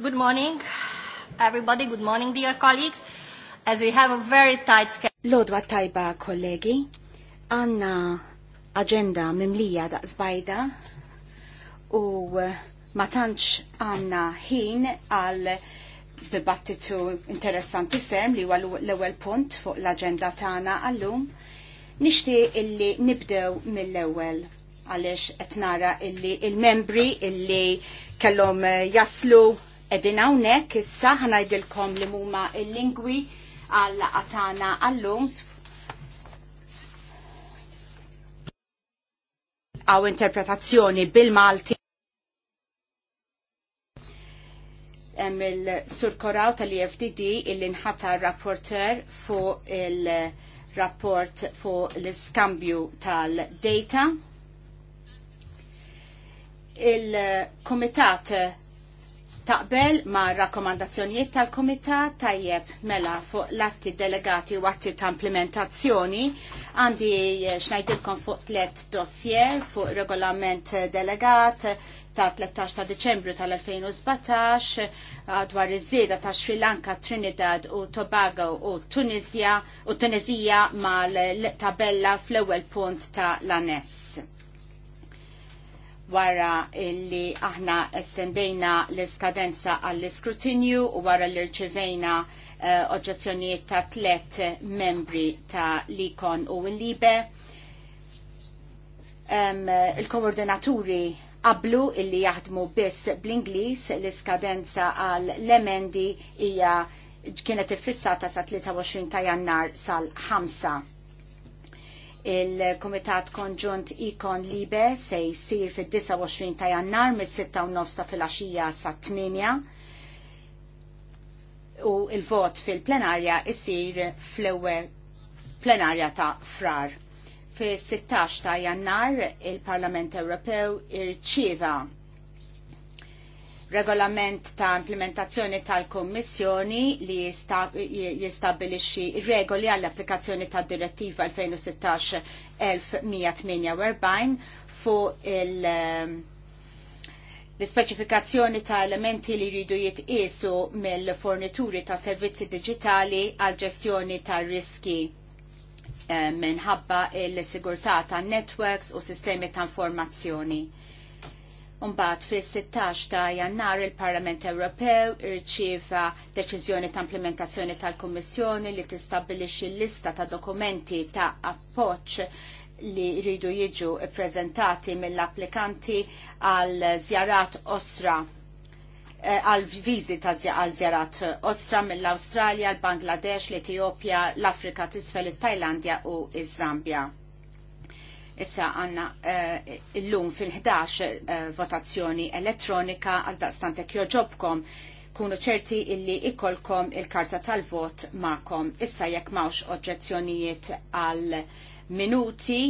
Good morning, everybody. Good morning, dear colleagues. As we have a very tight schedule. Lodwa tajba, kollegi. Għanna agenda mimlija da' zbajda u eh, ma tantx għanna ħin għal dibattitu interessanti ferm li huwa l-ewwel punt fuq l-aġenda tagħna għallum. Nishti illi nibdew mill-ewwel għalix etnara illi il-membri illi kellom eh, jaslu Edin hawnhekk issa ħanajdilkom li huma l-lingwi għal qatana għallum għaw interpretazzjoni bil-Malti. Hemm il-Sur Koraw tal-IFDD il nħata rapporter fuq il-rapport fuq l-iskambju tal-data. Il-Komitat taqbel ma' rakkomandazzjonijiet tal-Komitat tajjeb mela fuq l-atti delegati u atti ta' implementazzjoni għandi eh, xnajdilkom fuq tlet dossier fuq regolament delegat ta' 13 ta' Deċembru tal-2017 eh, dwar iż-żieda ta' Sri Lanka, Trinidad u Tobago u Tunizja u Tunizija mal-tabella fl-ewwel punt ta' l-ANES wara li aħna estendejna l-iskadenza għall-iskrutinju u wara li rċivejna uh, oġġezzjonijiet ta' tlet membri ta' Likon u l-Libe. Um, Il-koordinaturi qablu illi jaħdmu biss bl-Inglis l-iskadenza għall-emendi hija kienet iffissata sa' 23 ta' jannar sal-5 il-Komitat Konġunt Ikon Libe se jisir fil-29 ta' jannar mis-6 ta' fil-axija sa' 8 u il-vot fil-plenarja jisir fl-ewwel plenarja ta' frar. Fil-16 ta' jannar il-Parlament Ewropew irċieva regolament ta' implementazzjoni tal-Kommissjoni li jistabilixxi regoli għall-applikazzjoni tad direttiva 2016-1148 fuq il- ehm, l-ispeċifikazzjoni ta' elementi li jridu jitqisu mill-fornituri ta' servizzi digitali għal ġestjoni ta' riski eh, minħabba l sigurtà ta' networks u sistemi ta' informazzjoni. Umbat fil-16 ta' jannar il-Parlament Ewropew irċieva deċiżjoni ta' implementazzjoni tal-Kommissjoni li l lista ta' dokumenti ta' appoġġ li jridu jiġu prezentati mill-applikanti għal żjarat osra eh, għal viżi ta' għal żjarat osra mill-Awstralja, l-Bangladesh, l-Etjopja, l-Afrika t'isfel, it-Tajlandja u iż-Zambja Issa għanna uh, il-lum fil-11 uh, votazzjoni elettronika għal daqstante joġobkom kunu ċerti illi ikolkom il-karta tal-vot ma'kom. Issa jekk mawx oġġezzjonijiet għal minuti,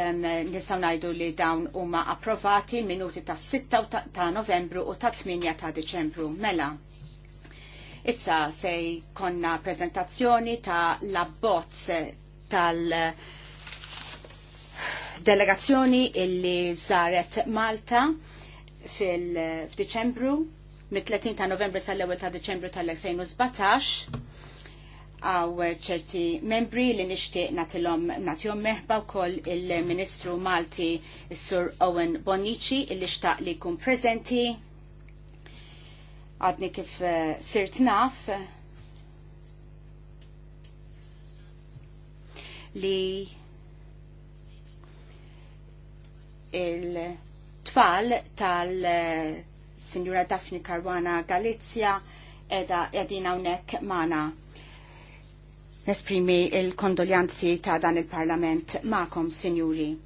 um, nistaw najdu li dawn huma approvati minuti ta' 6 ta, novembru u ta' 8 ta' deċembru. Mela, issa se konna prezentazzjoni ta' la bozz tal- delegazzjoni illi zaret Malta fil-Deċembru, mit-30 ta' novembru sal-1 ta' Deċembru tal-2017 għaw ċerti membri li nishtiq natilom natjom meħba u koll il-Ministru Malti Sur Owen Bonnici illi xtaq li kum prezenti għadni kif uh, sirt naf li il-tfal tal-Sinjura Daphne Caruana Galizia edha edina unek mana. Nesprimi il-kondoljanzi ta' dan il-Parlament ma'kom, Sinjuri.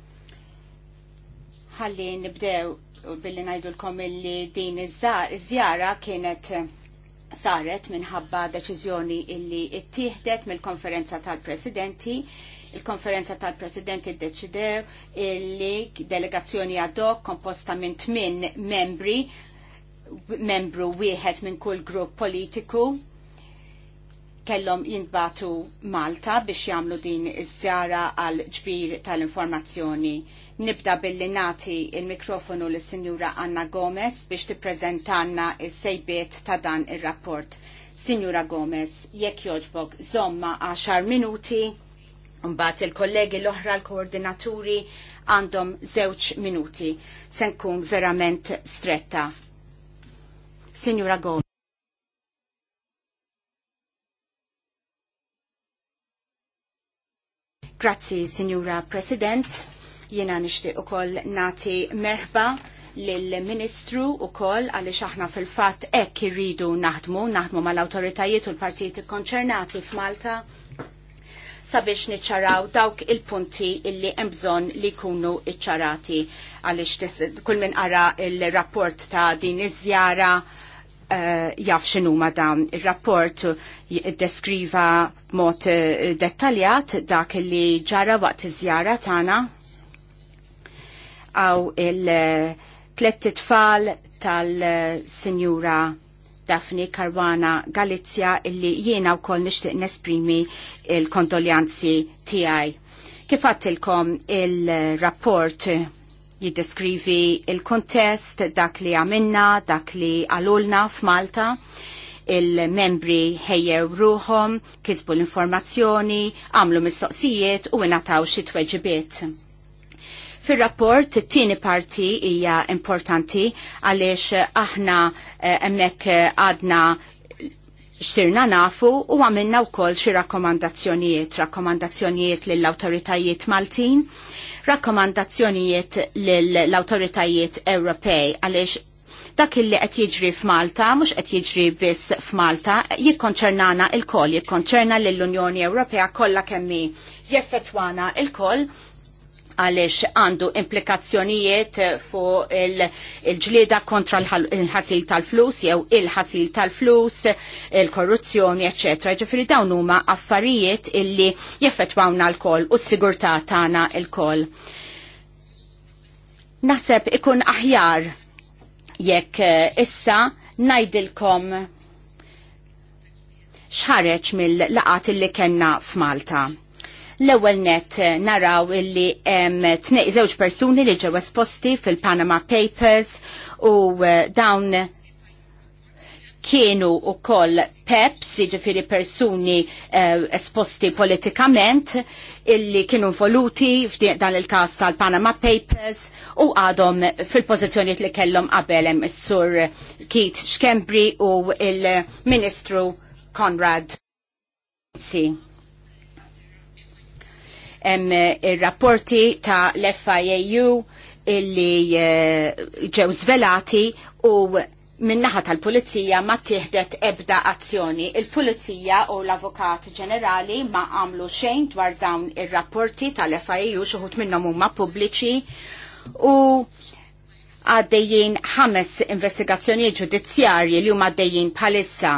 Ħalli nibdew billi najdulkom illi din iż-żjara kienet saret minħabba deċiżjoni illi ittieħdet mill-konferenza tal-presidenti Il-konferenza tal-presidenti deċidew li delegazzjoni ad hoc komposta minn tmien membri, membru wieħed minn kull grupp politiku, kellhom jintbatu Malta biex jagħmlu din iż-żjara għal ġbir tal-informazzjoni. Nibda billi nati il-mikrofonu lis sinjura Anna Gomez biex tippreżentanna is-sejbiet ta' dan ir-rapport. Sinjura Gomez, jekk jogħġbok, zomma għaxar minuti Mbagħad il-kollegi l-oħra l-koordinaturi għandhom żewġ minuti. Se nkun verament stretta. Signora Gomez. Grazzi, Signora President. Jena nixtieq ukoll nati merħba lill-Ministru u koll għalli xaħna fil-fat ekk irridu naħdmu, naħdmu mal-autoritajiet u l-partijiet konċernati f'Malta sabiex niċċaraw dawk il-punti illi hemm bżonn li jkunu iċċarati għaliex kull min qara il-rapport ta' din iż-żjara uh, jaf x'inhuma dan ir-rapport iddeskriva mod eh, dettaljat dak li ġara waqt iż-żjara tagħna għaw il-tlet eh, tfal tal-Sinjura Daphne Caruana Galizia illi jiena wkoll nixtieq nesprimi il-kondoljanzi tiegħi. Kif għattilkom il-rapport jiddeskrivi il-kontest, dak li għamilna, dak li għalulna f'Malta, il-membri ħejjew ruħom, kisbu l-informazzjoni, għamlu mistoqsijiet u nataw xi tweġibiet. Fil-rapport, it-tieni parti hija importanti għaliex eh, aħna eh, hemmhekk eh, għadna xsirna nafu u għamilna wkoll xi rakkomandazzjonijiet, rakkomandazzjonijiet lill-awtoritajiet Maltin, rakkomandazzjonijiet lill-awtoritajiet Ewropej għaliex dak illi qed jiġri f'Malta mhux qed jiġri biss f'Malta jikkonċernana il-koll, jikkonċerna lill-Unjoni Ewropea kollha kemm jeffettwana il-koll għalix għandu implikazzjonijiet fuq il-ġlieda il kontra l-ħasil tal-flus, jew il-ħasil tal-flus, il-korruzzjoni, etc. Ġifiri dawn huma affarijiet illi jaffetwawna l-kol u s-sigurtà tagħna l-kol. Naseb ikun aħjar jekk eh, issa najdilkom xħareċ mill-laqat illi kena f'Malta L-ewwel net eh, naraw illi hemm tnej żewġ persuni li ġew esposti fil-Panama Papers u eh, dawn kienu u koll peps, ġifiri persuni eh, esposti politikament, illi kienu voluti dan il-kas tal-Panama Papers u għadhom fil-pozizjoniet li kellhom qabel hemm is-sur Keith Schembri u il-Ministru Conrad. Si. Hemm eh, ir rapporti ta' l-FIAU illi eh, ġew zvelati u minnaħa tal-pulizija ma tieħdet ebda azzjoni. Il-pulizija u l-avukat ġenerali ma għamlu xejn dwar dawn ir-rapporti tal fiau xuħut minnhom huma pubbliċi u għaddejjien ħames investigazzjoni ġudizzjarji li huma għaddejjien bħalissa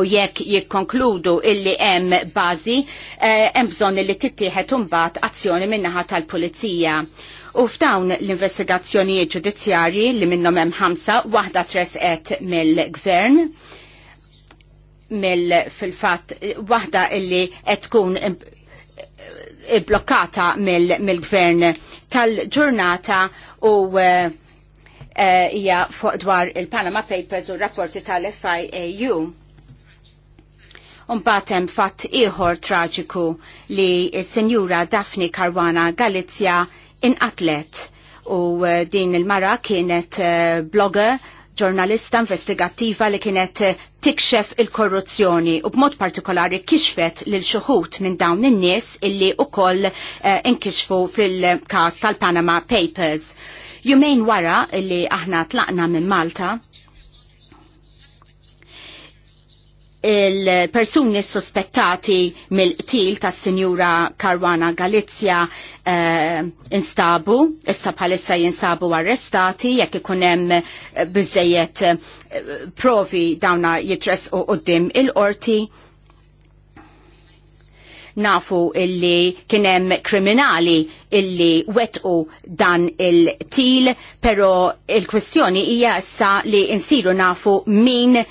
u jekk jikkonkludu illi hemm bażi eh, hemm bżonn li tittieħed imbagħad azzjoni min-naħa tal-pulizija. U f'dawn l-investigazzjonijiet ġudizzjarji li minnhom hemm ħamsa waħda tresqet mill-gvern mill fil-fatt waħda illi qed tkun blokkata mill-gvern tal-ġurnata u eh, eh, hija uh, fuq dwar il-Panama Papers u rapporti tal-FIAU un hemm fatt ieħor traġiku li s senjura Daphne Galizia in inqatlet u eh, din il-mara kienet eh, blogger ġurnalista investigattiva li kienet eh, tikxef il-korruzzjoni u b'mod partikolari kixfet lil xuħut minn dawn in-nies illi ukoll uh, inkixfu fil-każ tal-Panama Papers. Jumejn wara illi aħna tlaqna minn Malta, il-persuni sospettati mill-qtil tas sinjura Karwana Galizja eh, instabu, issa bħalissa jinstabu arrestati, jekk ikunem eh, bizzejiet eh, provi dawna jitres u qoddim il-qorti nafu illi kienem kriminali illi wetqu dan il-til, pero il-kwestjoni hija issa li insiru nafu min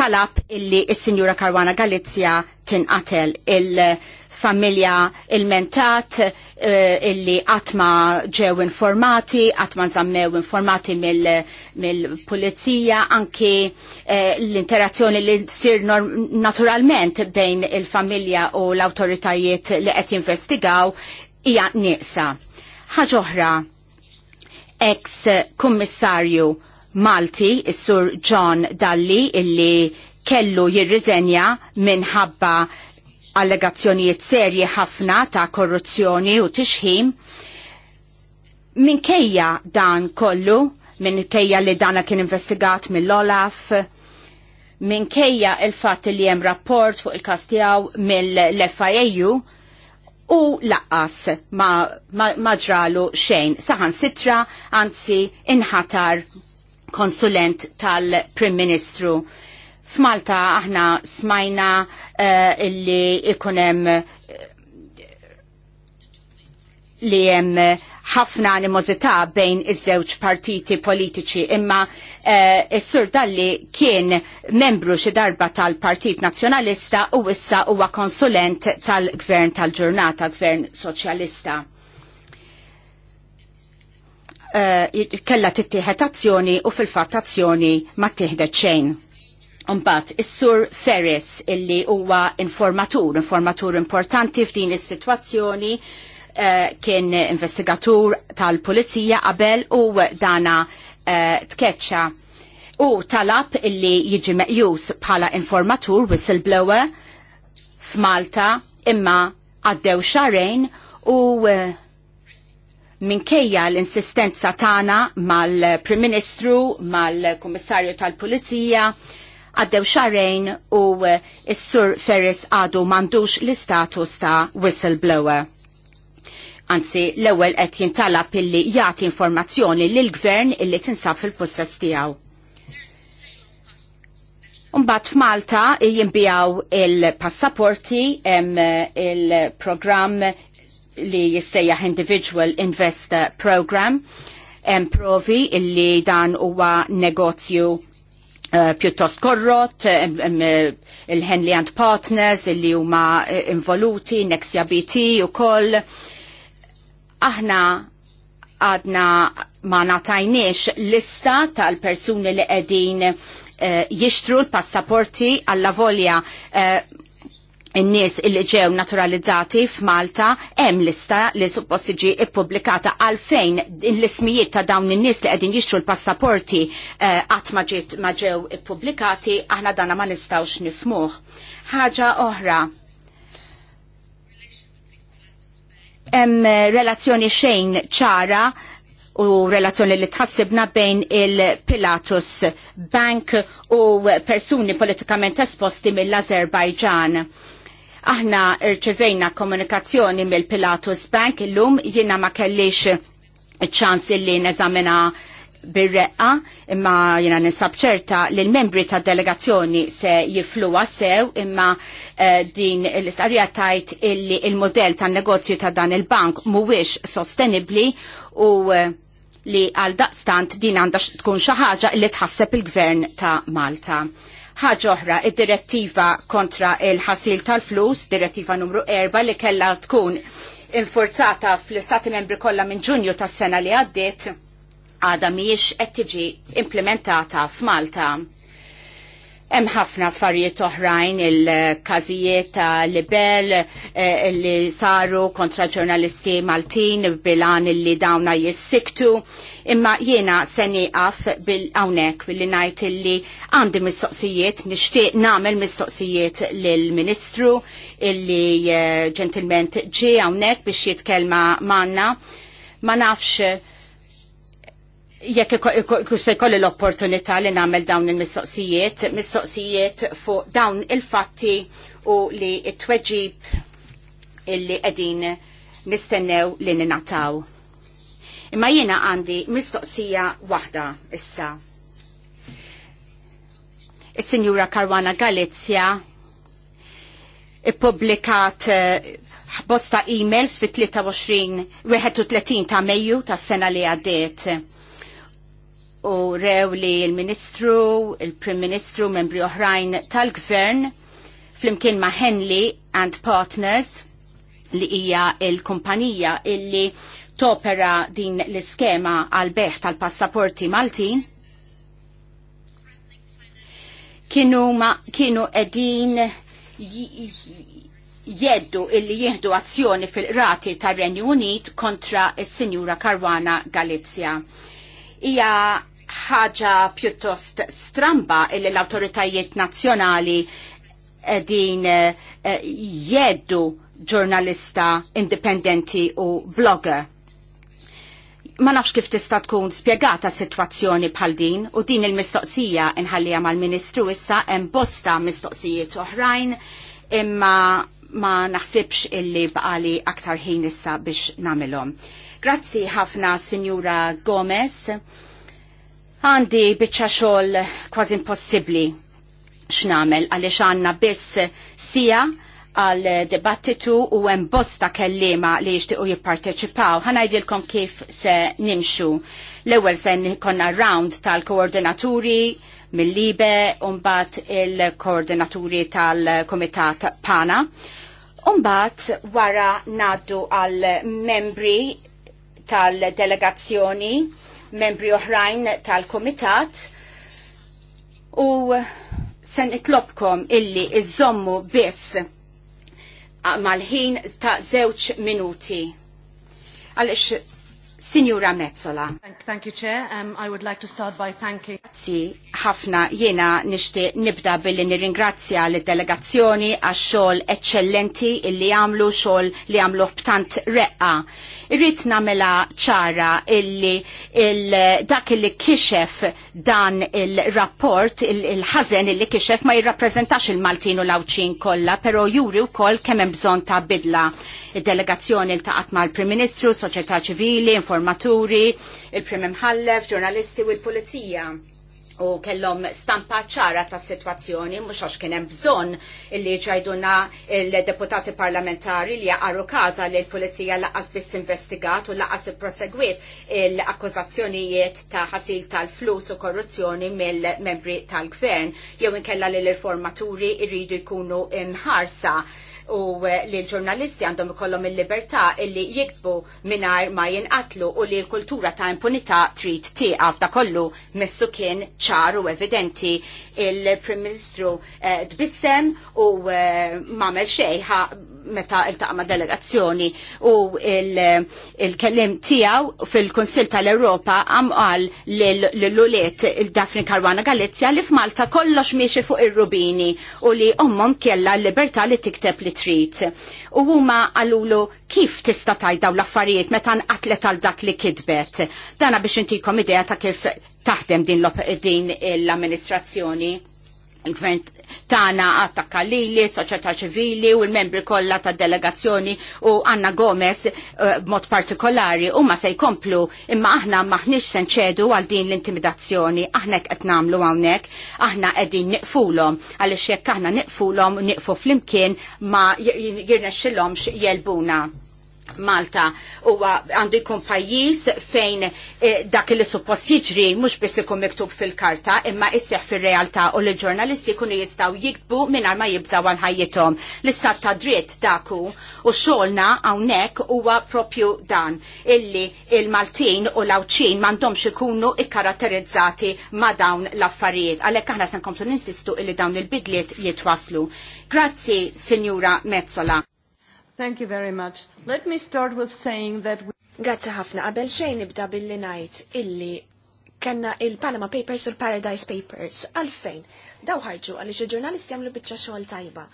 talab illi il-Sinjura Karwana Galizja tinqatel il-familja il-mentat eh, illi għatma ġew informati, għatma nżammew informati mill-pulizija, mil anki eh, l-interazzjoni li sir naturalment bejn il-familja u l-autoritajiet li qed jinvestigaw hija nieqsa. Ħaġa oħra, ex-kummissarju Malti, is-Sur John Dalli, illi kellu jirriżenja minħabba allegazzjonijiet serji ħafna ta' korruzzjoni u tixħim. Minkejja dan kollu, minkejja li dana kien investigat mill-Olaf, minkejja il-fat li jem rapport fuq il-kastijaw mill-FIAU, u laqqas ma, ma, ġralu xejn. Saħan sitra, anzi inħatar konsulent tal-Prim Ministru. F'Malta aħna smajna uh, illi ikunem eh, li hemm ħafna animozità bejn iż-żewġ partiti politiċi imma uh, eh, s-sur dalli kien membru xi darba tal-Partit Nazzjonalista u issa huwa konsulent tal-Gvern tal-Ġurnata, Gvern Soċjalista. Eh, kella tittieħed azzjoni u fil-fatt azzjoni ma tieħdet xejn. Umbat, is-sur Ferris illi huwa informatur, informatur importanti f'din is-sitwazzjoni eh, kien investigatur tal-pulizija qabel u dana eh, tkeċċa u talab illi jiġi meqjus bħala informatur whistleblower f'Malta imma għaddew xarejn u uh, minkejja l-insistenza tagħna mal-Prim Ministru, mal-Kummissarju tal-Pulizija, għaddew xarrejn u eh, s-Sur Ferris għadu mandux l-istatus ta' whistleblower. Anzi, l-ewwel qed jintalab illi jagħti informazzjoni l gvern illi tinsab fil-possess tiegħu. Umbat f'Malta jimbijaw il-passaporti, il-programm li jissejjaħ Individual Investor Program hemm provi illi dan huwa negozju Uh, pjuttost korrot, um, um, il-Henley and Partners, illi huma eh, involuti, Nexia BT u koll. Aħna għadna ma natajniex lista tal-persuni li qegħdin uh, jixtru l-passaporti għalla volja uh, n-nies illi ġew naturalizzati f'Malta hemm lista li suppost tiġi ippubblikata għalfejn l-ismijiet ta' dawn in-nies li qegħdin jixtru l-passaporti eh, qatt ma ġiet ma ġew ippubblikati aħna dana ma nistgħux nifmuh. Ħaġa oħra. Hemm eh, relazzjoni xejn ċara u relazzjoni li tħassibna bejn il-Pilatus Bank u persuni politikament esposti mill-Azerbajġan Aħna irċivejna komunikazzjoni mill-Pilatus Bank illum jiena ma kellix ċans illi neżamina bir imma jina nisab ċerta li l-membri ta' delegazzjoni se jifluwa sew imma uh, din l-istarja tajt illi il-modell ta' negozju ta' dan il-bank mhuwiex sostenibli u eh, li għal daqstant din għandha tkun xi ħaġa li tħasseb il-gvern ta' Malta. Ħaġa oħra, id-direttiva kontra il-ħasil tal-flus, direttiva numru 4 li kella tkun infurzata fl-istati membri kollha minn ġunju tas-sena li għaddiet għada miex qed tiġi implementata f'Malta Hemm ħafna affarijiet oħrajn il-każijiet ta' libel eh, li saru kontra ġurnalisti Maltin bilan li dawna jissiktu imma jiena se nieqaf bil hawnhekk billi ngħid illi għandi mistoqsijiet nixtieq nagħmel mistoqsijiet lill ministru illi eh, ġentilment ġie hawnhekk biex jitkellma manna ma nafx jekk se kolli l-opportunità li nagħmel dawn il-mistoqsijiet, mistoqsijiet fuq dawn il-fatti u li t-tweġib illi qegħdin nistennew li ninataw. Imma jiena għandi mistoqsija waħda issa. Is-Sinjura Karwana Galizja ippubblikat eh, bosta emails fit-23 ta' Mejju tas-sena li għaddiet u rew li il-Ministru, il-Prim Ministru, membri oħrajn tal-Gvern, flimkien ma' Henley and Partners, li hija il-kumpanija illi topera din l-iskema għal-beħ tal-passaporti Maltin, kienu, ma, kienu edin jeddu illi jihdu azzjoni fil-rati tar renju Unit kontra il-Sinjura Karwana Galizja. Ija ħaġa pjuttost stramba illi l-autoritajiet nazzjonali din eh, jeddu ġurnalista indipendenti u blogger. Ma nafx kif tista' tkun spjegata sitwazzjoni bħal din u din il-mistoqsija inħallija mal-Ministru issa hemm bosta mistoqsijiet oħrajn imma ma naħsibx illi baqali aktar ħin issa biex namilhom. Grazzi ħafna Sinjura Gomez Għandi bieċa xol kważi impossibli x'namel għaliex għandna biss sija għal dibattitu u hemm bosta kellima li jixtiequ jipparteċipaw. Ħanajdilkom kif se nimxu. L-ewwel se konna round tal-koordinaturi mill-libe u mbagħad il-koordinaturi tal-Kumitat Pana. Umbat wara naddu għal membri tal-delegazzjoni membri oħrajn tal-komitat u sen itlobkom illi iżommu biss mal-ħin ta' zewċ minuti. Għalix Signora Mezzola. Thank you, Chair. Um, I would like to start by thanking... Grazzi, ħafna jena nishti nibda billi nirringrazzja l delegazzjoni għax xol eccellenti illi għamlu xol li għamlu btant reqqa. Irrit namela ċara illi il dak illi kixef dan il-rapport, il-ħazen illi kixef ma jirrapprezentax il-Maltin u l-Awċin kolla, pero juri u koll kemem bżon ta' bidla. Il-delegazzjoni il-taqat mal-Prim Ministru, Soċieta Ċivili, informaturi, il-prim imħallef, ġurnalisti u l-pulizija u kellhom stampa ċara ta' situazzjoni, mhux għax kien hemm bżonn illi ġajduna il-deputati parlamentari li jaqaru kaza li l-pulizija laqas biss investigat u laqas prosegwit l-akkużazzjonijiet ta' ħasil tal-flus u korruzzjoni mill-membri tal-gvern, jew inkella li l-informaturi irridu jkunu imħarsa u eh, li l-ġurnalisti għandhom ikollhom il-libertà illi jiktbu mingħajr ma jinqatlu u li l-kultura ta' impunità trid tieqaf ta' kollu messu kien ċar u evidenti il-Prim Ministru eh, tbissem u eh, mamel xejn meta il-taqma delegazzjoni u il-kellim tiegħu fil-Kunsill tal-Ewropa għam għal l-lulet il-Dafni Karwana Galizja li f'Malta kollox miexi fuq ir-rubini u li ommom kella l-libertà li tikteb li trid. U huma għalulu kif tista' tajda dawn l-affarijiet meta nqatlet għal dak li kitbet. Dana biex intikom idea ta' kif taħdem din l-amministrazzjoni il-gvern tana għatta kalili, soċjetà ċivili u l-membri kollha ta' delegazzjoni u Anna Gomez eh, b'mod partikolari u ma se jkomplu imma aħna maħniex se nċedu għal din l-intimidazzjoni aħna qed nagħmlu hawnhekk aħna qegħdin niqfulhom għaliex jekk aħna niqfulhom niqfu flimkien ma jirnexxilhomx jelbuna. Malta huwa għandu jkun pajjiż fejn eh, dak li suppost jiġri mhux biss ikun miktub fil-karta imma isseħ fir-realtà u li ġurnalisti jkunu jistgħu jiktbu mingħajr ma jibżaw għal ħajjithom. L-istat ta' dritt daku u xogħolna hawnhekk huwa propju dan illi il-Maltin u l-Awċin m'għandhomx ikunu ikkaratterizzati ma' dawn l-affarijiet. Għalhekk aħna se nkomplu ninsistu illi dawn il-bidliet jitwaslu. Grazzi, Sinjura Mezzola. Thank you very much. Let me start with saying that we... Grazzi ħafna, qabel xejn nibda billi ngħid illi kanna il-Panama Papers u l-Paradise Papers. Għalfejn, daw ħarġu għaliex il-ġurnalisti għamlu biċċa xogħol tajba.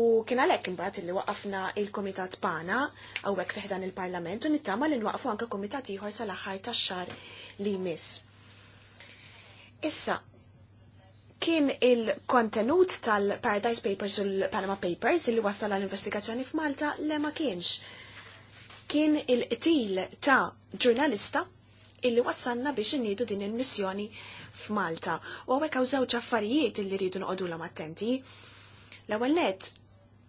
U kien għalhekk imbagħad illi waqafna il-Kumitat Pana hawnhekk fih dan il-Parlament u nittama li nwaqfu anke kumitat ieħor sal-aħħar tax-xahar li jmiss. Issa, kien il-kontenut tal-Paradise Papers u l-Panama Papers li wassal l investigazzjoni f'Malta le ma kienx. Kien il-qtil ta' ġurnalista illi wassalna biex nidu din il-missjoni f'Malta. U għawek għaw żewġ affarijiet illi rridu nqodu l attenti. L-ewwel net,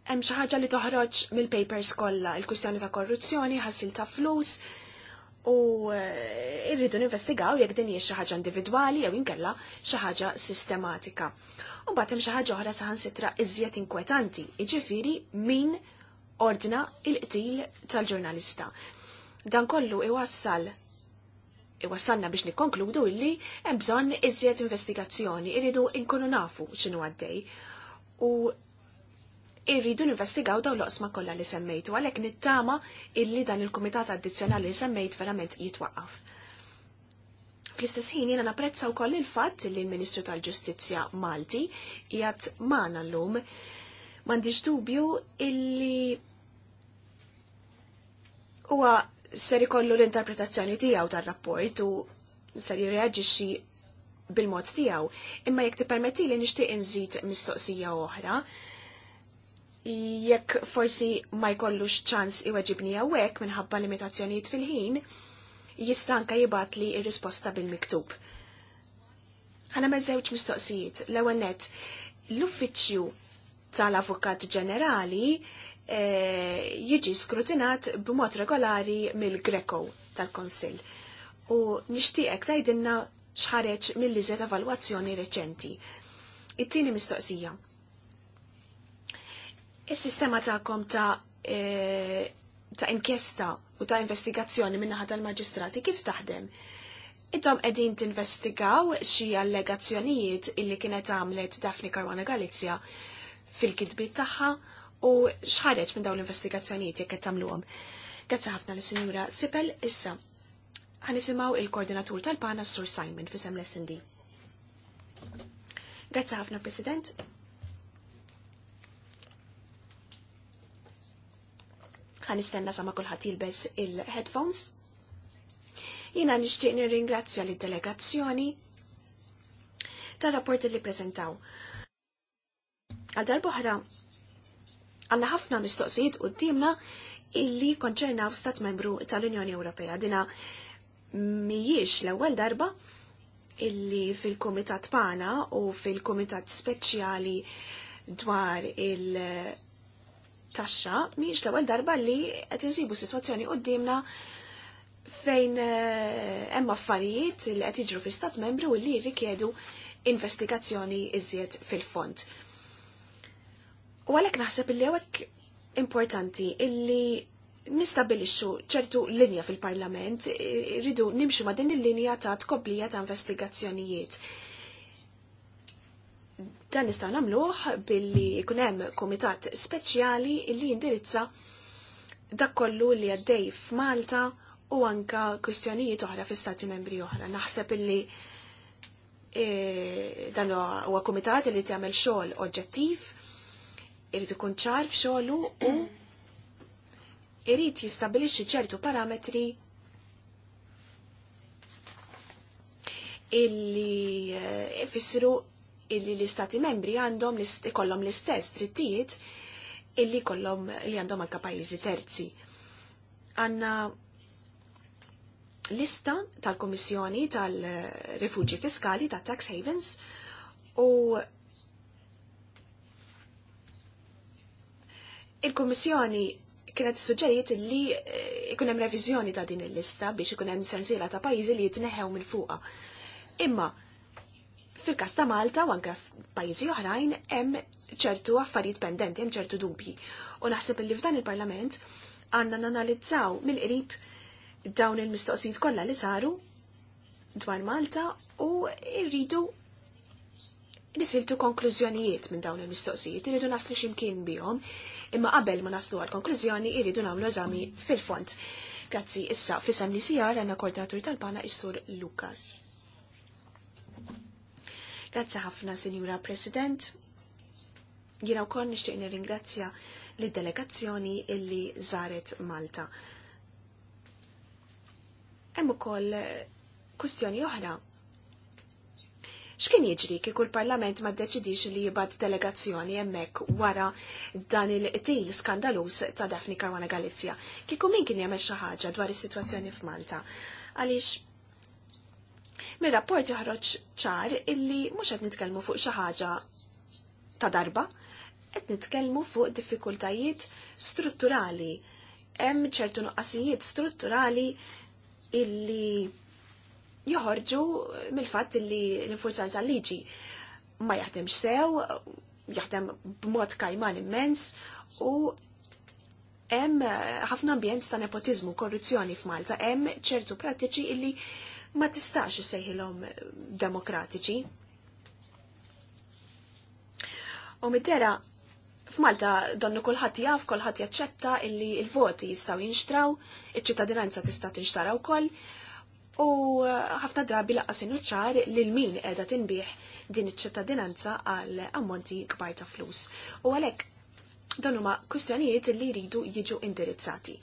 hemm xi ħaġa li toħroġ mill-papers kollha, il-kwistjoni ta' korruzzjoni, ħassil ta' flus, u eh, irridu ninvestigaw jekk din hija xi ħaġa individwali jew inkella xi ħaġa sistematika. U bagħad hemm xi ħaġa oħra saħansitra iżjed inkwetanti, jiġifieri min ordna il-qtil tal-ġurnalista. Dan kollu iwassal iwassalna biex nikkonkludu illi hemm bżonn iżjed investigazzjoni, irridu nkunu nafu x'inhu għaddej. U irridu investigaw daw l-oqsma kollha li semmejtu, għalhekk nittama illi dan il-kumitat addizzjonali li semmejt verament jitwaqqaf. Fl-istess ħin jiena napprezza wkoll il-fatt li l-Ministru tal-Ġustizzja Malti qiegħed magħna llum m'għandix dubju illi huwa ser ikollu l-interpretazzjoni tiegħu tar-rapport u ser jirreaġixxi bil-mod tiegħu, imma jekk tippermetti li nixtieq inżid mistoqsija oħra, jekk forsi ma jkollux ċans iweġibni għawek minħabba limitazzjonijiet fil-ħin, jistanka jibat li ir-risposta bil-miktub. ħana mezzewċ mistoqsijiet, l ewwel l-uffiċju tal-Avukat Ġenerali e, jiġi skrutinat b'mod regolari mill-Greco tal-Konsil. U nishtiqek tajdinna xħareċ mill-liżet evalwazzjoni reċenti. It-tieni mistoqsija Is-sistema ta'kom ta' e, ta' inkjesta u ta' investigazzjoni minnaħat tal-maġistrati kif taħdem? Intom qegħdin tinvestigaw xi allegazzjonijiet illi kienet għamlet Daphne Caruana Galizja fil-kidbit tagħha u xħareġ minn dawn l-investigazzjonijiet jekk qed tagħmluhom. Grazzi ħafna lis-Sinjura Sipel issa. Ħanisimgħu il-koordinatur tal-pana Sur Simon fisem l-SND. Grazzi ħafna President. istenna sama kulħadd jilbes il-headphones. Jina nixtieq nirringrazzja lid-delegazzjoni tar-rapporti li prezentaw. Għal darbohra għanna ħafna mistoqsijiet d-dimna illi konċernaw stat membru tal-Unjoni Ewropea. Dina mijiex l-ewwel darba illi fil-Komitat Pana u fil-Komitat Speċjali dwar il- taxxa miex l-ewwel darba li qed insibu sitwazzjoni qudiemna fejn eh, hemm affarijiet li qed jiġru fl-istat membru u li jirrikjedu investigazzjoni iżjed fil-fond. U għalhekk naħseb li hawnhekk importanti illi nistabilixxu ċertu linja fil-Parlament, rridu nimxu ma' din il-linja ta' tkoblija ta' investigazzjonijiet. Dan nista' nagħmluh billi jkun hemm kumitat speċjali li jindirizza dak kollu li għaddej f'Malta u anka kwistjonijiet oħra fi stati membri oħra. Naħseb illi e, dan huwa kumitat li tagħmel xogħol oġġettiv, irid ikun ċar f'xogħlu u irid jistabilixxi ċertu parametri illi e, fissru illi l-istati membri għandhom ikollhom l-istess trittijiet illi kollhom li għandhom anka pajjiżi terzi. Għandna lista tal-Komissjoni tal-Rifuġi Fiskali ta' Tax Havens u il-Komissjoni kienet suġġerit li eh, ikun hemm reviżjoni ta' din il-lista biex ikun hemm sensiela ta' pajjiżi li jitneħew minn fuqha. Imma Fil-kas ta' Malta u anke pajjiżi oħrajn hemm ċertu affarijiet pendenti, hemm ċertu dubji. U naħseb li f'dan il-Parlament għandna nanalizzaw mill-qrib dawn il-mistoqsijiet kollha li saru dwar Malta u rridu nisiltu konklużjonijiet minn dawn il-mistoqsijiet, irridu naslu ximkien bihom, imma qabel ma naslu għal-konklużjoni irridu nagħmlu eżami fil-font. Grazzi, issa fisem li sijar għanna koordinatur tal-pana is-sur Lukas. Grazzi ħafna, Sinjura President. Jiena nishtiq nixtieq nirringrazzja lid-delegazzjoni illi żaret Malta. Hemm ukoll kwistjoni oħra x'kien jiġri kieku l-Parlament ma ddeċidix li jibad delegazzjoni hemmhekk wara dan il-qtil skandalus ta' Dafni Karwana Galizja? Kieku min kien jagħmel xi ħaġa dwar is-sitwazzjoni f'Malta? Għaliex mir-rapport joħroġ ċar illi mhux qed nitkellmu fuq xi ħaġa ta' darba, qed nitkellmu fuq diffikultajiet strutturali. Hemm ċertu nuqqasijiet strutturali illi joħorġu mill-fatt illi l-infurzar tal-liġi ma jaħdemx sew, jaħdem b'mod kajman immens u hemm ħafna ambjent ta' nepotizmu, korruzzjoni f'Malta, hemm ċertu prattiċi illi ma tistax sejħilom demokratiċi. U mittera f'Malta donnu kulħadd jaf, kulħadd jaċċetta illi l-voti jistgħu jinxtraw, iċ-ċittadinanza tista' tinxtara wkoll, u ħafna drabi laqqas sinu ċar lil min qiegħda tinbih din iċ-ċittadinanza għal ammonti kbar ta' flus. U għalhekk dan huma kwistjonijiet li jridu jiġu indirizzati.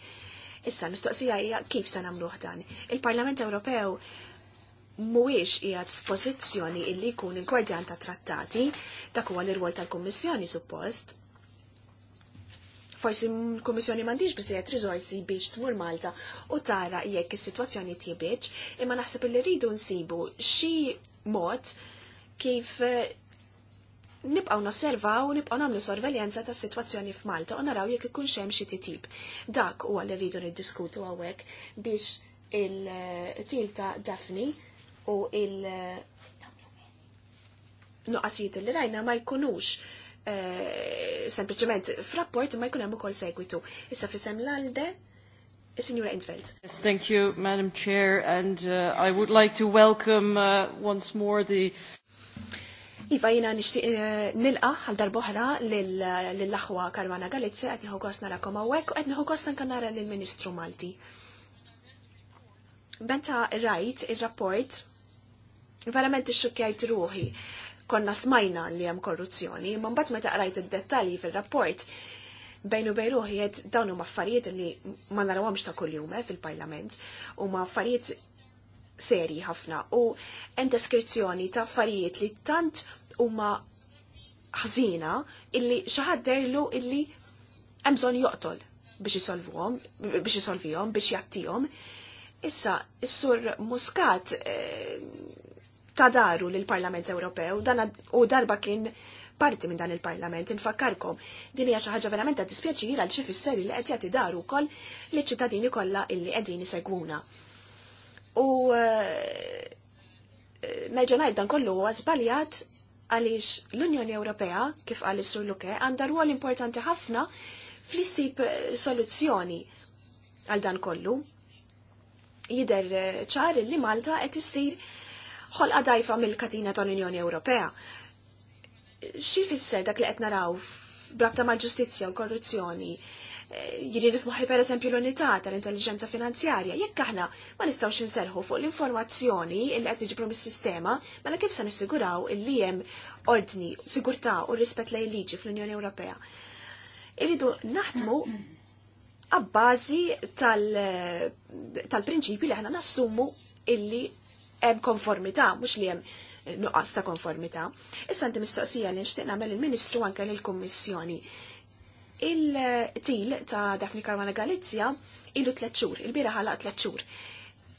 Issa, mistoqsija hija kif se nagħmluh dan. Il-Parlament Ewropew mhuwiex qiegħed f'pożizzjoni illi jkun il-gwardjan ta' trattati dak huwa l-irwol tal-Kummissjoni suppost. Forsi l-Kummissjoni m'għandix biżejjed riżorsi biex tmur Malta u tara jekk is-sitwazzjoni tjibiex, imma naħseb li rridu nsibu xi mod kif nibqaw nosservaw u nibqaw nagħmlu sorveljenza ta' situazzjoni f'Malta u naraw jekk ikun xem xi titib. Dak huwa li rridu niddiskutu hawnhekk biex il-til ta' Daphne u il- eh, nuqqasijiet li rajna ma jkunux eh, sempliciment f'rapport ma jkun hemm ukoll segwitu. Issa f'isem l-alde Signora Intveld. Yes, thank you, Madam Chair, and uh, I would like to welcome uh, once more the Iva jina nishtiq eh, nilqa għal darbohra lill laħwa Karwana Galizja, għed nħu għosna rakom għawek u għed nħu għosna nkanara lill-Ministru Malti. Benta rajt il-rapport verament xukjajt ruħi konna smajna li hemm korruzzjoni, man mbagħad meta qrajt id-dettalji fil-rapport bejnu bejruħi jed dawn huma affarijiet li ma narawhomx ta' kuljum eh, fil-Parlament u ma affarijiet seri ħafna u hemm deskrizzjoni ta' affarijiet li tant huma ħażina illi xi ħadd derlu illi hemm bżonn joqtol biex isolvuhom, biex isolvihom, biex jattihom. Issa, is-sur Muscat eh, ta' daru lill-Parlament Ewropew u darba kien parti minn dan il-Parlament, infakkarkom, din hija xi ħaġa verament ta' dispjaċir għal xi fisser li qed jagħti daru wkoll liċ-ċittadini kollha illi qegħdin isegwuna. U eh, eh, nerġa' dan kollu huwa żbaljat għaliex l-Unjoni Ewropea, kif għal sur Luke, għandha rwol importanti ħafna fl-issib eh, soluzzjoni għal dan kollu. Jider eh, ċar li Malta qed issir ħolqa dajfa mill-katina tal-Unjoni Ewropea. Xi fisser dak li qed naraw b'rabta mal-ġustizzja u korruzzjoni jiridu f'moħħi per eżempju l-unità tal-intelligenza finanzjarja, jekk aħna ma nistgħux inserħu fuq l-informazzjoni li qed niġbru mis-sistema, mela kif se nissiguraw illi hemm ordni, sigurtà u rispett lejn liġi fl-Unjoni Ewropea. Iridu naħdmu għabbażi tal-prinċipi li aħna nassumu illi hemm konformità, mhux li hemm nuqqas ta' konformità. Issa inti mistoqsija li nixtieq nagħmel il-Ministru anke lill-Kummissjoni il-til ta' Daphne Karwana Galizja ilu tletxur, il-bira ħala tletxur.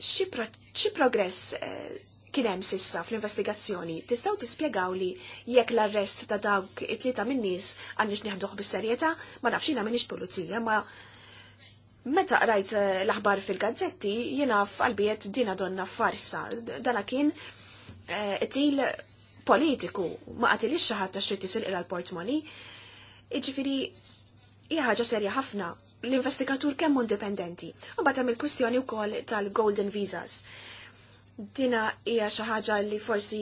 Xi progress eh, kienem sissa fl-investigazzjoni, tistaw tispiegaw li jekk l-arrest ta' dawk it-tlieta min-nies għandix nieħduh bis-serjetà, ma nafx jiena minix pulizija, ma Meta qrajt eh, l-aħbar fil-gazzetti, jiena għalbiet dina donna farsa. Dana kien eh, til politiku, ma qatilix xi ħadd tax trid ira l-portmoni. Iġifiri, hija ħaġa serja ħafna l-investigatur kemm indipendenti. U bagħad hemm il u wkoll tal-golden visas. Dina hija xi ħaġa li forsi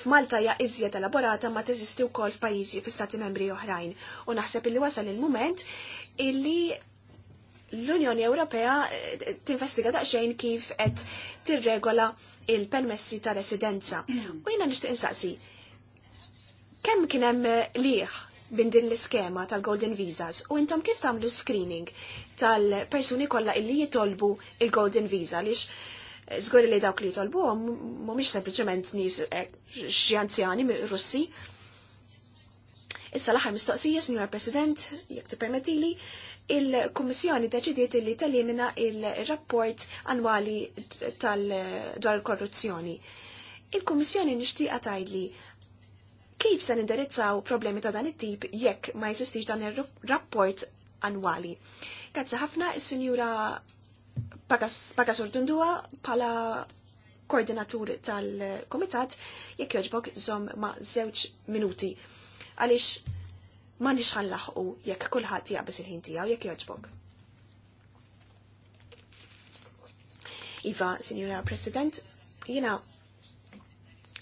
f'Malta hija iżjed elaborata ma teżisti wkoll f'pajjiżi fi-stati membri oħrajn. U naħseb illi wasal il-mument illi l-Unjoni Ewropea eh, tinvestiga daqsxejn kif qed tirregola il-permessi ta' residenza. U jiena nixtieq insaqsi, kemm kien hemm liħ bin din l-iskema tal-Golden Visas u intom kif tagħmlu screening tal-persuni kollha illi jitolbu il-Golden Visa lix zgur eh, li dawk li jitolbu mhumiex sempliċement nies eh, xi anzjani Russi. Issa l-aħħar mistoqsija, Sinjor President, jekk permettili, il-Kummissjoni deċidiet li talimina il-rapport annwali tal dwar korruzzjoni. Il-Kummissjoni nixtieqa tajli Kif se nindirizzaw problemi ta' dan it-tip jekk ma jesistix dan ir-rapport annwali? Grazzi ħafna is-Sinjura Pagas Ordundua pala koordinatur tal-komitat jekk joġbok zom ma' zewċ minuti. Għalix ma' nixħan laħu jekk kullħat jgħabis il-ħin tijaw jekk joġbok. Iva, Sinjura President, jina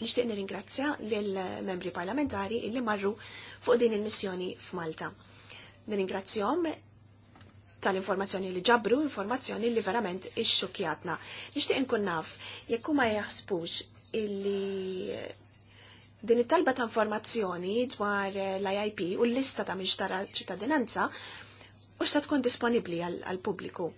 Nixtieq nirringrazzja lill membri parlamentari illi marru fuq din il-missjoni f'Malta. Nirringrazzjahom tal-informazzjoni li ġabru, informazzjoni li verament ix-xukjatna. Nixtieq nkun naf jekk huma jaħsbux illi din it-talba ta' informazzjoni dwar l-IIP u l-lista ta' miġtara ċittadinanza u xta' tkun disponibli għal-pubbliku.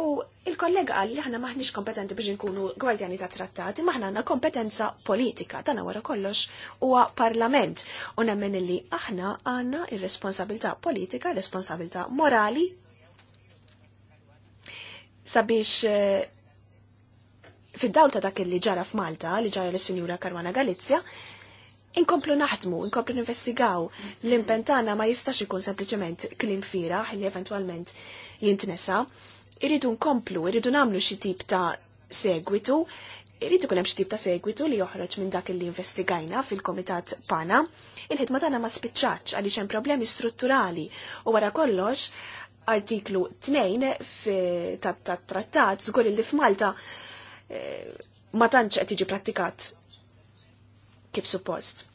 U il-kollega għalli li ħana maħnix kompetenti biex nkunu gwardjani ta' trattati, maħna għanna kompetenza politika, dan wara kollox huwa parlament. U nemmen li aħna għanna il responsabilità politika, responsabilità morali sabiex eh, fid-dawl ta' dak li ġara f'Malta, li ġara l-Sinjura Karwana Galizja, Inkomplu naħdmu, inkomplu investigaw, l-impentana ma jistax ikun sempliciment klim fira, li eventualment jintnesa irridu nkomplu, irridu namlu xi tip ta' segwitu, irridu kunem xi tip ta' segwitu li joħroġ minn dak li investigajna fil-Komitat Pana. Il-ħidma tagħna ma spiċċaċ għaliex hemm problemi strutturali u wara kollox artiklu 2 tat trattat żgur li f'Malta eh, ma tantx qed jiġi prattikat kif suppost.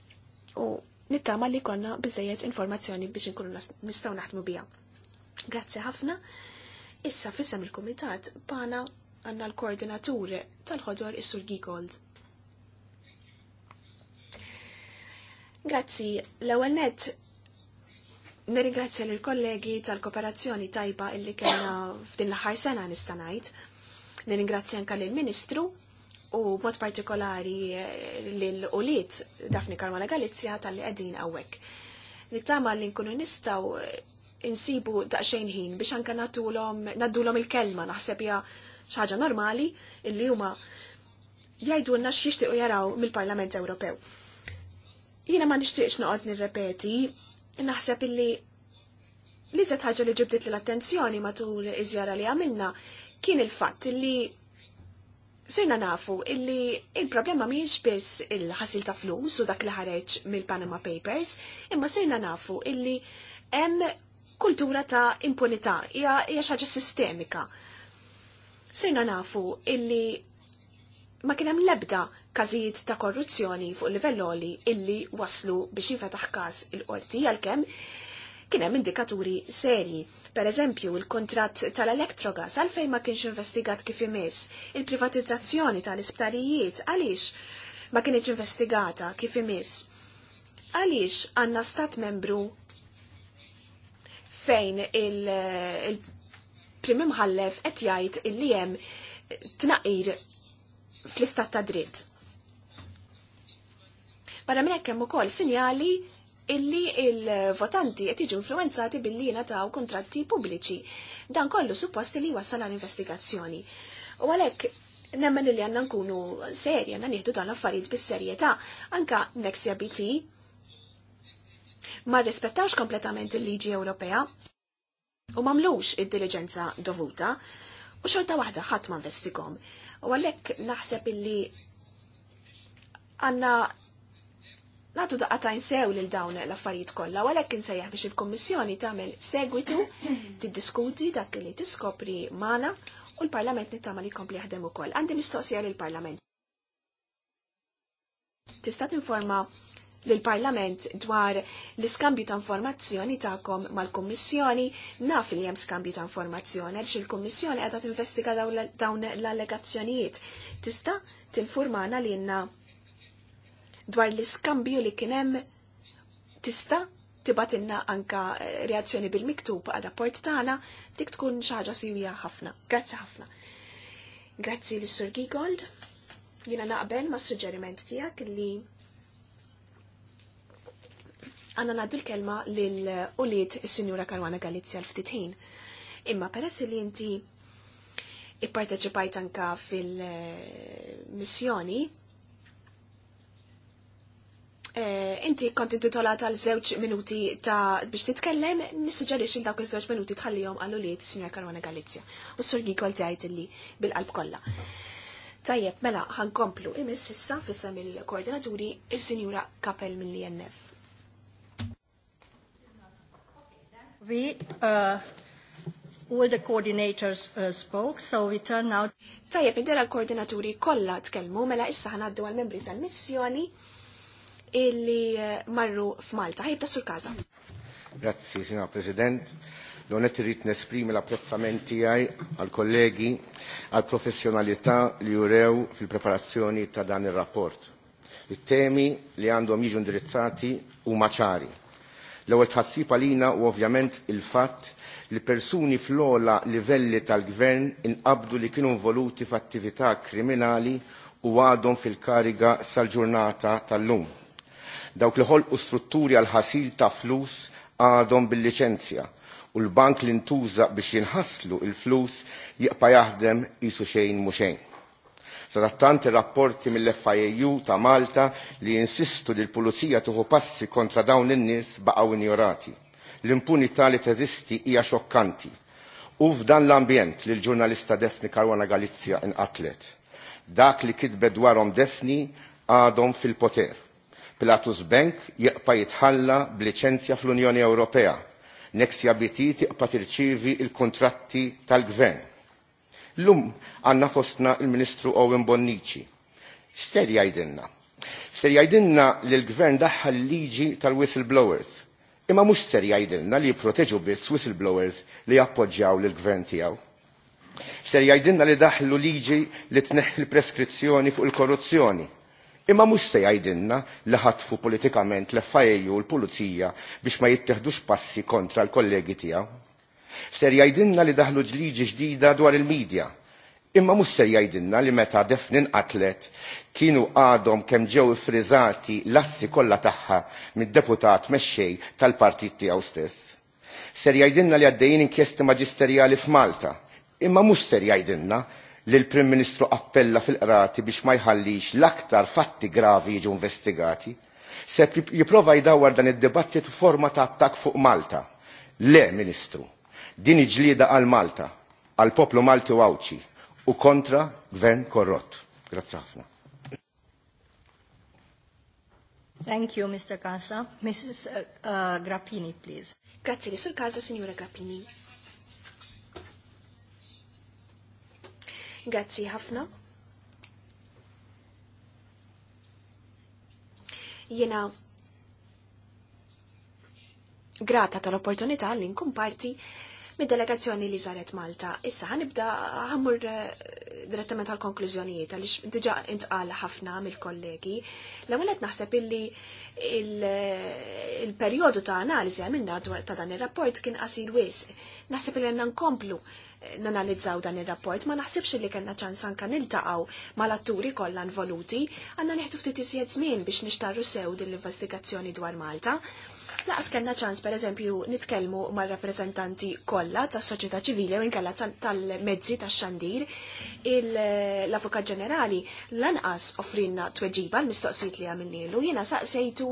U nittama li konna biżejjed informazzjoni biex inkunu nistgħu naħdmu biha. Grazzi ħafna. Issa fissam il-komitat pana għanna l-koordinaturi tal-ħodor is-Sur Gigold. Grazzi, l-ewwel net nirringrazzja lil kollegi tal-kooperazzjoni tajba illi kellna f'din l-aħħar sena nista' ngħid. Nirringrazzja anke lill-Ministru u mod partikolari l-ulit Dafni Karmala Galizja tal-li qegħdin għawek. Nittama li nkunu nistgħu insibu daqsxejn ħin biex anka natulhom naddulhom il-kelma naħseb hija xi ħaġa normali illi huma jgħidulna x'jixtiequ jaraw mill-Parlament Ewropew. Jiena ma nixtieqx noqgħod nirrepeti, naħseb illi li se ħaġa li ġibdit l-attenzjoni matul iż-żjara li għamilna kien il-fatt illi Sirna nafu illi il-problema miex biss il-ħasil ta' flus u dak li ħareġ mill-Panama Papers, imma sirna nafu illi hemm kultura ta' impunità, hija xaġa sistemika. Sejna nafu illi ma kien hemm l-ebda każijiet ta' korruzzjoni fuq livelloli illi waslu biex jinfetaħ każ il-qorti għalkemm kien hemm indikaturi serji. Per eżempju, il-kontratt tal-Electrogas għalfejn ma kienx investigat kif imiss, il-privatizzazzjoni tal-isptarijiet għaliex ma kienx investigata kif imiss. Għaliex għandna stat membru fejn il-prim il imħallef qed jgħid illi hemm tnaqir fl-istat ta' dritt. Barra minn hekk hemm ukoll sinjali illi il-votanti qed jiġu influenzati billi jingħataw kontratti pubbliċi. Dan kollu suppost li wassal għal investigazzjoni. U għalhekk nemmen li għanna nkunu serja, għanna nieħdu dan l-affarijiet bis-serjetà. Anka Nexia BT ma rispettawx kompletament il-liġi Ewropea u mamlux id-diligenza dovuta u xorta waħda ħadd ma investikom. U għalhekk naħseb illi għandna natu daqatajn sew lil dawn l-affarijiet kollha, u għalhekk insejjaħ biex il-Kummissjoni tagħmel segwitu, tiddiskuti dak li tiskopri mana u l-Parlament nittama li jkompli jaħdem ukoll. Għandi mistoqsija lill-Parlament. Tista' tinforma l-Parlament dwar l-iskambju ta' informazzjoni ta'kom mal-Kommissjoni, naf li hemm skambju ta' informazzjoni għax il-Kommissjoni qiegħda investiga dawn l-allegazzjonijiet. Tista' tinfurmana li jenna dwar l-iskambju li kien hemm tista' tibatinna anka eh, reazzjoni bil-miktub għal rapport tagħna dik tkun xaġa siwija ħafna. Grazzi ħafna. Grazzi l-Sur Gold. Jina naqbel ma' suġġeriment tiegħek li Għanna naddu l-kelma l-uliet il-Sinjura Karwana Galizja l-ftitħin. Imma peress li inti parteċipajt anka fil-missjoni, eh, inti kont intitolata tal żewġ minuti ta' biex titkellem, nissuġġerix il dawk iż-żewġ minuti tħallihom għal uliet sinjura Karwana Galizja. U s surgi kolti tgħid li bil-qalb kollha. Tajjeb, mela ħankomplu imis s'issa fissam il-koordinaturi il sinjura Kapel mill-INF. We, uh, all the coordinators uh, spoke, so we turn now. Tajjeb, id l-koordinaturi kollha tkellmu mela issa ħanaddu għal-membri tal-missjoni illi uh, marru f'Malta. Ħajib ta' surkaza. Grazzi, signor President. L-onet irrit nesprimi l-apprezzament tiegħi għal-kollegi għal-professjonalità li jurew fil-preparazzjoni ta' dan ir-rapport. Il-temi li għandhom jiġu indirizzati huma ċari L-ewwel tħassib għalina u ovvjament il-fatt li persuni fl ogħla livelli tal-gvern inqabdu li kienu involuti f'attività kriminali u għadhom fil-kariga sal-ġurnata tal-lum. Dawk li ħolqu strutturi għal ħasil ta' flus għadhom bil-liċenzja u l-bank li ntuża biex jinħasslu il-flus jibqa' jaħdem isu xejn mhu xejn. Trattant rapporti mill-FIAU ta' Malta li insistu li l-pulizija tuħu passi kontra dawn in-nies baqgħu injorati. L-impunità li teżisti hija xokkanti. U f'dan l-ambjent li l-ġurnalista Defni Karwana Galizja inqatlet. Dak li kitbet dwarhom Defni għadhom fil-poter. Pilatus Bank jibqa' jitħalla b'liċenzja fl-Unjoni Ewropea. Nexja BT tiqpa tirċivi il-kontratti tal-gvern Lum għanna fostna il-Ministru Owen Bonnici. Xter jajdinna? Ser jajdinna li l-gvern daħħal liġi tal-whistleblowers. Imma mux ser jajdinna li jiproteġu biss whistleblowers li jappoġġjaw l-gvern tijaw. Ser jajdinna li daħlu liġi li tneħ l preskrizzjoni fuq il-korruzzjoni. Imma mux se jajdinna li ħatfu politikament l-FIU u l-pulizija biex ma jittieħdux passi kontra l-kollegi tijaw. Ser jgħidilna li daħlu ġliġi ġdida dwar il-medja. Imma mhux ser jgħidilna li meta defnin atlet kienu għadhom kemm ġew ifriżati l-assi kollha tagħha mid-deputat mexxej tal-partit tiegħu stess. Ser jgħidilna li għaddejjin inkjesti maġisterjali f'Malta. Imma mhux ser jgħidilna li l-Prim Ministru appella fil-qrati biex ma jħallix l-aktar fatti gravi jiġu investigati, se jiprofa jdawwar dan id-dibattit forma ta' attak fuq Malta. Le, Ministru, Din iġlida għal Malta, għal poplu Malti għawċi, u kontra gvern korrot. Grazie ħafna. Thank you, Mr. Casa. Mrs. Uh, uh, Grappini, please. Grazie, Mr. Casa, signora Grappini. Grazie, ħafna. Jena grata tal-opportunità l-inkumparti mid-delegazzjoni li saret Malta. Issa ħanibda ħammur eh, direttament għal konklużjonijiet għaliex diġà intqal ħafna mill-kollegi. L-ewwel qed naħseb illi eh, il-perjodu ta' analiżi għamilna dwar ta' dan ir-rapport kien qasir wisq. Naħseb illi għandna nkomplu nanalizzaw dan il-rapport, ma naħsibx li kellna ċans anka niltaqgħu mal-atturi kollha involuti, għandna nieħdu ftit iżjed żmien biex nixtarru sew din l-investigazzjoni dwar Malta. Laqas kellna ċans per eżempju nitkellmu mal rappreżentanti kollha tas-soċjetà ċivili u inkella tal-mezzi tax-xandir, l-Avukat Ġenerali lanqas offrinna tweġiba l-mistoqsijiet li għamilnilu jiena saqsejtu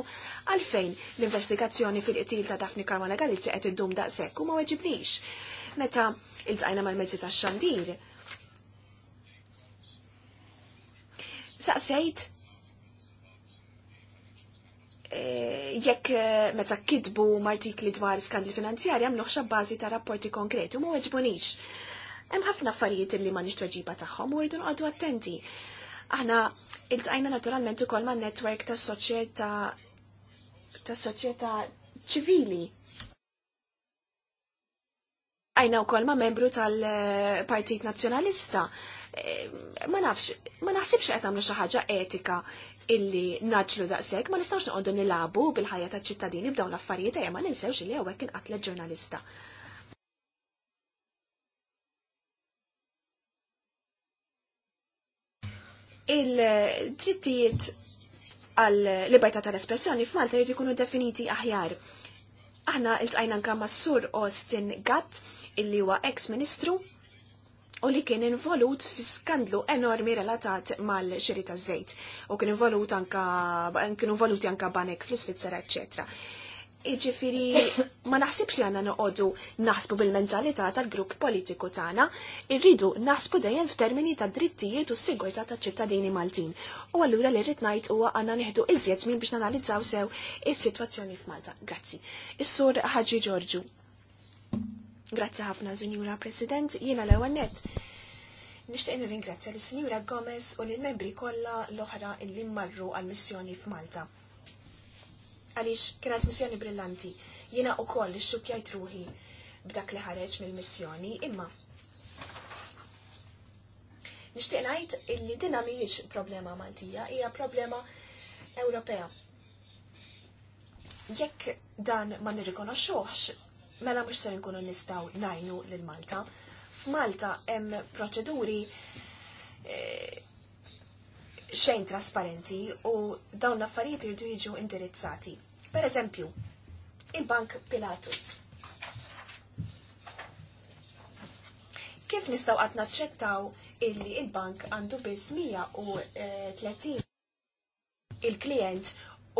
għalfejn l-investigazzjoni fil-qtil ta' Dafni Karmala Galizja qed iddum daqshekk u ma weġibniex. Meta iltqajna mal-mezzi tax-xandir, saqsejt Eh, jekk eh, meta kidbu martikli dwar skandli finanzjari għamluħ bazi ta' rapporti konkreti u ma weġbunix. Hemm ħafna affarijiet li ma nix tweġiba tagħhom u rridu nqogħdu attenti. Aħna iltajna naturalment ukoll ma' netwerk ta' soċjetà ta' soċjetà ċivili. Għajna wkoll ma' membru tal-Partit Nazzjonalista eh, ma nafx, ma naħsibx qed nagħmlu xi ħaġa etika illi naġlu daqseg ma nistawx noqogħdu nilabu bil-ħajja taċ-ċittadini b'dawn l-affarijiet ma ninsewx li hawnhekk inqatlet ġurnalista. Il-drittijiet għal libertà tal-espressjoni f'Malta jrid ikunu definiti aħjar. Aħna iltqajna anke mas-sur Austin Gatt illi huwa ex-ministru u li kien involut fi skandlu enormi relatat mal-xiri ta' żejt u kien involut anka kien involut anka banek fl-Svizzera, eccetera. Iġifiri, ma naħsibx li għanna noqodu naħsbu bil-mentalità tal-grupp politiku tagħna, irridu naħsbu dejjem f'termini ta' drittijiet u s-sigurtà taċ-ċittadini Maltin. U allura li rrid ngħid huwa għandna nieħdu iżjed żmien biex nanalizzaw sew is-sitwazzjoni f'Malta. Grazzi. Is-sur Ħaġi Ġorġu. Grazzi ħafna, Zinjura President, jiena l-ewwel nett. Nixtieq nirringrazzja lis sinjura Gomez u lill-membri kollha l-oħra li marru għall-missjoni f'Malta. Għaliex kienet missjoni brillanti, jiena wkoll ixxukjajt ruħi b'dak li ħareġ mill-missjoni imma. Nixtieq ngħid illi dina mhijiex problema Maltija, hija problema Ewropea. Jekk dan ma nirrikonoxxuhx, mela mhux se nkunu nistgħu najnu lil Malta. F'Malta hemm proċeduri eh, xejn trasparenti u dawn l-affarijiet irdu jiġu indirizzati. Per eżempju, il-Bank Pilatus. Kif nistaw għatna naċċettaw illi il-bank għandu biss 130 il-klient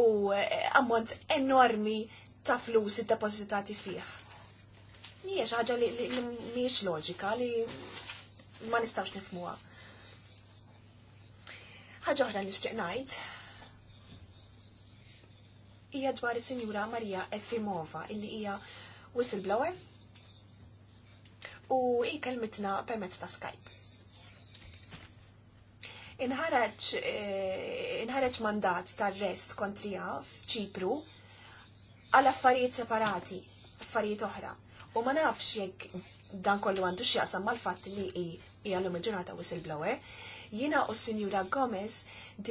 u eh, ammont enormi ta' flus id-depozitati fih? hija xi ħaġa li mhijiex loġika li ma nistax nifmuha. Ħaġa oħra li nixtieq ngħid hija dwar is-Sinjura Marija Efimova illi hija whistleblower u ikelmitna permezz ta' Skype. Inħareġ eh, inħareġ mandat tar-rest kontrija f'Ċipru għal affarijiet separati, affarijiet oħra. U ma nafx jekk dan kollu għandu x'jaqsam mal-fatt li hija l ġurnata whistleblower. Jiena u s-Sinjura Gomez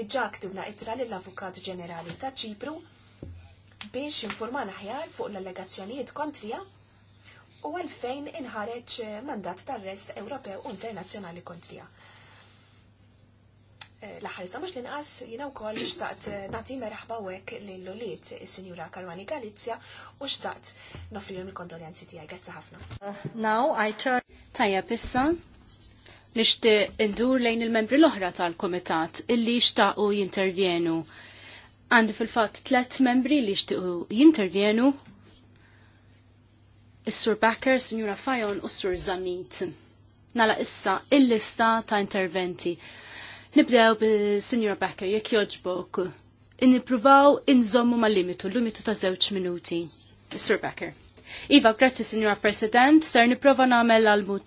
diġà ktibna ittra lill-Avukat Ġenerali ta' Ċipru biex informana ħjar fuq l-allegazzjonijiet kontrija u għalfejn inħareġ mandat tal-rest Ewropew u internazzjonali kontrija. L-aħħar iżda mhux l-inqas jiena wkoll xtaqt eh, nagħti merħba hekk l-lulit is-Sinjura Karwani Galizja u xtaqt nofrilhom il-kondoljanzi tiegħi. Grazzi ħafna. Uh, now I turn Tajja issa nixtieq indur lejn il-membri l-oħra tal-kumitat illi u jintervjenu. Għandi fil-fatt tlet membri li xtiequ jintervjenu Is-Sur Bakker, Sinjura Fajon u s-Sur Zamit. Nala issa il-lista ta' interventi. Nibdew bil-Sinjora Becker, jekk joġbok. Innipruvaw inżommu mal-limitu, l-limitu ta' żewġ minuti. Sir Becker. Iva, grazzi Sinjora President, ser niprofa namel l-almu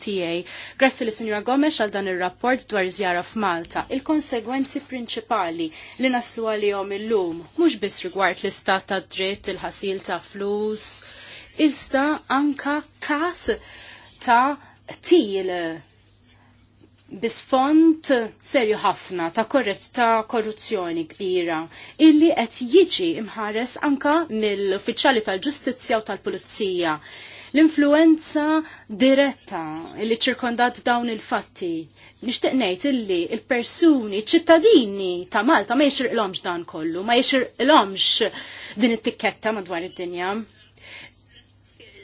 Grazzi li Sinjora Gomes għal dan il-rapport dwar zjara f'Malta. Il-konsegwenzi principali li naslu għalihom il-lum, mux bis rigward l-istat ta' dritt, il-ħasil ta' flus, iżda anka kas ta' til bisfont serju ħafna ta' korret ta' korruzzjoni kbira illi qed jiġi imħares anka mill-uffiċjali tal-ġustizzja u tal-pulizija. L-influenza diretta illi ċirkondat dawn il-fatti. Nixtieq ngħid illi il-persuni, ċittadini ta' Malta ma jixirqlhomx dan kollu, ma jixirqlhomx din it-tikketta madwar id-dinja.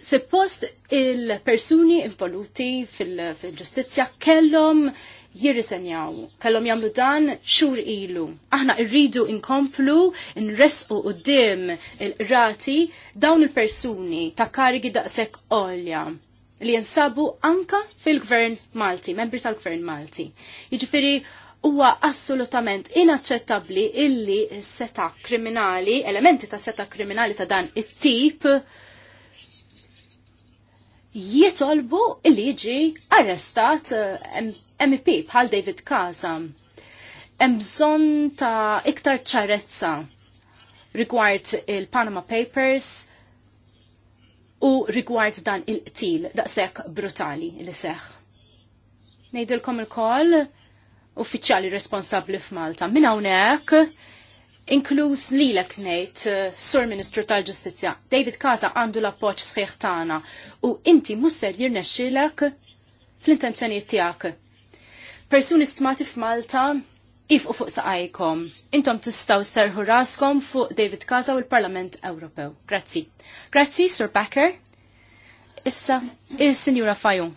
Suppost il-persuni involuti fil-ġustizja fil kellhom jirrisenjaw, kellhom jagħmlu dan xur ilu. Aħna rridu inkomplu nresqu dim il-rati dawn il-persuni ta' karigi daqshekk olja li jinsabu anka fil-Gvern Malti, membri tal-Gvern Malti. Jiġifieri huwa assolutament inaċċettabbli illi s-seta kriminali, elementi ta' seta kriminali ta' dan it-tip jitolbu li jiġi arrestat eh, MP bħal David Kaza. Hemm bżonn ta' iktar ċarezza rigward il-Panama Papers u rigward dan il-qtil daqshekk brutali li seħ. Ngħidilkom il-koll uffiċjali responsabbli f'Malta. Minn hawnhekk inkluż lilek ngħid eh, Sur Ministru tal-Ġustizzja, David Kaza għandu l-appoġġ sħiħ tagħna u inti mhux ser jirnexxilek fl-intenzjonijiet tiegħek. Persuni stmati f'Malta ifqu fuq saqajkom. Intom tistaw serħu raskom fuq David Kaza u l-Parlament Ewropew. Grazzi. Grazzi, Sur Becker. Issa, il-Sinjura Fajon.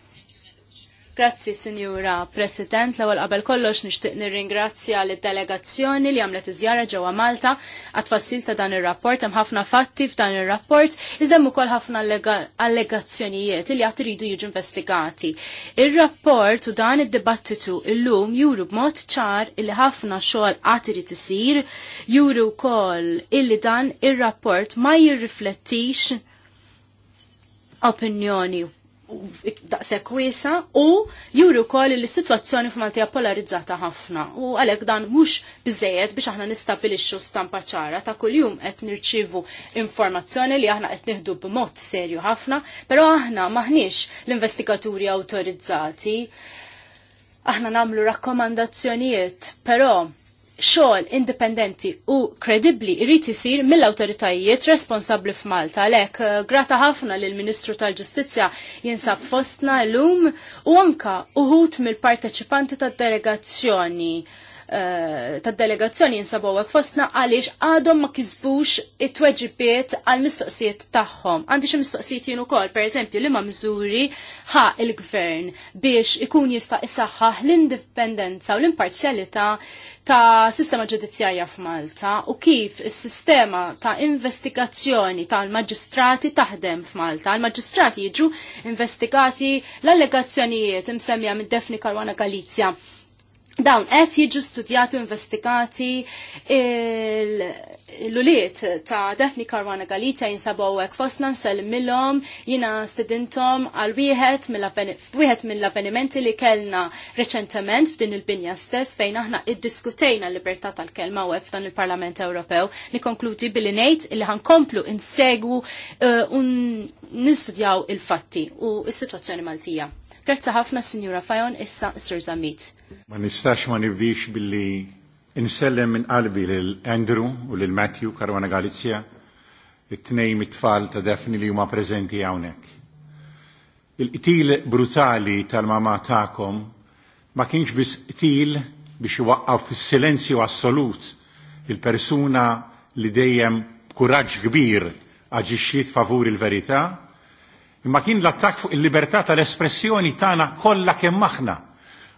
Grazzi, Sinjura President. L-ewwel qabel kollox nixtieq nirringrazzja lid delegazzjoni li għamlet iżjara ġewwa Malta għat ta' dan ir-rapport hemm ħafna fatti f'dan ir-rapport iżda hemm ukoll ħafna allegazzjonijiet li qatt iridu jiġu investigati. Ir-rapport u dan id-dibattitu illum juru b'mod ċar illi ħafna xogħol qatt irid isir, juru wkoll illi dan ir-rapport ma jirriflettix opinjoni daqsek wiesa u juri wkoll li s-sitwazzjoni f'Malti polarizzata ħafna u għalhekk dan mhux biżejjed biex aħna nistabilixxu stampa ċara ta' kuljum qed nirċivu informazzjoni li aħna qed nieħdu b'mod serju ħafna, però aħna maħniex l-investigaturi awtorizzati. Aħna nagħmlu rakkomandazzjonijiet, però xogħol indipendenti u kredibbli jrid isir mill-awtoritajiet responsabbli f'Malta. Għalhekk eh, grata ħafna lil Ministru tal-Ġustizzja jinsab fostna llum u anka uħut mill-parteċipanti tad-delegazzjoni Eh, tad-delegazzjoni jinsabu għak fostna għaliex għadhom ma kizbux it-tweġibiet għal-mistoqsijiet tagħhom. Għandi xi mistoqsijiet jien ukoll, pereżempju, li ma miżuri ħa il-gvern biex ikun jista' isaħħaħ l-indipendenza u l-imparzjalità ta' sistema ġudizzjarja f'Malta u kif is-sistema ta' investigazzjoni tal-maġistrati taħdem f'Malta. L-maġistrati jiġu investigati l-allegazzjonijiet imsemmija mid-Defni Karwana Galizja Dawn qed jiġu studjati u investigati l-uliet ta' Daphne Karwana Galita jinsabu għek fosna millom jina studentom għal wieħed mill-avvenimenti li kellna reċentement f'din il-binja stess fejn aħna iddiskutejna l-libertà tal-kelma u f'dan il-Parlament Ewropew. Nikonkludi billi ngħid li ħankomplu insegwu eh, u nistudjaw il-fatti u s-sitwazzjoni Maltija. Grazzi ħafna Sinjura Fajon issa Sir Zamit. Ma nistax ma nivdix billi insellem minn qalbi lil Andrew u lil Matthew Karwana Galizja it-tnejn mit-tfal ta' defni li huma preżenti hawnhekk. Il-qtil brutali tal-mama ta'kom ma kienx biss qtil biex iwaqqaw fis-silenzju assolut il-persuna li dejjem kuraġġ kbir aġixxiet favur il-verità, imma kien l-attak fuq il-libertà tal-espressjoni tagħna kollha kemm aħna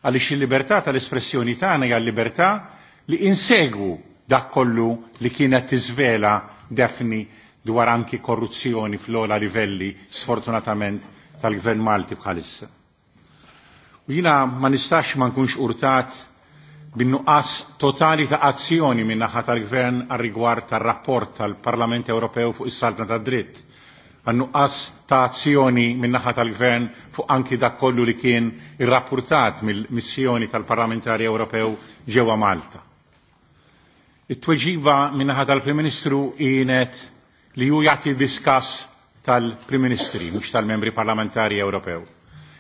għaliex il-libertà tal-espressjoni tagħna hija l-libertà li insegwu dak kollu li kienet tiżvela defni dwar anki korruzzjoni fl-ola livelli sfortunatament tal-Gvern Malti bħalissa. U jina ma nistax ma nkunx urtat bin-nuqqas totali ta' azzjoni min naħa tal-Gvern għal rigward tar-rapport tal-Parlament Ewropew fuq is-saltna tad-dritt għannuqqas ta' azzjoni minnaħa tal-gvern fuq anki dak kollu li kien irrapportat mill-missjoni tal-parlamentari Ewropew ġewwa Malta. It-tweġiba minnaħa tal-Prim Ministru kienet li ju jagħti diskas tal-Prim Ministri, mhux tal-membri parlamentari Ewropew,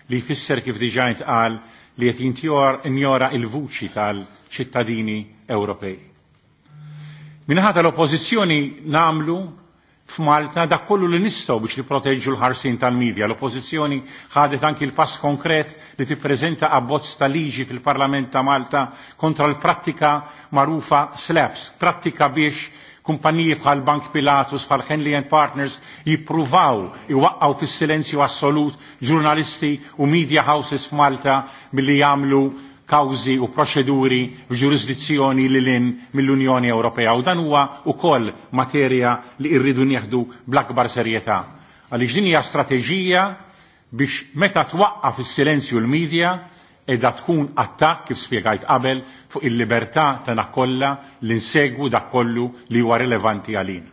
li jfisser kif diġà intqal li qed injora il-vuċi tal-ċittadini Ewropej. Minnaħa tal-oppożizzjoni namlu f'Malta dak kollu li nistgħu biex niproteġġu l-ħarsin tal-medja. L-oppożizzjoni ħadet anki l-pass konkret li tippreżenta abbozz ta' liġi fil-Parlament ta' Malta kontra l-prattika marufa slaps, prattika biex kumpaniji bħal Bank Pilatus, bħal Henley and Partners jippruvaw iwaqqaw fis silenzju assolut ġurnalisti u media houses f'Malta billi jagħmlu kawzi u proċeduri f'ġurisdizzjoni li l-in mill-Unjoni Ewropea u dan huwa ukoll materja li irridu nieħdu bl-akbar serjetà. Għaliex din hija strateġija biex meta twaqqaf is-silenzju l-medja edha tkun attak kif spiegajt qabel fuq il-libertà tagħna kollha li nsegwu dak kollu li huwa rilevanti għalina.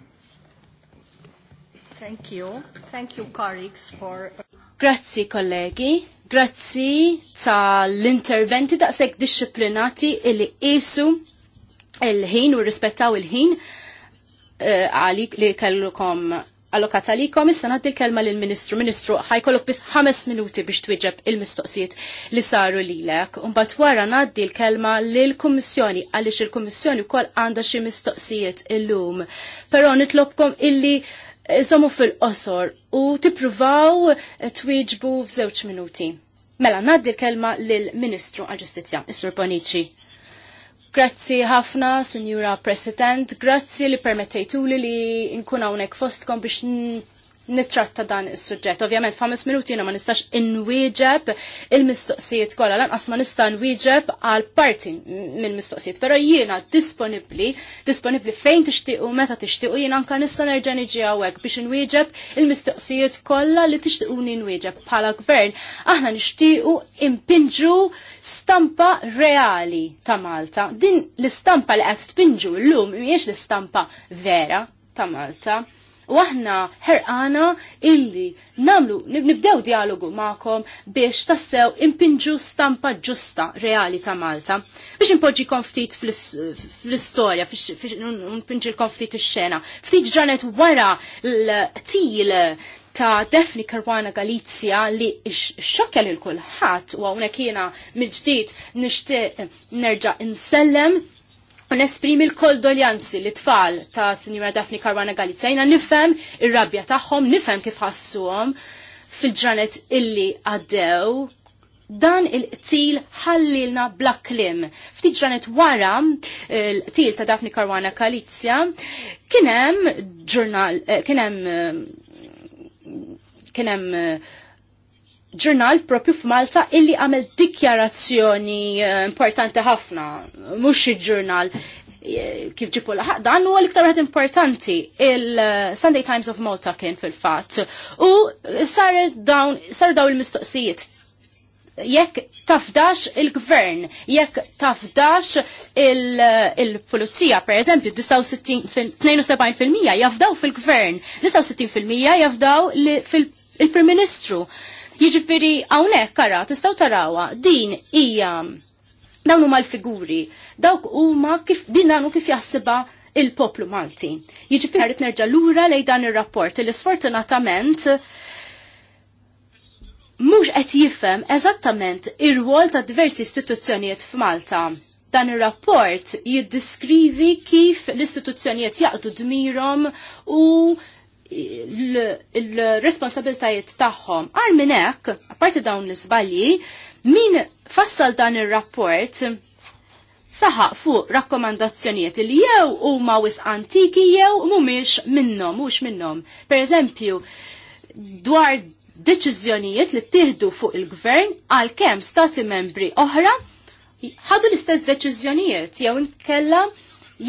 Thank you. Thank you, colleagues, for... Grazzi kollegi, grazzi tal-interventi daqshekk disciplinati illi qisu il-ħin u rispettaw il-ħin eh, għalik li kellukom allokat għalikom, issa naddi kelma l-Ministru. Ministru, ħajkollok bis ħames minuti biex twieġeb il-mistoqsijiet li saru lilek. Umbat wara naddi l-kelma l-Kommissjoni, għaliex il-Kommissjoni wkoll għandha xi mistoqsijiet illum. Però nitlobkom illi Iżommu fil-qosor u tippruvaw twieġbu f'żewġ minuti. Mela, naddi l-kelma lill-Ministru għal-Ġustizzja, Isur Bonici. Grazzi ħafna, Signora President, grazzi li permettejtuli li nkun hawnhekk fostkom biex nitratta dan is-suġġett. Ovvjament mis minuti jiena ma nistax inwieġeb il-mistoqsijiet kollha lanqas ma nista' nwieġeb għal parti mill-mistoqsijiet, però jiena disponibbli, disponibbli fejn tixtiequ meta tixtiequ jiena anke nista' nerġa' niġi hawnhekk biex inwieġeb il-mistoqsijiet kollha li tixtiequni nwieġeb bħala gvern. Aħna nixtiequ impinġu stampa reali ta' Malta. Din l-istampa li qed tpinġu llum mhijiex l-istampa vera ta' Malta U aħna ħerqana illi namlu nibdew dialogu ma'kom biex tassew impinġu stampa ġusta reali ta' Malta. Biex impoġġi konftit fl-istorja, biex impinġi konftit ix-xena. Ftit ġranet wara l-til ta' Defni Karwana Galizja li xokkel lil kulħadd u hawnhekk kiena mill-ġdid nixtieq nerġa' insellem Ma nesprimi l-kol doljanzi li tfal ta' Sinjura Daphne Karwana Galizzajna nifem ir-rabja tagħhom, nifem kif ħassuhom fil-ġranet illi għaddew. Dan il til ħallilna blaklim. klim. Ftit ġranet wara l til ta' Daphne Karwana Galizja kienem ġurnal, kienem kienem uh, ġurnal propju f'Malta illi għamel dikjarazzjoni eh, importanti ħafna, mhux ġurnal eh, kif ġipu laħaq dan huwa l-iktar importanti il-Sunday Times of Malta kien fil-fatt. U sar dawn sar daw il-mistoqsijiet jekk tafdax il-gvern, jekk tafdax il-pulizija, per eżempju, 72% jafdaw fil-gvern, 69% jafdaw fil-Prim Ministru. Jiġifieri hawnhekk kara tistgħu tarawha din hija dawn huma l-figuri, dawk huma kif din għanu kif jaħsibha il-poplu Malti. Jiġifieri rid nerġa' lura lejn dan ir-rapport li sfortunatament mhux qed jifhem eżattament ir-rwol ta' diversi istituzzjonijiet f'Malta. Dan ir-rapport jiddiskrivi kif l-istituzzjonijiet jaqdu dmirom u il-responsabiltajiet tagħhom. Għal minn hekk, apparti dawn l-iżbalji, min fassal dan ir-rapport saħaq fuq rakkomandazzjonijiet li jew huma mawis antiki jew mhumiex minnhom, mhux minnhom. Pereżempju, dwar deċiżjonijiet li ttieħdu fuq il-gvern għal kem stati membri oħra ħadu l-istess deċiżjonijiet jew inkella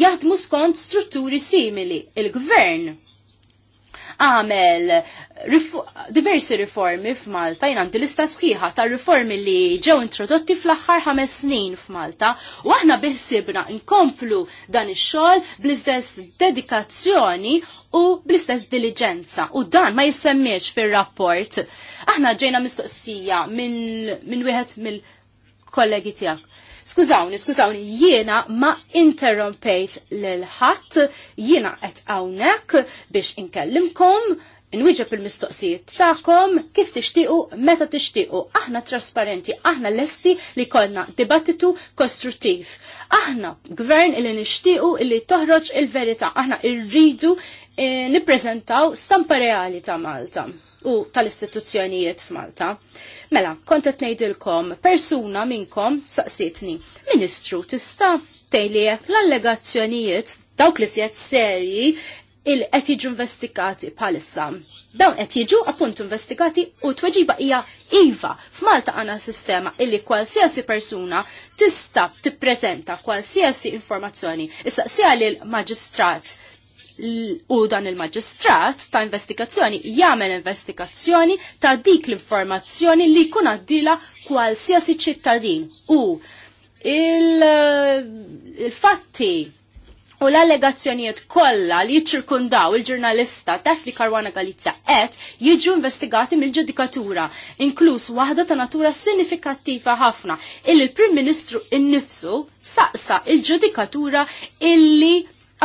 jaħdmu skont strutturi simili. Il-gvern għamel diversi riformi f'Malta, jina għandi lista sħiħa ta' riformi li ġew introdotti fl-aħħar ħames snin f'Malta, u aħna biħsibna nkomplu dan ix-xogħol bl-istess dedikazzjoni u bl-istess diligenza. U dan ma jissemmiex fir-rapport. Aħna ġejna mistoqsija minn min wieħed mill-kollegi tiegħek Skużawni, skużawni, jiena ma interrompejt l-ħadd, jiena għet hawnhekk biex inkellimkom Nwiġeb il-mistoqsijiet ta'kom kif tixtiqu, meta tixtiqu. Aħna trasparenti, aħna lesti li kolna dibattitu kostruttiv. Aħna gvern li nixtiqu li toħroġ il-verità. Aħna irridu eh, nippreżentaw stampa reali ta' Malta u tal-istituzzjonijiet f'Malta. Mela, kont qed ngħidilkom persuna minnkom saqsitni, Ministru tista' tgħidli l-allegazzjonijiet dawk li sjed serji il qed jiġu investigati bħalissa. Dawn qed jiġu appunt investigati u tweġiba hija iva. F'Malta għandna sistema illi kwalsiasi persuna tista' tippreżenta kwalsiasi informazzjoni. Issa sija lil maġistrat u dan il-maġistrat ta' investigazzjoni jagħmel investigazzjoni ta' dik l-informazzjoni li jkun għaddila kwalsiasi ċittadin u eh, il-fatti U l-allegazzjonijiet kollha li jiċċirkundaw il-ġurnalista Tefli li Karwana Galizja qed jiġu investigati mill-ġudikatura, inkluż waħda ta' natura sinifikattiva ħafna il l-Prim Ministru innifsu saqsa il-ġudikatura illi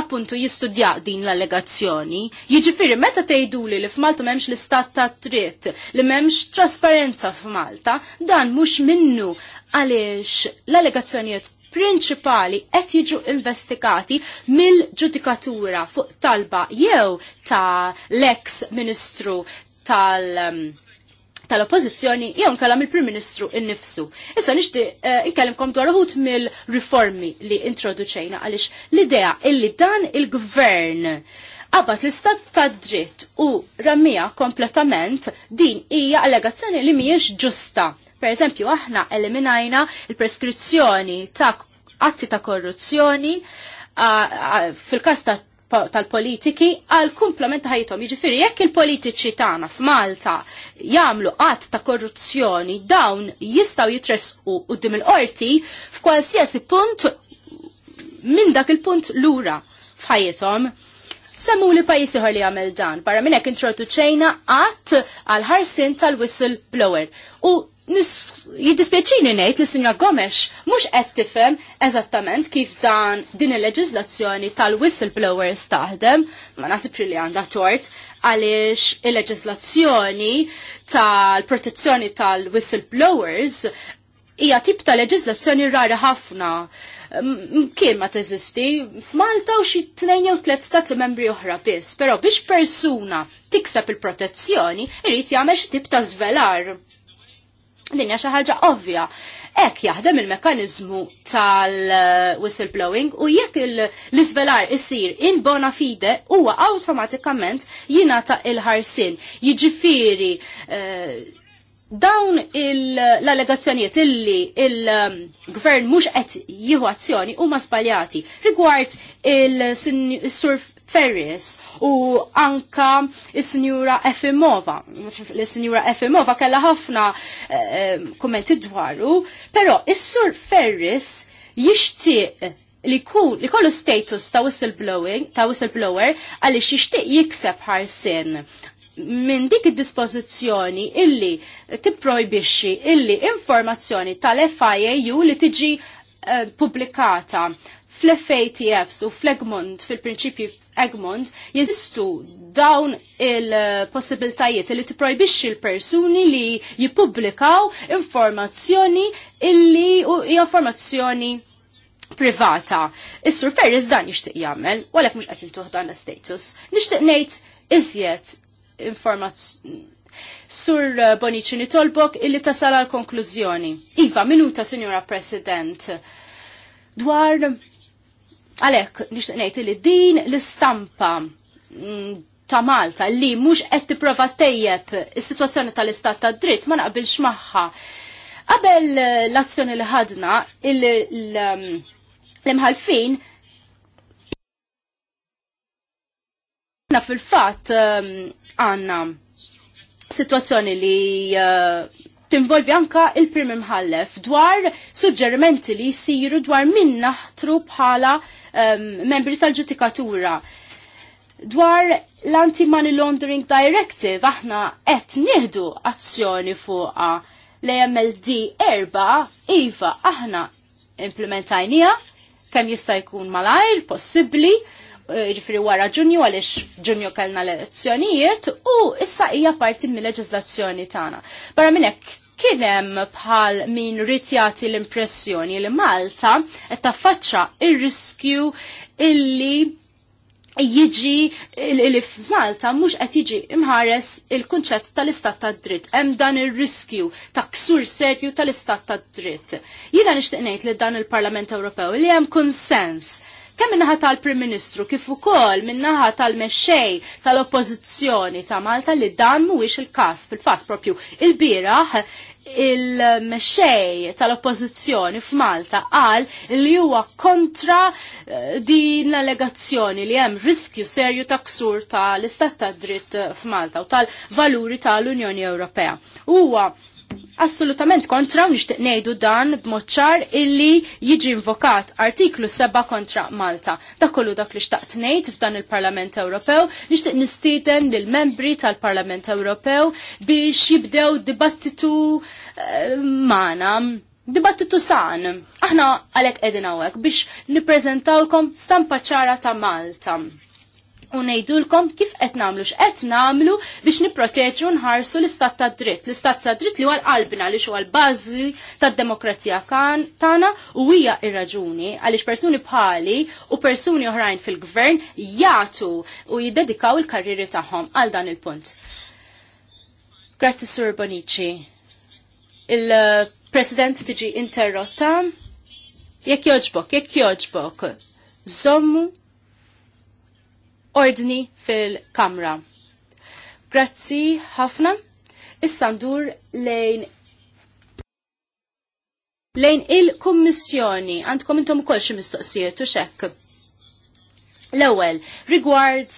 appuntu jistudja din l-allegazzjoni. Jiġifieri meta tgħiduli li f'Malta m'hemmx l-istat ta' dritt, li m'hemmx trasparenza f'Malta, dan mhux minnu għaliex l-allegazzjonijiet prinċipali qed jiġu investigati mill-ġudikatura fuq talba jew ta' l-ex ministru tal- um, tal-oppozizjoni jew nkellem il-Prim Ministru innifsu. Issa nixti nkellimkom eh, dwar uħut mill-riformi li introduċejna għaliex l-idea illi dan il-gvern qabad l-istat ta' dritt u rammija kompletament din hija allegazzjoni li mhijiex ġusta. Per eżempju, aħna eliminajna il-preskrizzjoni ta' atti ta' korruzzjoni fil-kas ta' tal-politiki għal kumplament ħajtom. Jiġifieri jekk il-politiċi tagħna f'Malta jagħmlu qatt ta' korruzzjoni dawn jistgħu jitresqu quddiem il-qorti f'kwalsiasi punt minn dak il-punt lura f'ħajjithom. Semmu li pajis iħor li jagħmel dan, barra hekk introduċejna għat għal-ħarsin tal-whistleblower. U jiddispjaċini ngħid li Sinja Gomex mhux qed tifhem eżattament kif dan din il-leġiżlazzjoni tal-whistleblowers taħdem, ma nasib li għandha ċort, għaliex il-leġiżlazzjoni tal-protezzjoni tal-whistleblowers hija tip ta' leġiżlazzjoni rara ħafna. Kien ma teżisti f'Malta u xi tnejn jew tliet stati membri oħra biss, però biex persuna tikseb il-protezzjoni irid jagħmel xi tip ta' żvelar Dinja xi ħaġa ovvja. Hekk jaħdem il-mekkaniżmu tal-whistleblowing u jekk l-iżvelar isir in bona fide huwa awtomatikament jingħata il-ħarsin. Jiġifieri eh, dawn l-allegazzjonijiet illi il-gvern mhux qed jieħu azzjoni huma spaljati rigward il-sur Ferris u anka is-Sinjura Efimova. L-Sinjura Efimova kella ħafna eh, eh, kommenti dwaru, però is-Sur Ferris jixtieq li kun li kollu status ta' whistleblowing, ta' whistleblower għaliex jixtieq jikseb ħarsien minn dik id-dispożizzjoni illi tipprojbixxi illi informazzjoni tal-FIAU li tiġi uh, pubblikata fl-FATFs u fl-Egmont, fil-prinċipju Egmont, jeżistu dawn il-possibiltajiet li tipprojbixxi l-persuni li jippubblikaw informazzjoni illi u informazzjoni privata. Is-Sur Ferris dan jixtieq jagħmel, u għalhekk mhux qed intuħ dan l-status. Nixtieq ngħid iżjed informazzjoni Sur Bonicini Tolbok illi tasala l konklużjoni. Iva, minuta, Signora President, dwar Għalek, t li din l-istampa mm, ta' Malta li mhux qed tipprova tejjeb is-sitwazzjoni tal-istat ta' dritt ma naqbilx magħha. Qabel l-azzjoni li ħadna um, l-imħalfin Na fil-fat um, għanna situazzjoni li uh, tinvolvi anka il-prim imħallef dwar suġġerimenti li jisiru dwar minna naħtru bħala Um, membri tal-ġudikatura dwar l-Anti-Money Laundering Directive aħna qed nieħdu azzjoni fuqha l-AMLD erba iva aħna implementajnija kemm jista' jkun malajr possibbli eh, ġifri wara ġunju għalix ġunju kellna l-elezzjonijiet u issa hija parti mill-leġislazzjoni tagħna. Barra minn hekk kienem bħal min ritjati l-impressjoni li Malta qed taffaċċa ir-riskju illi jiġi li f'Malta mhux qed jiġi imħares il-kunċett tal-istat tad dritt. Hemm dan ir-riskju ta' ksur serju tal-istat tad dritt. Jiena nixtieq ngħid li dan il-Parlament Ewropew li hemm konsens kemm minnaħa tal-Prim Ministru kif ukoll minnaħa tal-mexxej tal-Oppożizzjoni ta' Malta li dan mhuwiex il-każ fil-fatt propju il-bieraħ il-mexxej tal-oppożizzjoni f'Malta qal li huwa kontra eh, din l-allegazzjoni li hemm riskju serju ta' ksur tal-istat ta' dritt f'Malta u tal-valuri tal-Unjoni Ewropea. Huwa assolutament kontra u nixtieq ngħidu dan b'moċċar illi jiġi invokat artiklu 7 kontra Malta. Dak kollu dak li xtaqt ngħid f'dan il-Parlament Ewropew, nixtieq nistieden lil membri tal-Parlament Ewropew biex jibdew dibattitu uh, magħna dibattitu san. Aħna għalek edin għawek biex niprezentawkom stampa ċara ta' Malta u ngħidulkom kif qed nagħmlu x'qed nagħmlu biex nipproteġu nħarsu l-istat ta' dritt. L-istat ta' dritt li huwa l-qalbna li huwa l-bażi tad-demokrazija tagħna u hija r raġuni għaliex persuni bħali u persuni oħrajn fil-gvern jagħtu u jiddedikaw il-karriri tagħhom għal dan il-punt. Grazzi Sur Bonici. Il-President tiġi interrotta. Jekk joġbok, jekk joġbok. Zommu ordni fil-kamra. Grazzi ħafna. Issa ndur lejn lejn il-kommissjoni għandkom intom ukoll xi mistoqsijiet u xekk. L-ewwel rigward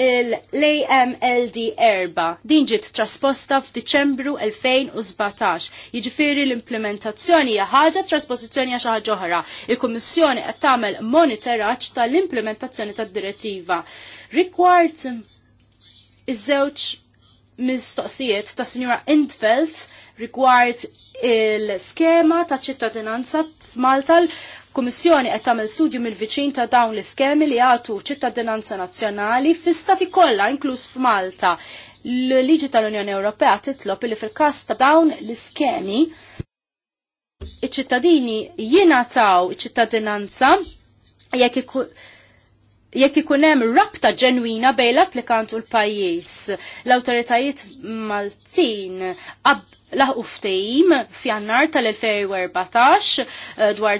l-AMLD erba. Din ġiet trasposta f'Diċembru 2017. Jiġifieri l-implementazzjoni hija ħaġa, trasposizzjoni hija xi ħaġa oħra. Il-Kummissjoni qed tagħmel monitoraġġ tal-implementazzjoni tad-direttiva. Rigward iż-żewġ mistoqsijiet ta' Sinjura Intfeld rigward il-skema ta' ċittadinanza f'Malta Kummissjoni qed tagħmel studju mill-viċin ta' dawn l-iskemi li għatu ċittadinanza nazzjonali fl-istati kollha inkluż f'Malta. L-liġi tal-Unjoni Ewropea titlob li fil-każ ta' dawn l-iskemi iċ-ċittadini jingħataw iċ-ċittadinanza jekk ikun jekk ikun hemm rabta ġenwina bejn l-applikant u l-pajjiż. L-awtoritajiet Maltin laħqu ftehim f'jannar tal-2014 eh, dwar,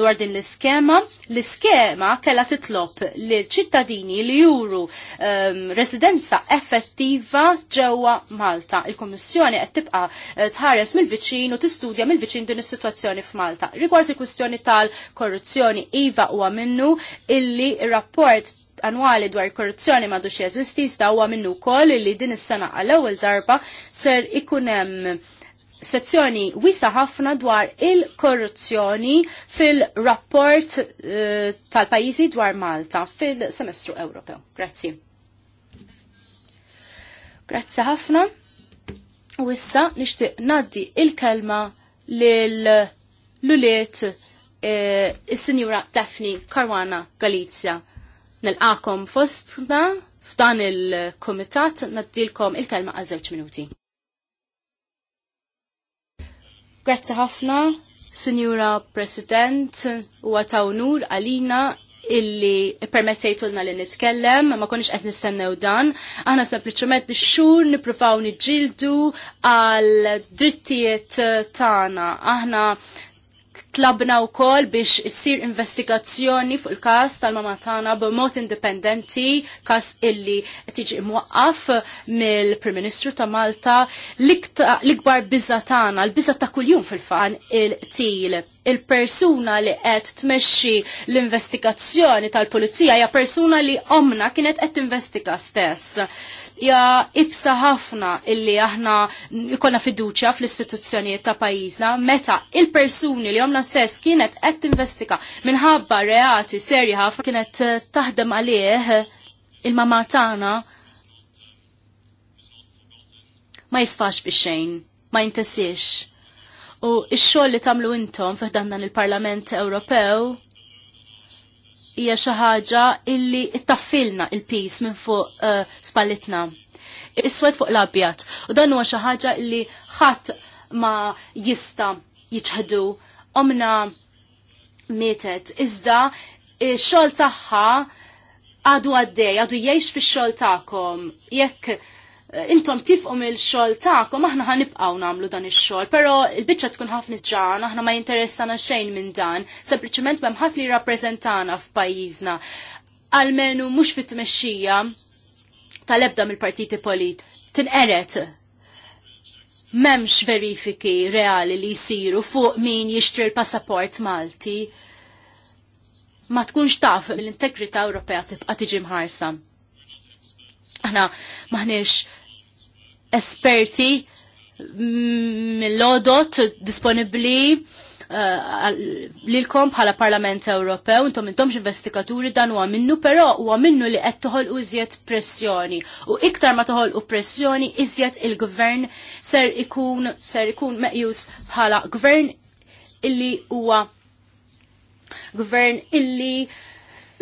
dwar din l-iskema. L-iskema kella titlob li ċittadini li juru um, residenza effettiva ġewwa Malta. Il-Kommissjoni qed tibqa' eh, tħares mill-viċin u tistudja mill-viċin din is-sitwazzjoni f'Malta. Rigward il-kwistjoni tal-korruzzjoni iva huwa minnu illi ir-rapport rapport annwali dwar korruzzjoni madux jeżisti sta minnu wkoll li din is-sena għall-ewwel darba ser ikun hemm sezzjoni wisa ħafna dwar il-korruzzjoni fil-rapport eh, tal-pajjiżi dwar Malta fil-semestru Ewropew. Grazzi. Grazzi ħafna. U issa nixtieq naddi il-kelma lil luliet eh, is-Sinjura Daphne Karwana Galizia nilqakom fostna f'dan il-komitat naddilkom il-kelma għal żewġ minuti. Grazzi ħafna, Signora President, u għatawnur għalina illi permettejtulna li nitkellem, ma konix qed nistennew dan, aħna sempliċement xhur nippruvaw niġġieldu għal drittijiet tagħna. Aħna Tlabna wkoll biex issir investigazzjoni fuq il-każ tal-mama b'mod indipendenti, każ illi qed jiġi mill-Prim Ministru ta' Malta l-ikbar biża tagħna, l-biża ta' kuljum fil-fan il-til. Il-persuna li qed tmexxi l-investigazzjoni tal-pulizija hija persuna li omna kienet qed tinvestiga stess ja ibsa ħafna illi aħna ikonna fiduċja fl-istituzzjonijiet ta' pajjiżna meta il-persuni li omna stess kienet qed tinvestika minħabba reati serji ħafna kienet eh, taħdem għalih eh, il mamma tagħna ma jisfax biex xejn, ma jintessiex. U x-xogħol li tagħmlu intom fih dan il-Parlament Ewropew hija xi ħaġa illi taffilna il-pis minn fuq eh, spallitna. Is-swed fuq l-abjad. U dan huwa xi ħaġa illi ħadd ma jista jiċħdu omna mietet. Iżda eh, xogħol tagħha għadu għaddej, għadu jgħix fix xogħol tagħkom. Jekk Eh, intom tifqu mill-xogħol tagħkom aħna ħanibqgħu nagħmlu dan ix-xogħol, però l-biċċa tkun ħafna ġan, aħna ma jinteressana xejn minn dan, sempliċement m'hemm ħadd li jirrappreżentana f'pajjiżna. Almenu mhux fit-tmexxija tal-ebda mill-partiti polit. Tinqeret memx verifiki reali li jisiru fuq min jixtri l-passaport Malti ma tkunx taf l-integrità Ewropea tibqa' tiġi mħarsa aħna maħniex esperti mm, mill-odot disponibli eh, lilkom bħala Parlament Ewropew, intom intomx investigaturi dan huwa minnu, però huwa minnu li qed toħolqu iżjed pressjoni. U iktar ma toħolqu pressjoni iżjed il-gvern ser ikun ser ikun meqjus bħala gvern illi huwa gvern illi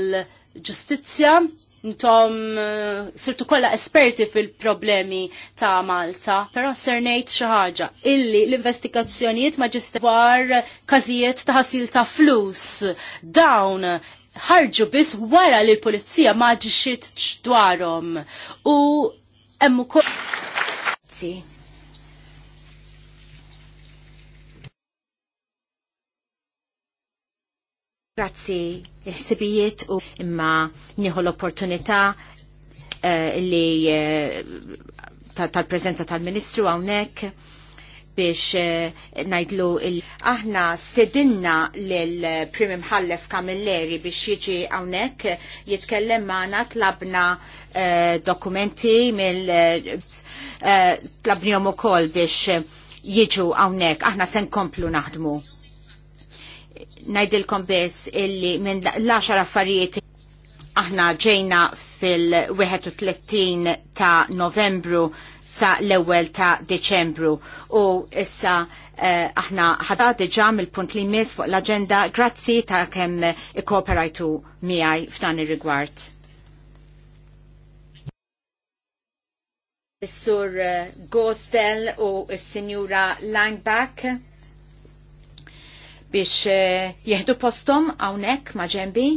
l-ġustizzja Ntom eh, sirtu kolla esperti fil-problemi ta' Malta, pero sernejt xaħġa illi l-investigazzjonijiet ma ġistwar kazijiet ta' ħasil ta' flus. Dawn ħarġu bis wara li l-polizija maġi ġixiet dwarom u emmu kol. Grazzi il-ħsibijiet u imma nieħu l-opportunità eh, li eh, tal-prezenza tal-ministru għawnek biex eh, najdlu il- aħna stedinna l-prim imħallef kamilleri biex jiġi għawnek jitkellem maħna tlabna dokumenti mill tlabnijom u kol biex jiġu għawnek aħna sen komplu naħdmu najdilkom biss illi minn l-10 affarijiet aħna ġejna fil-31 ta' novembru sa l ewwel ta' deċembru u issa eh, aħna ħadda diġa mill-punt li mis fuq l-agenda grazzi ta' kem ikkooperajtu miegħi f'dan ir-rigward. Is-sur eh, Gostel u s-sinjura Langback biex eh, jieħdu postom għawnek ma' ġembi.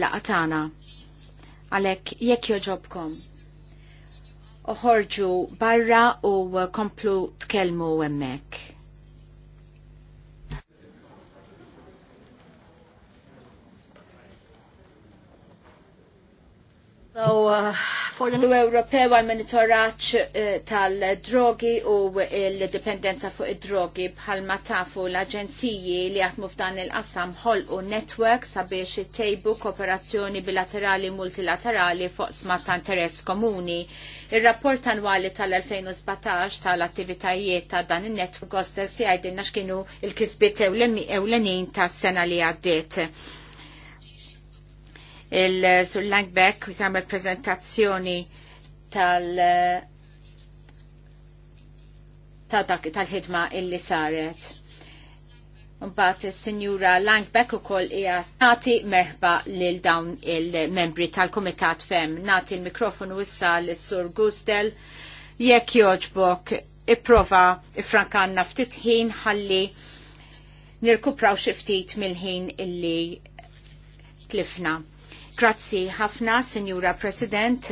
laqatana. Għalek, jekk joġobkom, uħorġu barra u uh, komplu tkelmu hemmhekk. So uh, Ewropew għal monitoraċ eh, tal-drogi u l-dipendenza fuq id-drogi bħalma tafu l-aġenziji li għatmu f'dan il-qassam ħol u network sabiex it-tejbu kooperazzjoni bilaterali multilaterali fuq sma ta' interess komuni. Il-rapport annwali tal-2017 tal-attivitajiet ta' dan il-network gostel si għajdinna xkienu il-kisbiet ewlenin ta' sena li għaddiet il-Sur Langbeck jagħmel prezentazzjoni tal- tal-ħidma illi saret. Mbagħad is-Sinjura Langbeck ukoll hija nagħti merħba lil dawn il-membri tal-Kumitat Fem. Nagħti l-mikrofonu issa lis-Sur Gustel jekk joġbok ipprova ifrankanna ftit ħin ħalli nirkupraw xi ftit mill-ħin illi tlifna. Grazzi ħafna, Signora President,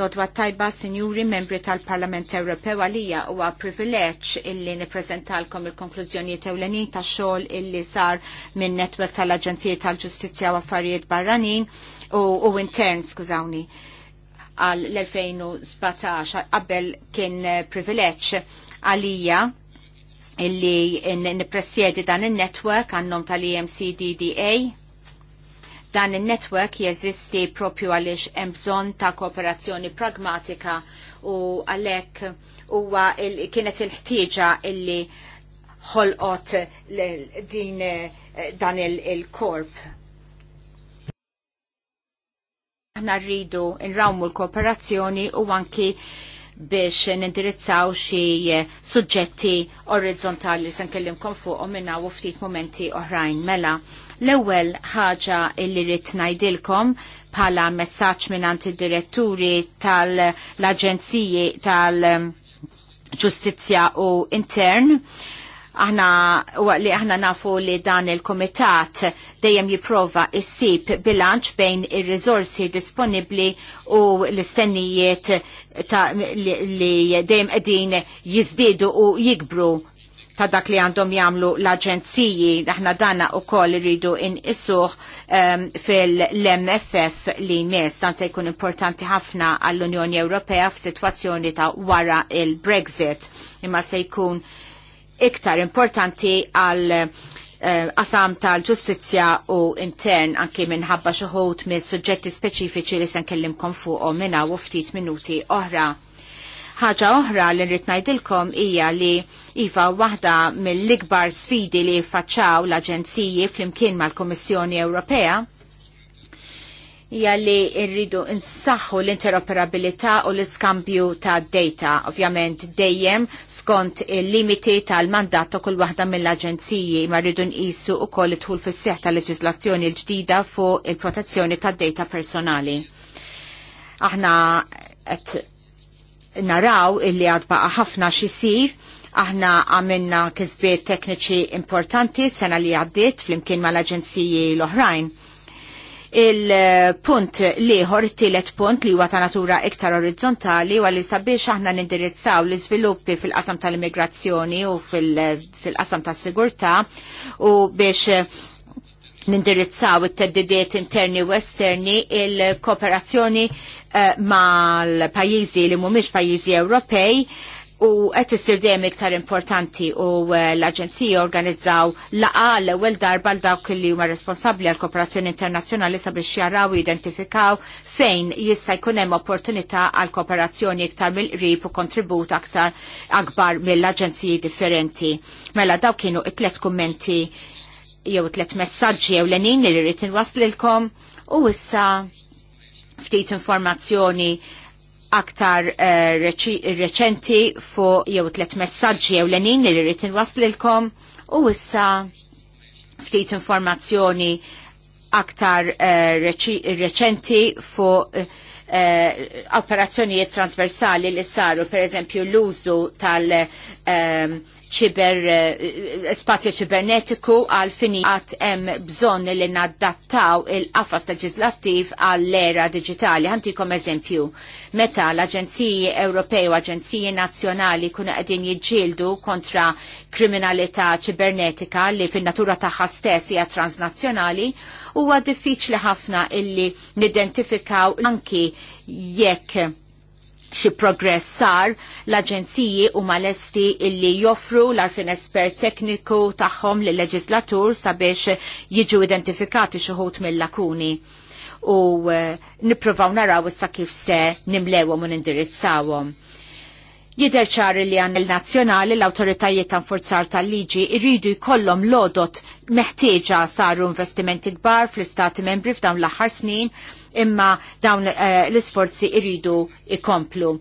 Lodwa tajba, Sinjuri, membri tal-Parlament Ewropew għalija huwa privileġġ illi niprezentalkom il-konklużjonijiet ewlenin ta' xogħol illi sar minn netwerk tal aġenzija tal-Ġustizzja u Affarijiet Barranin u, u intern, skużawni għal l-2017 qabel kien privileġġ għalija illi nipresjedi dan il-network għannom tal-EMCDDA Dan il-network jeżisti propju għalix hemm bżonn ta' kooperazzjoni pragmatika u għalhekk huwa kienet il-ħtieġa illi ħolqot din eh, dan il-korp. Aħna rridu nrawmu l-kooperazzjoni u anki biex nindirizzaw xi eh, suġġetti orizzontali se nkellimkom fuqhom minna u ftit momenti oħrajn mela L-ewwel ħaġa illi rrid ngħidilkom bħala messaġġ mingħand id-diretturi tal-aġenziji tal-ġustizzja u intern aħna li aħna nafu li dan il-komitat dejjem jipprova issib bilanċ bejn ir-riżorsi disponibbli u l-istennijiet li dejjem qegħdin jiżdiedu u jikbru ta' dak li għandhom jagħmlu l-aġenziji, aħna danna u koll rridu in issuħ um, fil-MFF li mis, dan se jkun importanti ħafna għall-Unjoni Ewropea f'sitwazzjoni ta' wara il-Brexit, imma se jkun iktar importanti għal eh, qasam tal-ġustizja u intern anki minħabba xoħut mis suġġetti speċifiċi li se nkellimkom fuqhom minna u ftit minuti oħra. Ħaġa oħra li rrid ngħidilkom hija li iva waħda mill-ikbar sfidi li faċċaw l-aġenziji flimkien mal-Kummissjoni Ewropea hija li rridu insaħħu l-interoperabilità u l-iskambju ta' data, ovvjament dejjem skont il-limiti tal-mandat ta' kull waħda mill-aġenziji ma rridu nqisu wkoll tul fis-seħħ tal-leġiżlazzjoni l-ġdida fuq il-protezzjoni tad data personali. Aħna qed naraw illi għad baqa ħafna xisir aħna għamilna kisbiet tekniċi importanti sena li għaddiet flimkien mal-aġenziji l-oħrajn. Il-punt liħor, tielet punt li huwa ta' natura iktar orizzontali u għalli sabiex aħna nindirizzaw l iżviluppi fil-qasam tal-immigrazzjoni u fil-qasam tas sigurtà u biex nindirizzaw it-teddidiet interni u esterni il-kooperazzjoni eh, mal-pajizi li mumiex pajizi Ewropej u qed issir dejjem iktar importanti u eh, l-Aġenziji organizzaw laqa l-ewwel darba l dawk li huma responsabbli għal kooperazzjoni internazzjonali sabiex jaraw identifikaw fejn jista' jkun hemm opportunità għal kooperazzjoni iktar mill-qrib u kontribut aktar akbar mill-aġenziji differenti. Mela daw kienu it-tlet kummenti jew tlet messaġġi jew lenin li rrid inwaslilkom u issa ftit informazzjoni aktar uh, reċenti fuq jew tlet messaġġi jew lenin li rrid inwaslilkom u issa ftit informazzjoni aktar uh, reċenti fuq uh, operazzjonijiet transversali li saru, per eżempju, l-użu tal- ċiber eh, spazju ċibernetiku għal fini għat hemm bżonn li naddattaw il-qafas leġislattiv għall-era digitali. Ħantikom eżempju, meta l-Aġenziji Ewropej u Aġenziji Nazzjonali kuna qegħdin jiġġieldu kontra kriminalità ċibernetika li fin-natura tagħha stess hija transnazzjonali, huwa diffiċli ħafna illi nidentifikaw anki jekk xi progress sar, l-aġenziji u malesti illi joffru l-arfin espert tekniku tagħhom lill leġislatur sabiex jiġu identifikati xuħut mill-lakuni u uh, naraw issa kif se nimlewhom u nindirizzawhom. Jider ċar li għan il-nazjonali l-autoritajiet forzar tal-liġi irridu jkollhom lodot meħtieġa saru investimenti kbar fl-istati membri f'dawn l-aħħar snin imma dawn eh, l-isforzi irridu ikomplu.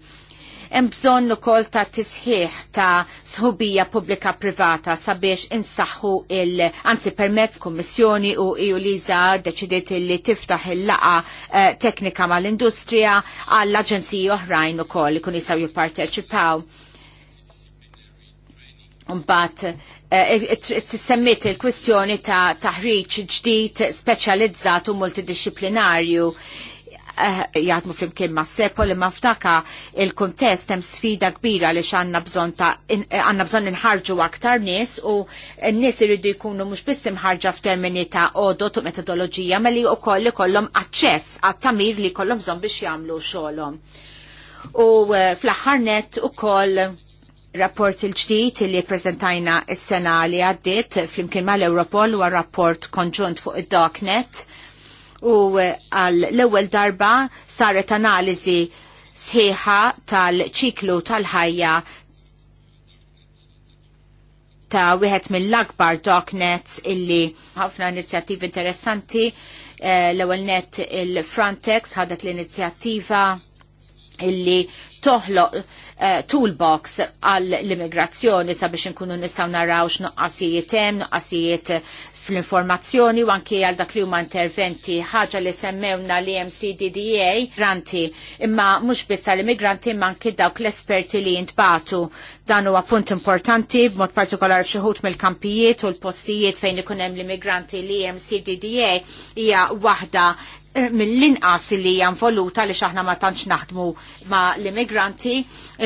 Hemm bżonn ukoll ta' tisħiħ ta' sħubija pubblika privata sabiex insaħħu il anzi permezz kummissjoni u EU deċidiet li tiftaħ il-laqa eh, teknika mal-industrija għall-aġenziji oħrajn ukoll li kun jistgħu jipparteċipaw. Mbagħad eh, semmit il-kwistjoni ta' taħriġ ġdid speċjalizzat u multidisciplinarju Eh, jgħatmu flimkien ma' seppu li ma' ftaka il-kontest hemm sfida kbira li xanna bżon ta' eh, għanna bżon nħarġu aktar nies u n-nies irridu jkunu mhux biss imħarġa f'termini ta' odot u metodoloġija ma li wkoll li kollom aċċess għat-tamir li kollom bżon biex jagħmlu xogħolhom. U eh, fl-aħħar net ukoll rapport il-ġdijt li prezentajna s-sena li għaddit flimkien mal europol u rapport konġunt fuq id-Darknet u eh, għal l-ewwel darba saret analiżi sħiħa tal-ċiklu tal-ħajja ta' wieħed mill-akbar doknets illi ħafna inizjattivi interessanti eh, l-ewwel net il-Frontex ħadet l-inizjattiva illi toħloq uh, toolbox għall immigrazzjoni sabiex nkunu nistgħu naraw x'nuqqasijiet hemm, nuqqasijiet fl-informazzjoni u anki għal dak li huma interventi ħaġa li semmewna li MCDDA granti, imma mhux biss għall-immigranti imma anki dawk l-esperti li jintbatu dan huwa punt importanti b'mod partikolari f'xi mill-kampijiet u l-postijiet fejn ikun hemm l-immigranti li MCDDA hija waħda Eh, mill-inqas li hija involuta li xaħna ma tantx naħdmu ma' l-immigranti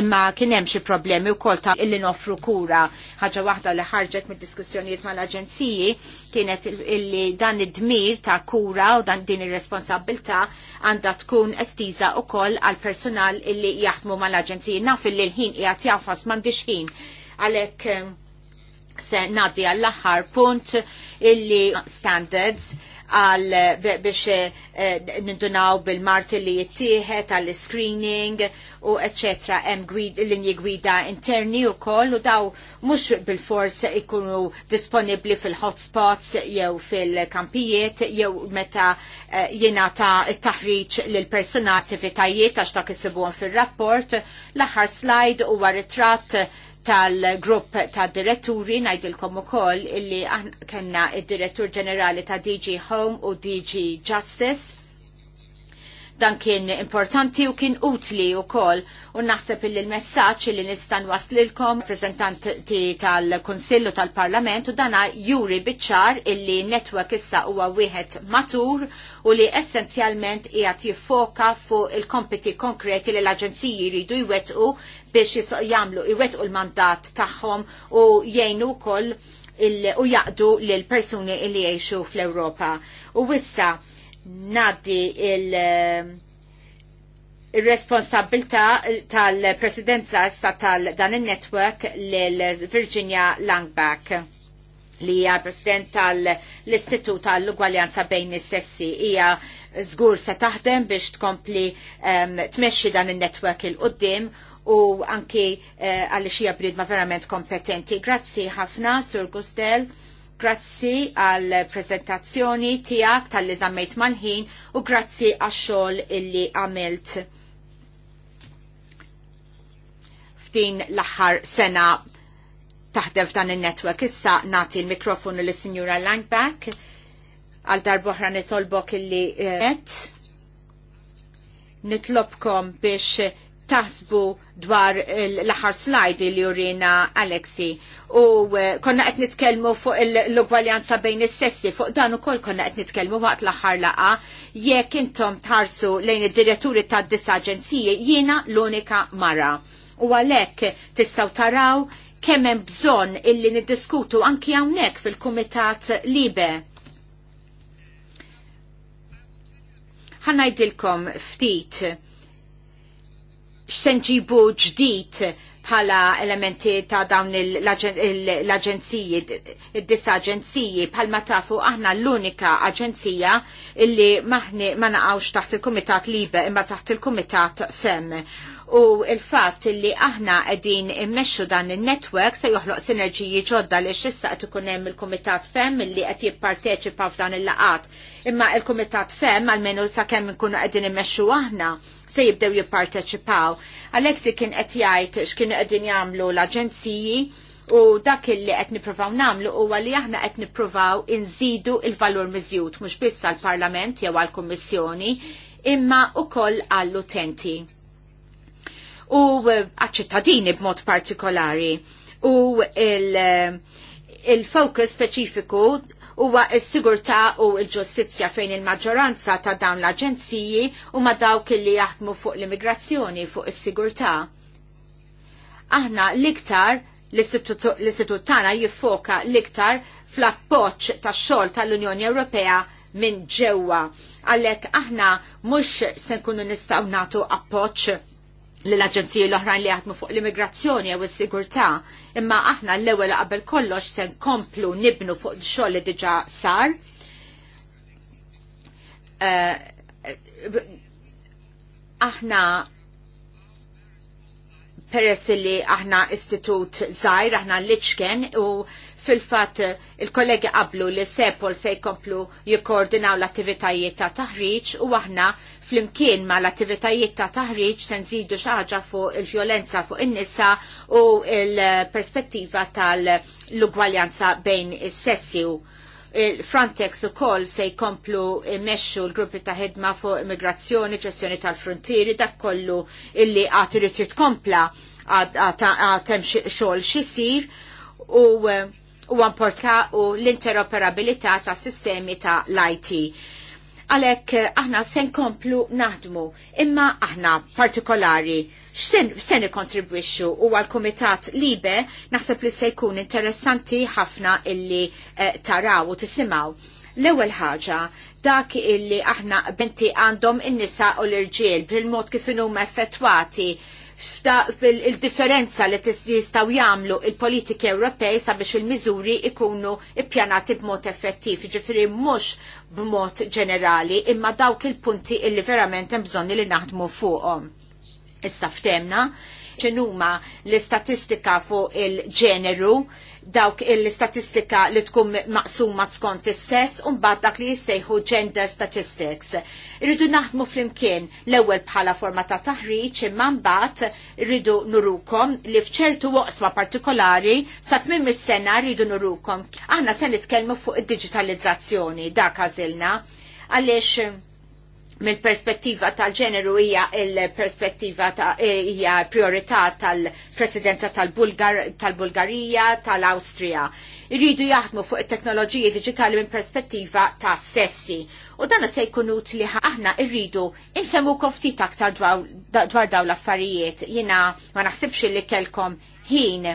imma kien hemm xi problemi wkoll ta' illi nofru kura. Ħaġa waħda li ħarġet mid-diskussjonijiet mal-aġenziji kienet illi dan id-dmir ta' kura u dan din ir-responsabilità għandha tkun estiża wkoll għal personal illi jaħdmu mal-aġenziji. Naf illi l-ħin qiegħed jafas m'għandix ħin għalhekk eh, se nadi għall-aħħar punt illi standards għal biex eh, nindunaw bil-marti li jittieħed għal screening u eccetera hemm linji gwida interni u koll u daw mux bil-fors ikunu disponibli fil-hotspots jew fil-kampijiet jew meta eh, jena ta' taħriċ l persuna attivitajiet għax ta' kisibuħan fil-rapport l-aħħar slide u ritratt tal-grupp ta' diretturi najdilkom u koll illi kena id direttur ġenerali ta' DG Home u DG Justice Dan kien importanti u kien utli u kol u naħseb il messaċ li nistan waslilkom prezentanti tal-Konsillu tal-Parlament u dana juri bitċar illi network issa huwa wieħed matur u li essenzjalment qiegħed jiffoka fuq il-kompiti konkreti li l-aġenziji jridu jwettqu biex jagħmlu jwettqu l-mandat tagħhom u jgħinu wkoll u jaqdu l persuni li jgħixu fl-Ewropa. U wissa naddi il- responsabilità ehm, responsabilta tal-presidenza tal-dan il-network l-Virginia Langback li hija president tal-Istitut tal-Ugwaljanza bejn is-sessi hija żgur se taħdem biex tkompli ehm, tmexxi dan in-netwerk il qudiem u anki eh, għaliex hija bridma verament kompetenti. Grazzi ħafna, Sur Gustel. Grazzi għal prezentazzjoni tijak tal-li zammejt mal-ħin u grazzi għal xol illi għamilt f'din l-axar sena taħdem f'dan il netwek Issa nati l mikrofonu l sinjura Langback għal darbohra nitolbok illi għet. Eh, Nitlobkom biex taħsbu dwar l-aħħar slide li jurina Alexi u eh, konna qed nitkellmu fuq l-ugwaljanza bejn is-sessi fuq dan ukoll konna qed nitkellmu waqt l-aħħar laqa jekk intom tarsu lejn id-diretturi ta' disa aġenziji jiena l-unika mara. U għalhekk tistgħu taraw kemm hemm bżonn illi niddiskutu anki hawnhekk fil-Kumitat Libe. ħanajdilkom ftit senġibu ġdid bħala elementi ta' dawn l-aġenziji, id-disa aġenziji, bħalma tafu aħna l-unika aġenzija illi maħni ma naqawx taħt il-Kumitat Libe imma taħt il-Kumitat Fem u il-fatt li aħna qegħdin immexxu dan in-network se joħloq sinerġiji ġodda li xissa qed ikun hemm il-Kumitat Fem li qed jipparteċipa f'dan il-laqat. Imma il-Kumitat Fem għalmenu sakemm nkunu qegħdin immexxu aħna se jibdew jipparteċipaw. Alexi kien qed jgħid x'kienu qegħdin jagħmlu l-aġenziji u dak li qed nippruvaw nagħmlu huwa li aħna qed nippruvaw inżidu il-valur mizjut, mhux biss għall-Parlament jew għall-Kummissjoni imma koll għall-utenti u eh, għaċ b'mod partikolari. U eh, il-fokus il speċifiku huwa s-sigurtà u l-ġustizzja fejn il-maġġoranza ta' dawn l-aġenziji huma dawk li jaħdmu fuq l-immigrazzjoni fuq is-sigurtà. Aħna l-iktar l-istitut tagħna jiffoka l-iktar fl-appoġġ tax-xogħol tal-Unjoni Ewropea minn ġewwa. Għalhekk aħna mhux se nkunu nistgħu nagħtu appoġġ l-aġenziji l-oħrajn li jaħdmu fuq l-immigrazzjoni jew s sigurtà imma aħna l-ewwel qabel kollox se nkomplu nibnu fuq xogħol li diġà sar. Eh, aħna peress li aħna istitut żgħir, aħna liċken u fil fatt il-kollegi qablu li Sepol se jkomplu jikkoordinaw l-attivitajiet ta' taħriġ u aħna flimkien ma l-attivitajiet ta' taħriġ se nżidu xaġa fuq il-vjolenza fuq in-nisa u il-perspettiva tal-ugwaljanza bejn is-sessi il vjolenza fuq in nisa u il perspettiva tal ugwaljanza bejn is sessi il frontex u koll se jkomplu meċu l-gruppi ta' ħidma fuq immigrazzjoni, ġestjoni tal-frontieri, dak kollu illi għat irrid titkompla għatem xogħol xisir u għamportka u l-interoperabilità ta' sistemi ta' l-IT għalek eh, aħna sen komplu naħdmu, imma aħna partikolari x'sen sen kontribwixxu u għal-Kumitat Libe naħseb li se jkun interessanti ħafna illi eh, taraw u tisimgħu. L-ewwel ħaġa dak illi aħna benti għandhom in-nisa u l-irġiel bil-mod kif huma effettwati il-differenza li jistaw jamlu il-politiki Ewropej sabiex il-miżuri ikunu ippjanati b'mod effettiv, ġifiri mux b'mod ġenerali, imma dawk il-punti illi verament hemm bżonni li naħdmu fuqhom. Issa ftemna ċenuma l-istatistika fuq il-ġeneru dawk il-statistika li tkun maqsuma skont is-sess u mbagħad dak li jissejħu gender statistics. Irridu naħdmu flimkien l-ewwel bħala forma ta' taħriġ imma mbagħad irridu nurukom li f'ċertu waqsma partikolari sa tmiem is-sena rridu nurukom. Aħna se nitkellmu fuq id-diġitalizzazzjoni dak għażilna għaliex mill-perspettiva tal-ġeneru hija il-perspettiva hija priorità tal-presidenza tal-Bulgarija, tal-Awstrija. Irridu jaħdmu fuq it-teknoloġiji diġitali minn perspettiva ta' sessi. U dan se jkun utli aħna irridu infemu ftit aktar dwar dawn l-affarijiet. Jiena ma naħsibx li kelkom ħin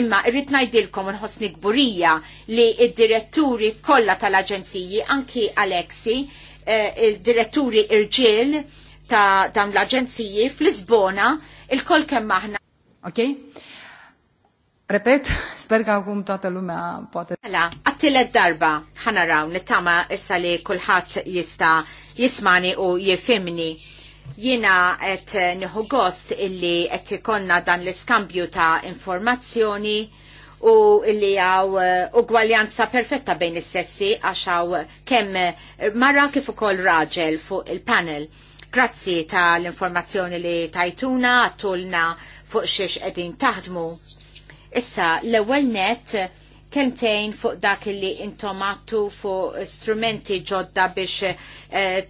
imma irrid ngħidilkom nħossni gburija li id-diretturi kollha tal-aġenziji anki Alexi Eh, il-diretturi irġiel ta' dan l-aġenziji fl-Lisbona il-kol kemm aħna. Ok? Repet, sperga għum ta' l ma' pote. Għala, mela, għattilet darba ħanaraw nittama issa li kullħat jista jismani u jifimni. Jina għet nħu gost illi għet ikonna dan l-iskambju ta' informazzjoni u li għaw eh, ugwaljanza perfetta bejn is-sessi għax għaw kemm eh, marra kif ukoll raġel fuq il-panel. Grazzi tal-informazzjoni li tajtuna, għattulna fuq xiex edin taħdmu. Issa, l-ewel net kemtejn fuq dak li intomattu fuq strumenti ġodda biex eh,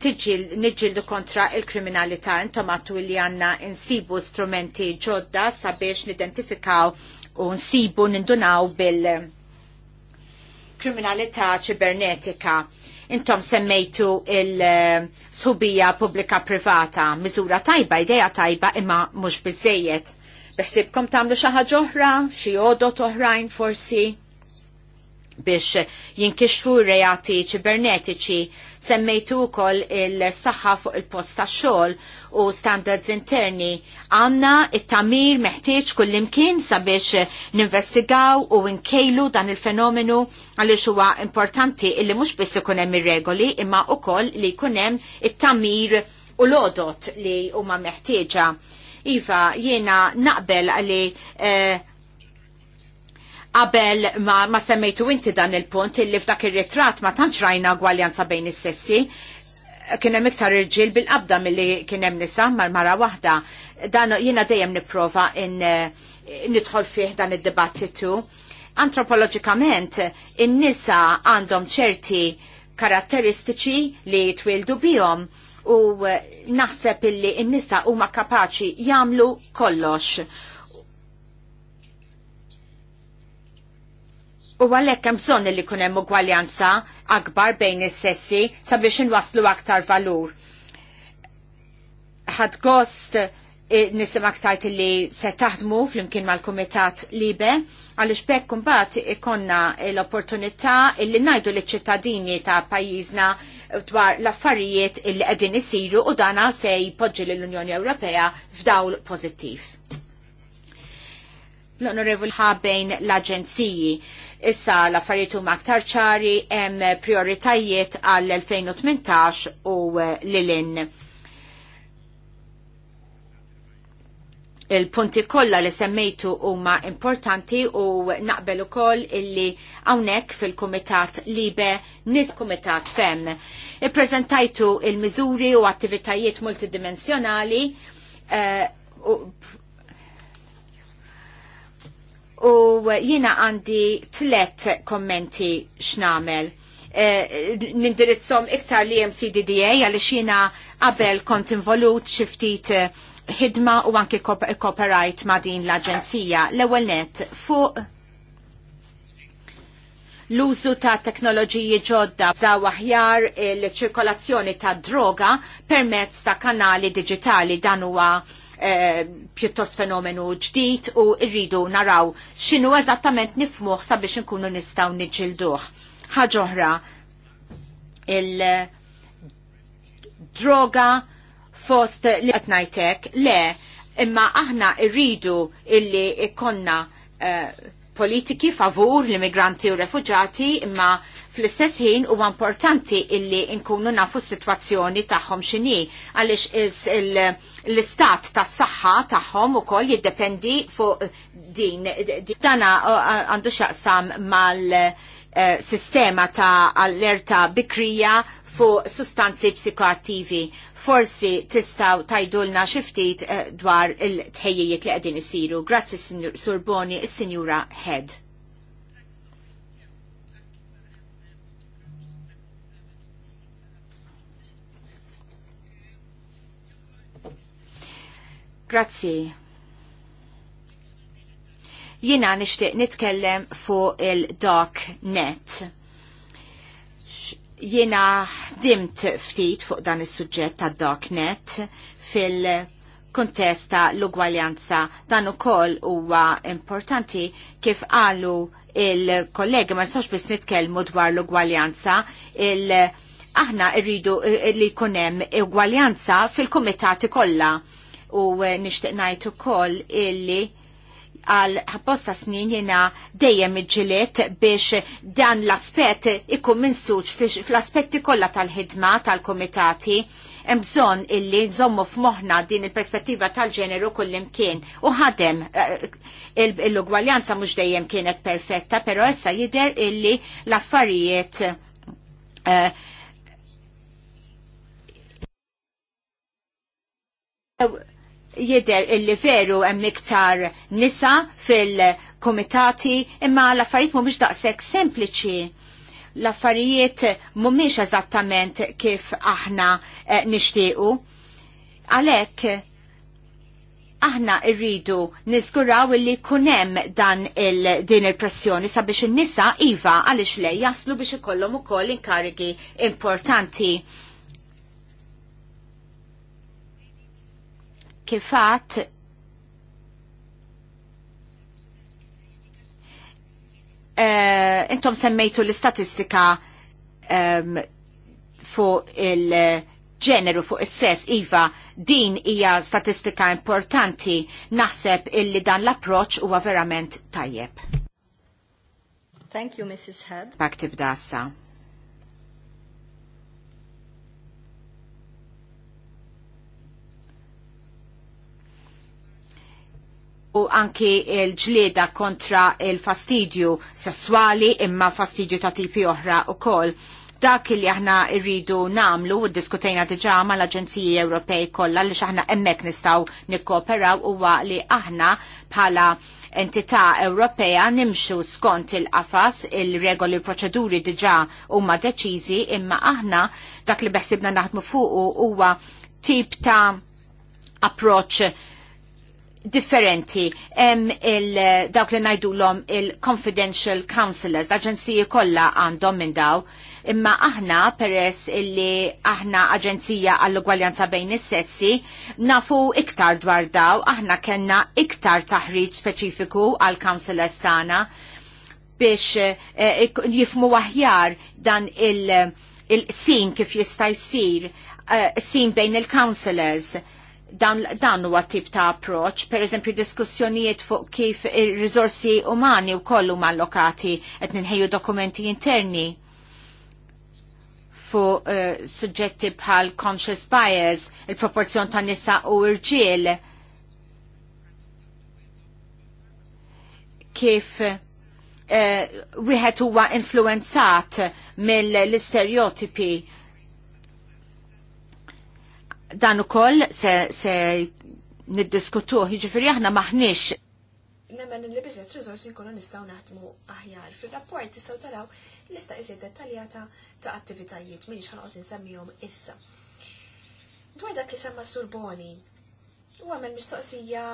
niġġildu kontra il-kriminalità intomattu li għanna insibu strumenti ġodda sabiex nidentifikaw u nsibu nindunaw bil-kriminalità ċibernetika intom semmejtu il-subija publika privata, miżura tajba, ideja tajba imma mhux bizzejiet. Beħsibkom tagħmlu xi ħaġa oħra, xi għodot oħrajn forsi biex jinkixfu reati ċibernetiċi Semmejtu wkoll il-saħħa fuq il-post tax-xogħol u standards interni għandna it-tamir meħtieġ kullimkien sabiex ninvestigaw u nkejlu dan il-fenomenu għaliex huwa importanti illi mhux biss ikun hemm ir-regoli imma wkoll li jkun hemm it-tamir u l-odot li huma meħtieġa. Iva, jiena naqbel għalli eh, Qabel ma, ma semmejtu inti dan il-punt illi f'dak ir-ritratt ma tantx rajna gwaljanza bejn is-sessi, kien hemm iktar irġiel bil-qabda milli kien hemm nisa marmara waħda. Dan jiena dejjem nipprova in nidħol fih dan id-dibattitu. Antropoloġikament in-nisa għandhom ċerti karatteristiċi li twildu bihom u naħseb illi n-nisa huma kapaċi jagħmlu kollox U għalhekk hemm bżonn li kunem hemm ugwaljanza akbar bejn is-sessi sabiex inwasslu aktar valur. Ħad gost e, nisim aktar li se taħdmu flimkien mal-Kumitat Libe għaliex bekk imbagħad ikonna l-opportunità illi ngħidu liċ ċittadini ta' pajjiżna dwar l-affarijiet illi qegħdin isiru u dana se jpoġġi l-Unjoni Ewropea f'dawl pożittiv. L-Onorevoli ħabejn l-Aġenziji Issa l-affarijiet huma aktar ċari hemm prioritajiet għall-2018 u eh, lilin. il-punti kollha li semmejtu huma importanti u naqbel ukoll illi hawnhekk fil-Kumitat Libe nis Kumitat Fem. Ippreżentajtu il-miżuri u attivitajiet multidimensjonali uh, u jina għandi tlet kommenti xnamel. Eh, nindirizzom iktar li MCDDA għalli xina qabel kont involut xiftit eh, ħidma u anki copyright ma din l-Aġenzija. L-ewwel net fuq l-użu ta' teknoloġiji ġodda za waħjar l-ċirkolazzjoni ta' droga permezz ta' kanali digitali dan huwa Eh, pjuttost fenomenu ġdid u rridu naraw x'inhu eżattament nifmuħ sabiex inkunu nistgħu nġilduħ. Ħaġa oħra il-droga fost li qed ngħidlek le imma aħna rridu illi ikonna uh, politiki favur l-immigranti u refugġati imma fl-istess ħin huwa importanti illi nkunu nafu s-sitwazzjoni tagħhom x'inhi għaliex l-istat tas-saħħa tagħhom ukoll jiddependi fuq din. Dana uh, għandu x'aqsam mal- eh, sistema ta' allerta bikrija fuq sustanzi psikoattivi. Forsi tistaw tajdulna xiftit eh, dwar il-tħejjijiet li qegħdin isiru. Grazzi Sur Surboni, is-Sinjura Head. Grazzi. Jina nishtiq nitkellem fuq il-dark net Jiena dimt ftit fuq dan is-suġġett ta' darknet fil kontesta l-ugwaljanza dan ukoll huwa importanti kif qalu il-kollegi ma nistax biss nitkellmu dwar l-ugwaljanza il aħna rridu li jkun hemm ugwaljanza fil-kumitati kollha u nixtieq ngħid ukoll illi għal ħapposta snin jena dejjem iġilet biex dan l-aspet ikkun minsuċ fl-aspetti kollha tal-ħidma tal-komitati bżon illi nżommu f'moħna din il-perspettiva tal-ġeneru kullimkien u ħadem eh, l-ugwaljanza mhux dejjem kienet perfetta, però issa jider illi l-affarijiet uh, jider illi veru hemm iktar nisa fil-komitati imma l-affarijiet mhumiex daqshekk sempliċi l-affarijiet mhumiex eżattament kif aħna eh, nixtiequ. Għalhekk aħna irridu niżguraw li hemm dan il din il-pressjoni sabiex in-nisa iva għaliex lej jaslu biex ikollhom ukoll inkarigi importanti kifat eh, intom semmejtu l-istatistika ehm, fuq il-ġeneru fuq is-sess iva din hija statistika importanti naħseb illi dan l-approċ huwa verament tajjeb. Thank you, Mrs. Head. Bak tibda u anki il-ġlieda kontra il-fastidju sessuali imma fastidju ta' tipi oħra u koll. Dak li aħna irridu namlu u diskutejna diġa ma l-Aġenziji Ewropej kollha li xaħna emmek nistaw nikkooperaw huwa li aħna bħala entità Ewropea nimxu skont il-qafas il-regoli proċeduri diġa huma deċiżi imma aħna dak li beħsibna naħdmu fuqu huwa tip ta' approċ differenti hemm il dawk li ngħidulhom il-confidential counselors, l-aġenziji kollha għandhom minn daw. Imma aħna peress illi aħna aġenzija għall-ugwaljanza bejn is-sessi, nafu iktar dwar daw, aħna kellna iktar taħriġ speċifiku għall counselors tagħna biex eh, jifmu aħjar dan il- sin kif jista' jsir, eh, sin bejn il-counselors dan, dan huwa tip ta' approċ, per eżempju diskussjonijiet fuq kif ir-riżorsi umani u kollu allokati qed ninħejju dokumenti interni fuq uh, suġġetti bħal conscious bias, il-proporzjon ta' nisa u irġiel. Kif uh, wieħed huwa influenzat mill-istereotipi dan ukoll se, se niddiskutuh, jiġifieri aħna maħniex Nemmen li bizet rizorsi nkunu nistgħu naħdmu aħjar. Fir-rapport tistgħu taraw lista iżjed dettaljata ta' attivitajiet m'iniex ħanqod insemmihom issa. Dwar dak li semma Surboni, u għamil mistoqsija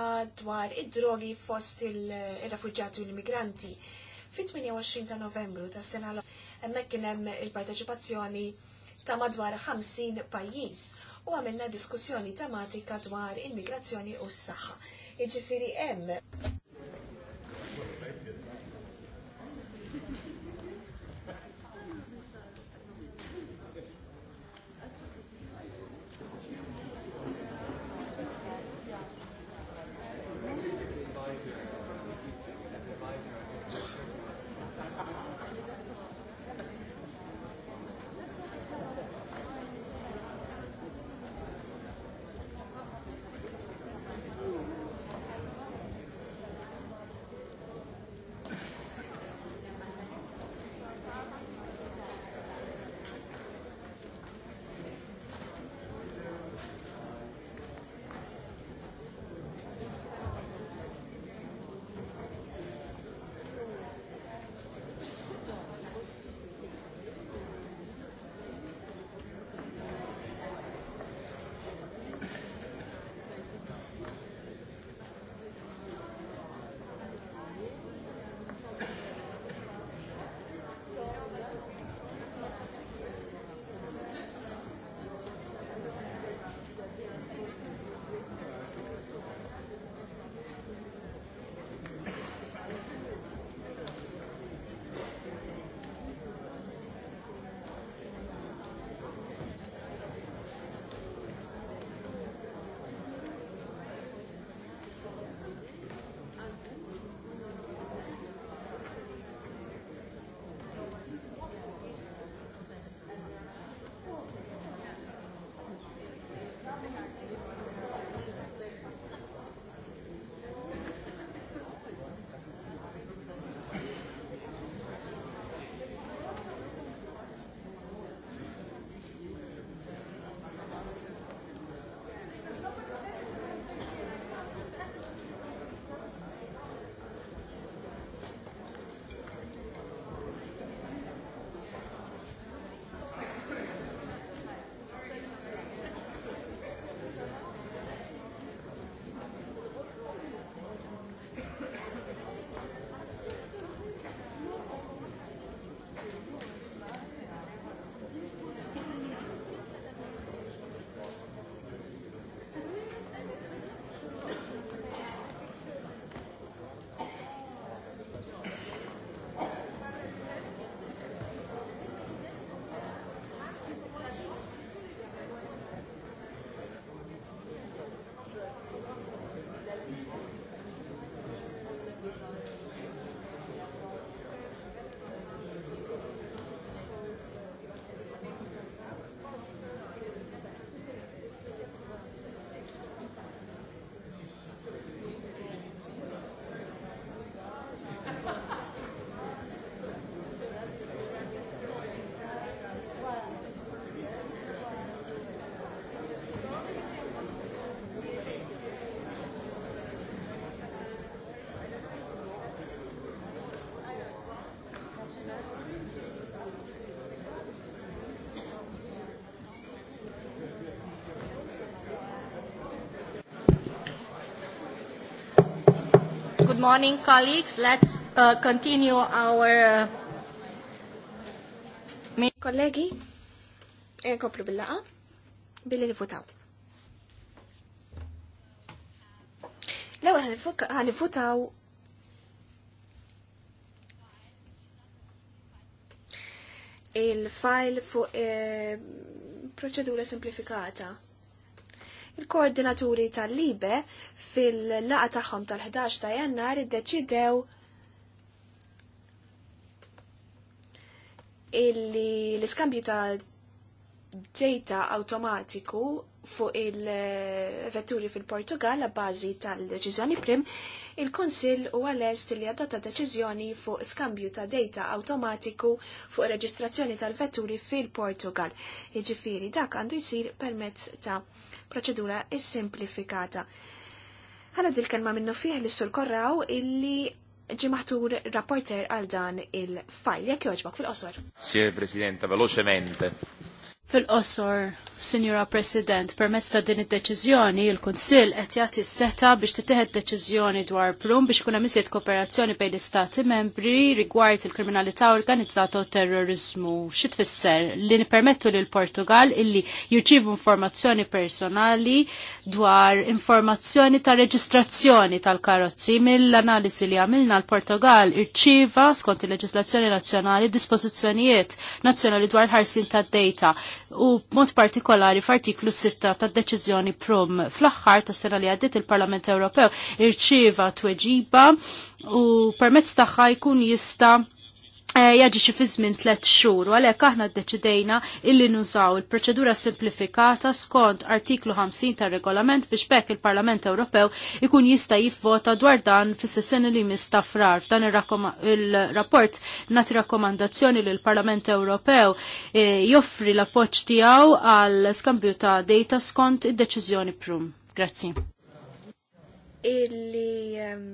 dwar id-drogi fost il-refugġati u l-immigranti. Fit-28 ta' novembru ta' sena l kien hemm il-parteċipazzjoni ta' madwar 50 pajjiż u għamilna diskussjoni tematika dwar immigrazzjoni u s-saħħa. Iġifiri hemm morning, colleagues. Let's uh, continue our... Uh... Kollegi, koplu bil-laqa, billi nifutaw. L-ewel għanifutaw il-file fuq eh, proċedura simplifikata. Il-koordinaturi tal-Libe fil-laqa tagħhom tal-11 ta' jannar iddeċidew illi l-iskambju ta' data automatiku fuq il-vetturi fil-Portugal a bażi tal-deċiżjoni prim, il-Konsil u għal-est li adotta deċiżjoni fuq skambju ta' data automatiku fuq reġistrazzjoni tal-vetturi fil-Portugal. Jiġifieri dak għandu jsir permezz ta' proċedura simplifikata. Għala dil-kelma minnu fih li sur korraw illi ġimaħtur rapporter għal dan il-fajl. Jekk joġbok fil-qosor? Sie, Presidenta, velocemente. Fil-qosor, Sinjura President, permezz ta' din id-deċiżjoni, il-Kunsill qed jagħti seta biex titieħed deċiżjoni dwar plum biex kuna misiet kooperazzjoni bejn l-Istati membri rigward il-kriminalità organizzata u terrorizmu. Xi tfisser li nippermettu lil Portugal illi jirċievu informazzjoni personali dwar informazzjoni ta' reġistrazzjoni tal-karozzi mill-analiżi li għamilna l-Portugal irċieva skont il-leġislazzjoni nazzjonali dispożizzjonijiet nazzjonali dwar ħarsin tad-data u mod partikolari f'artiklu 6 ta' deċiżjoni prom fl-aħħar ta' sena li għaddit il-Parlament Ewropew irċieva tweġiba u permezz tagħha jkun jista' Eh, jaġi fi żmien tliet xhur, u għalhekk aħna ddeċidejna illi nużaw il-proċedura simplifikata skont artiklu 50 tar-regolament biex bekk il-Parlament Ewropew ikun jista' jivvota dwar dan fis-sessjoni li mista frar. F'dan il-rapport nagħti rakkomandazzjoni li l-Parlament Ewropew eh, joffri l-appoġġ tiegħu għal skambju ta' data skont id-deċiżjoni prum. Grazzi. Illi ehm,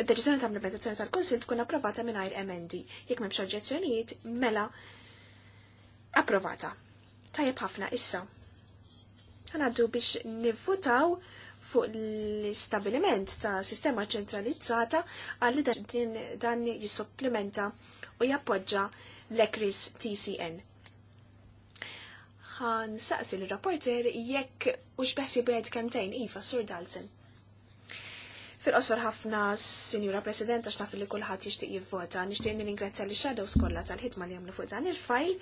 id-deċiżjoni ta' implementazzjoni tal-Kunsill tkun approvata mingħajr emendi. Jekk m'hemmx oġġezzjonijiet, mela approvata. Tajjeb ħafna issa. Ħanaddu biex nivvutaw fuq l-istabiliment ta' sistema ċentralizzata għalli dan jissopplementa u jappoġġa l-ECRIS TCN. Għan saqsi l-rapporter jekk ux beħsi bħed kantejn Iva Sur Dalton. Fil-qosor ħafna, Sinjura President, għax naf li kulħadd jixtieq jivvota, nixtieq ningrazzja li shadows kollha tal-ħidma li jagħmlu fuq dan il-fajl,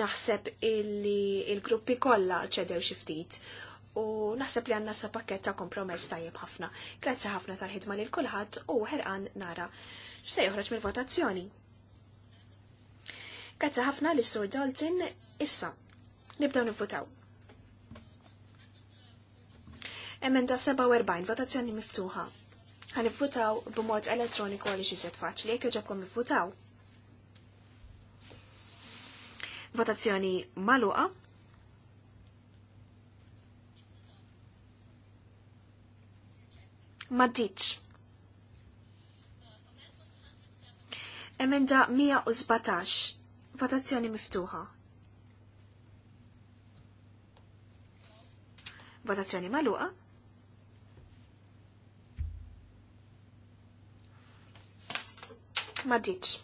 naħseb illi il-gruppi kollha ċedew xi ftit u naħseb li għanna sa pakket ta' kompromess tajjeb ħafna. Grazzi ħafna tal-ħidma li l-kulħadd u ħerqan nara x'se joħroġ mill-votazzjoni. Grazzi ħafna li sur Dalton issa. Nibdew nivvutaw. Emenda 47, votazzjoni miftuħa. Għanivvutaw b'mod elettroniku għal xizet faċli, jek ġabkom nivvutaw. Votazzjoni maluqa. Maddiċ. Emenda 117. Votazzjoni miftuħa. Votazzjoni maluqa. ma ditx.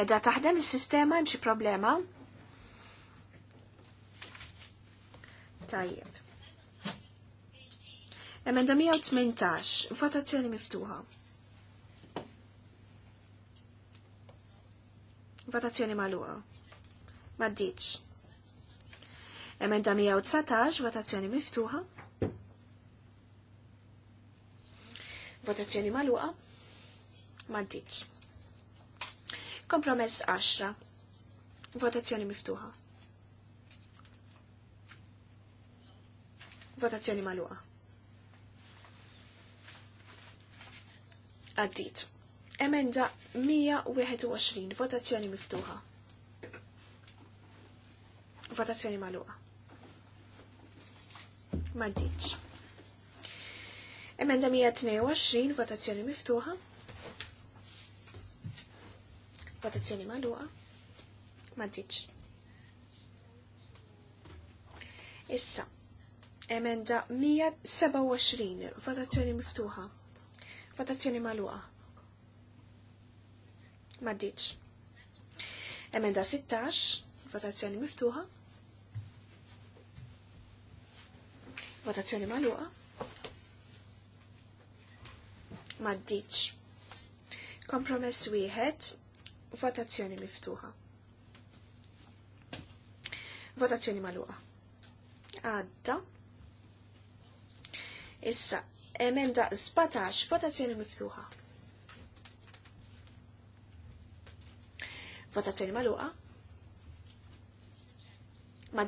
Edha taħdem il-sistema mxi problema? Tajjeb. Emenda 118, votazzjoni miftuħa. Votazzjoni maluqa. Ma ditx. Emenda 119, votazzjoni miftuħa. Votazzjoni maluqa. Mantiċ. Kompromess 10. Votazzjoni miftuħa. Votazzjoni maluqa. Għaddit. Emenda 121. Votazzjoni miftuħa. Votazzjoni maluqa. Mantiċ. Emenda 122. Votazzjoni miftuħa votazzjoni maluqa, ma ġitx. Issa, emenda 127, votazzjoni miftuħa, votazzjoni maluqa, ma ġitx. Emenda 16, votazzjoni miftuħa, votazzjoni maluqa, ma ġitx. Kompromess wieħed votazzjoni miftuħa. Votazzjoni maluqa. Għadda. Issa, emenda 17, votazzjoni miftuħa. Votazzjoni maluqa. Ma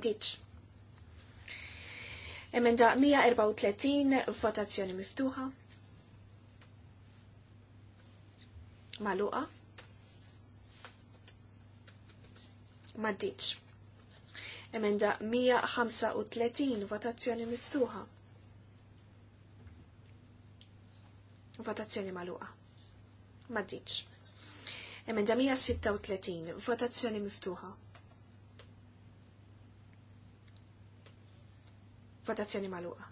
Emenda 134, votazzjoni miftuħa. Maluqa. maddiċ. Emenda 135 votazzjoni miftuħa. Votazzjoni maluqa. Maddiċ. Emenda 136 votazzjoni miftuħa. Votazzjoni maluqa.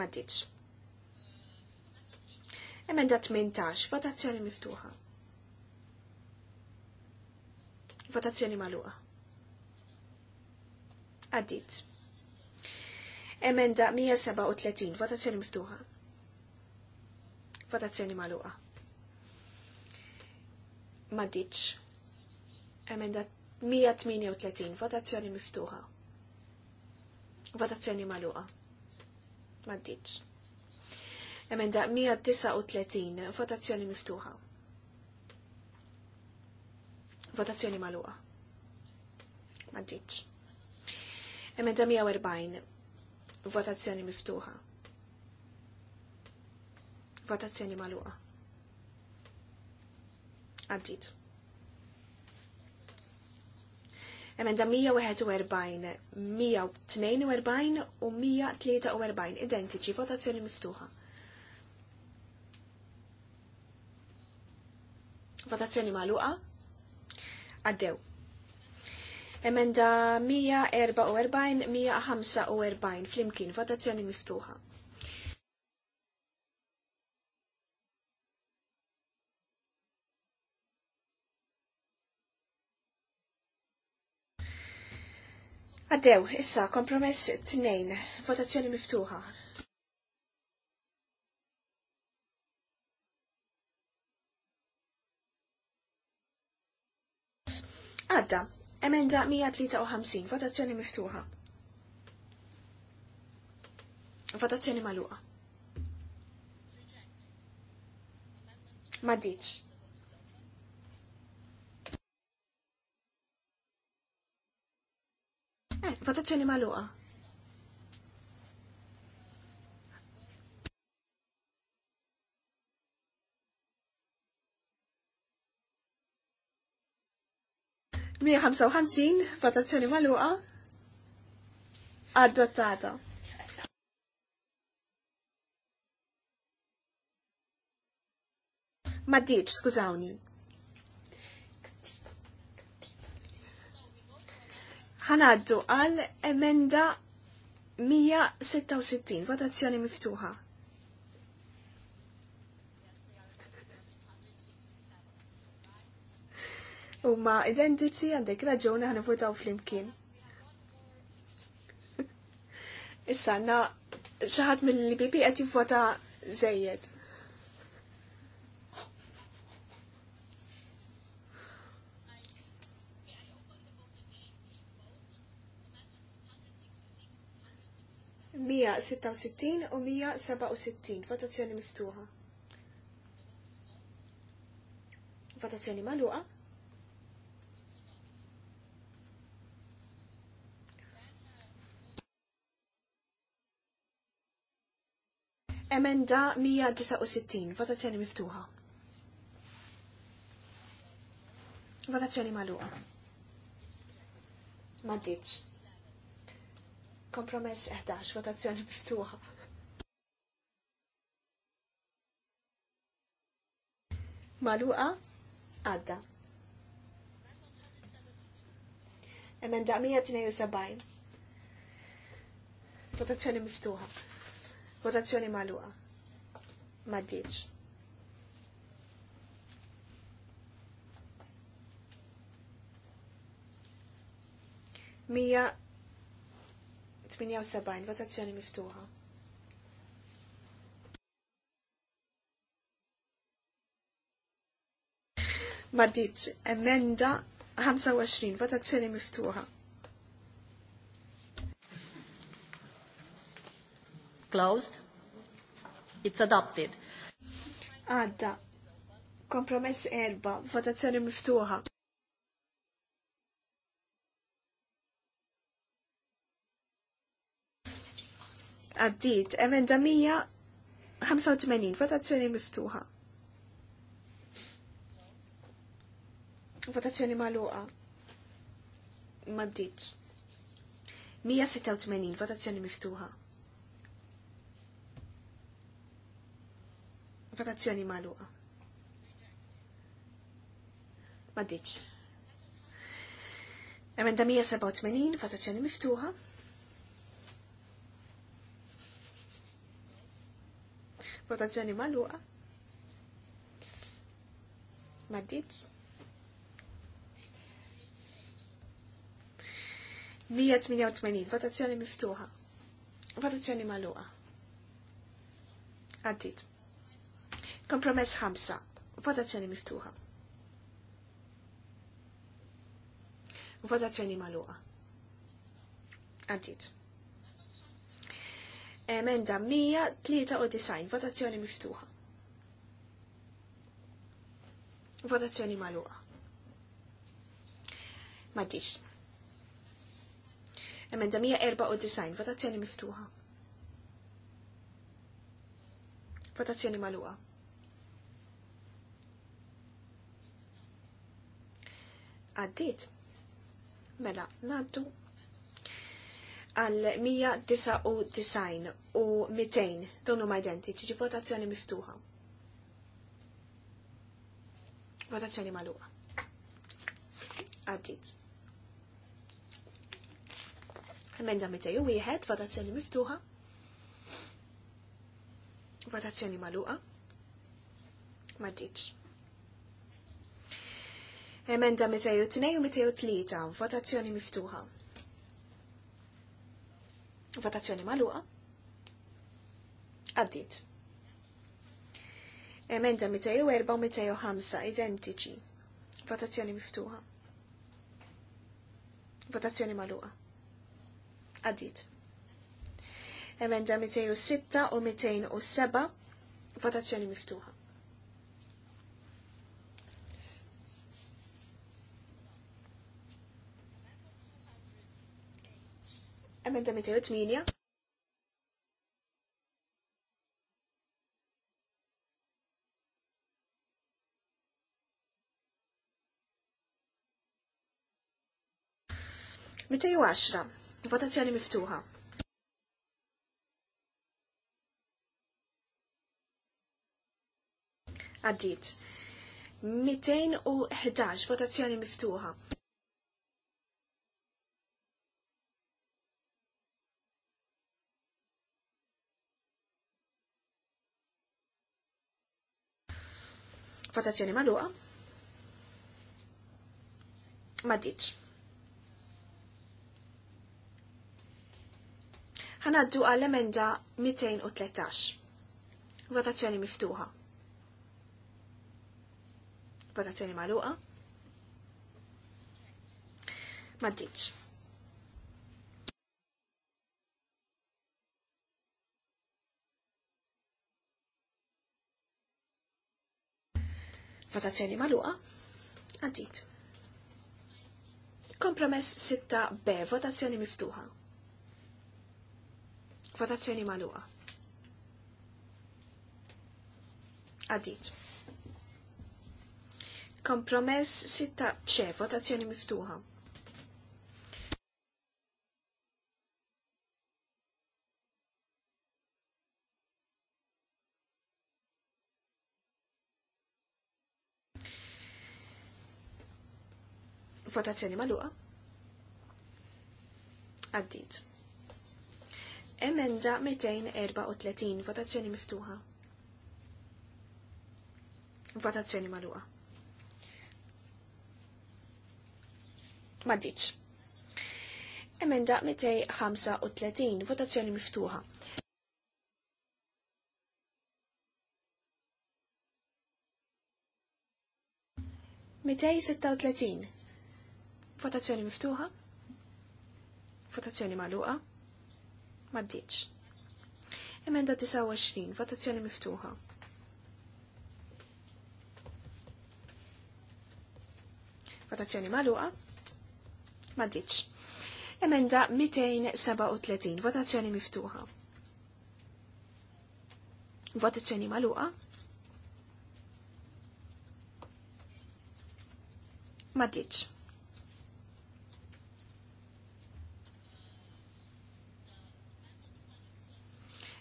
Maddiċ. Emenda 18 votazzjoni miftuħa. Votazzjoni maluqa. Għaddit. Emenda 137. Votazzjoni miftuħa. Votazzjoni maluqa. Maddiċ. Emenda 138. Votazzjoni miftuħa. Votazzjoni maluqa. Maddiċ. Emenda 139. Votazzjoni miftuħa. Votazzjoni maluqa. Maddiċ. Emenda 140. Votazzjoni miftuħa. Votazzjoni maluqa. Għaddit. Emenda 141, 142 u 143 identiċi. Votazzjoni miftuħa. Votazzjoni maluqa għaddew. Emenda 144-145 flimkien votazzjoni miftuħa. Għaddew, issa, kompromess 2, votazzjoni miftuħa. Għadda, emenda 153, votazzjoni miftuħa. Votazzjoni maluqa. Maddiċ. Eh, votazzjoni maluqa. 155 votazzjoni maluqa adottata. Ma diċ, skużawni. ħanaddu għal emenda 166, votazzjoni miftuħa. U ma identiċi għandek raġuni għan votaw fl-imkien. Issa għandna xaħat mill-IPP għet jivvota żejjed. Mija 166 u 167 votazzjoni miftuħa. Votazzjoni maluqa. Emenda 169, votazzjoni miftuħa. Votazzjoni maluqa. Ma ditx. Kompromess 11, votazzjoni miftuħa. Maluqa għadda. Emenda 172. Votazzjoni miftuħa. Votazzjoni maluqa. Maddiċ. Mija 78 votazzjoni miftuħa. Maddiċ, emenda 25 votazzjoni miftuħa. Closed. It's adopted. Għadda. Kompromess erba. Votazzjoni miftuħa. Għaddit. Emenda 185. Votazzjoni miftuħa. Votazzjoni maluqa. Maddit. 186. Votazzjoni miftuħa. interpretazzjoni maluqa. Ma Maddiċ. Emenda 187, votazzjoni miftuħa. Votazzjoni maluqa. Ma diċ. 188, votazzjoni miftuħa. Votazzjoni maluqa. Għaddit. Kompromess ħamsa, Votazzjoni miftuħa. Votazzjoni maluqa. Għaddit. Emenda 193. Votazzjoni miftuħa. Votazzjoni maluqa. Maddix. Emenda 194. Votazzjoni miftuħa. Votazzjoni maluqa. għaddit. Mela, naddu għal 199 u 200 donu ma identiċi ċiġi votazzjoni miftuħa. Votazzjoni maluqa. Għaddit. Emenda 200 u 1, votazzjoni miftuħa. Votazzjoni maluqa. Ma ditx. Emenda 202 u 203, votazzjoni miftuħa. Votazzjoni maluqa. Għaddit. Emenda erba' u ħamsa identiċi. Votazzjoni miftuħa. Votazzjoni maluqa. Għaddit. Emenda sitta u seb'a, votazzjoni miftuħa. Emenda 208. Mitej għaxra, votazzjoni miftuħa. Għaddit. 211 votazzjoni miftuħa. Votazzjoni maluqa. Ma ditx. ħanaddu għall-emenda 213. Votazzjoni miftuħa. Votazzjoni maluqa. Ma ditx. Votazzjoni maluqa. għantit. Kompromess 6B. Votazzjoni miftuħa. Votazzjoni maluqa. Għantit. Kompromess 6C. Votazzjoni miftuħa. Votazzjoni maluqa. Għaddit. Emenda 234, votazzjoni miftuħa. Votazzjoni maluqa. Maddiċ. Emenda 235, votazzjoni miftuħa. Mitej 36, Votazzjoni miftuħa. Votazzjoni maluqa. Maddiċ. Emenda 29, votazzjoni miftuħa. Votazzjoni maluqa. Maddiċ. Emenda 237, votazzjoni miftuħa. Votazzjoni maluqa. Maddiċ.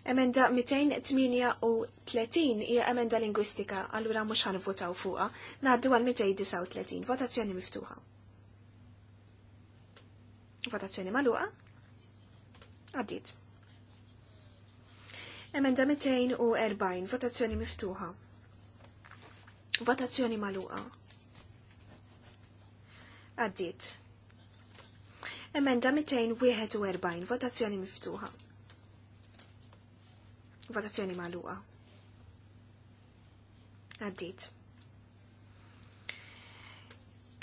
Emenda 238 hija emenda lingwistika, allura mhux ħanvotaw fuqha, ngħaddu għal 239, votazzjoni miftuħa. Votazzjoni magħluqa? Għaddiet. Emenda 240, votazzjoni miftuħa. Votazzjoni magħluqa. Għaddiet. Emenda 241, votazzjoni miftuħa. Votazzjoni maluqa. Għaddit.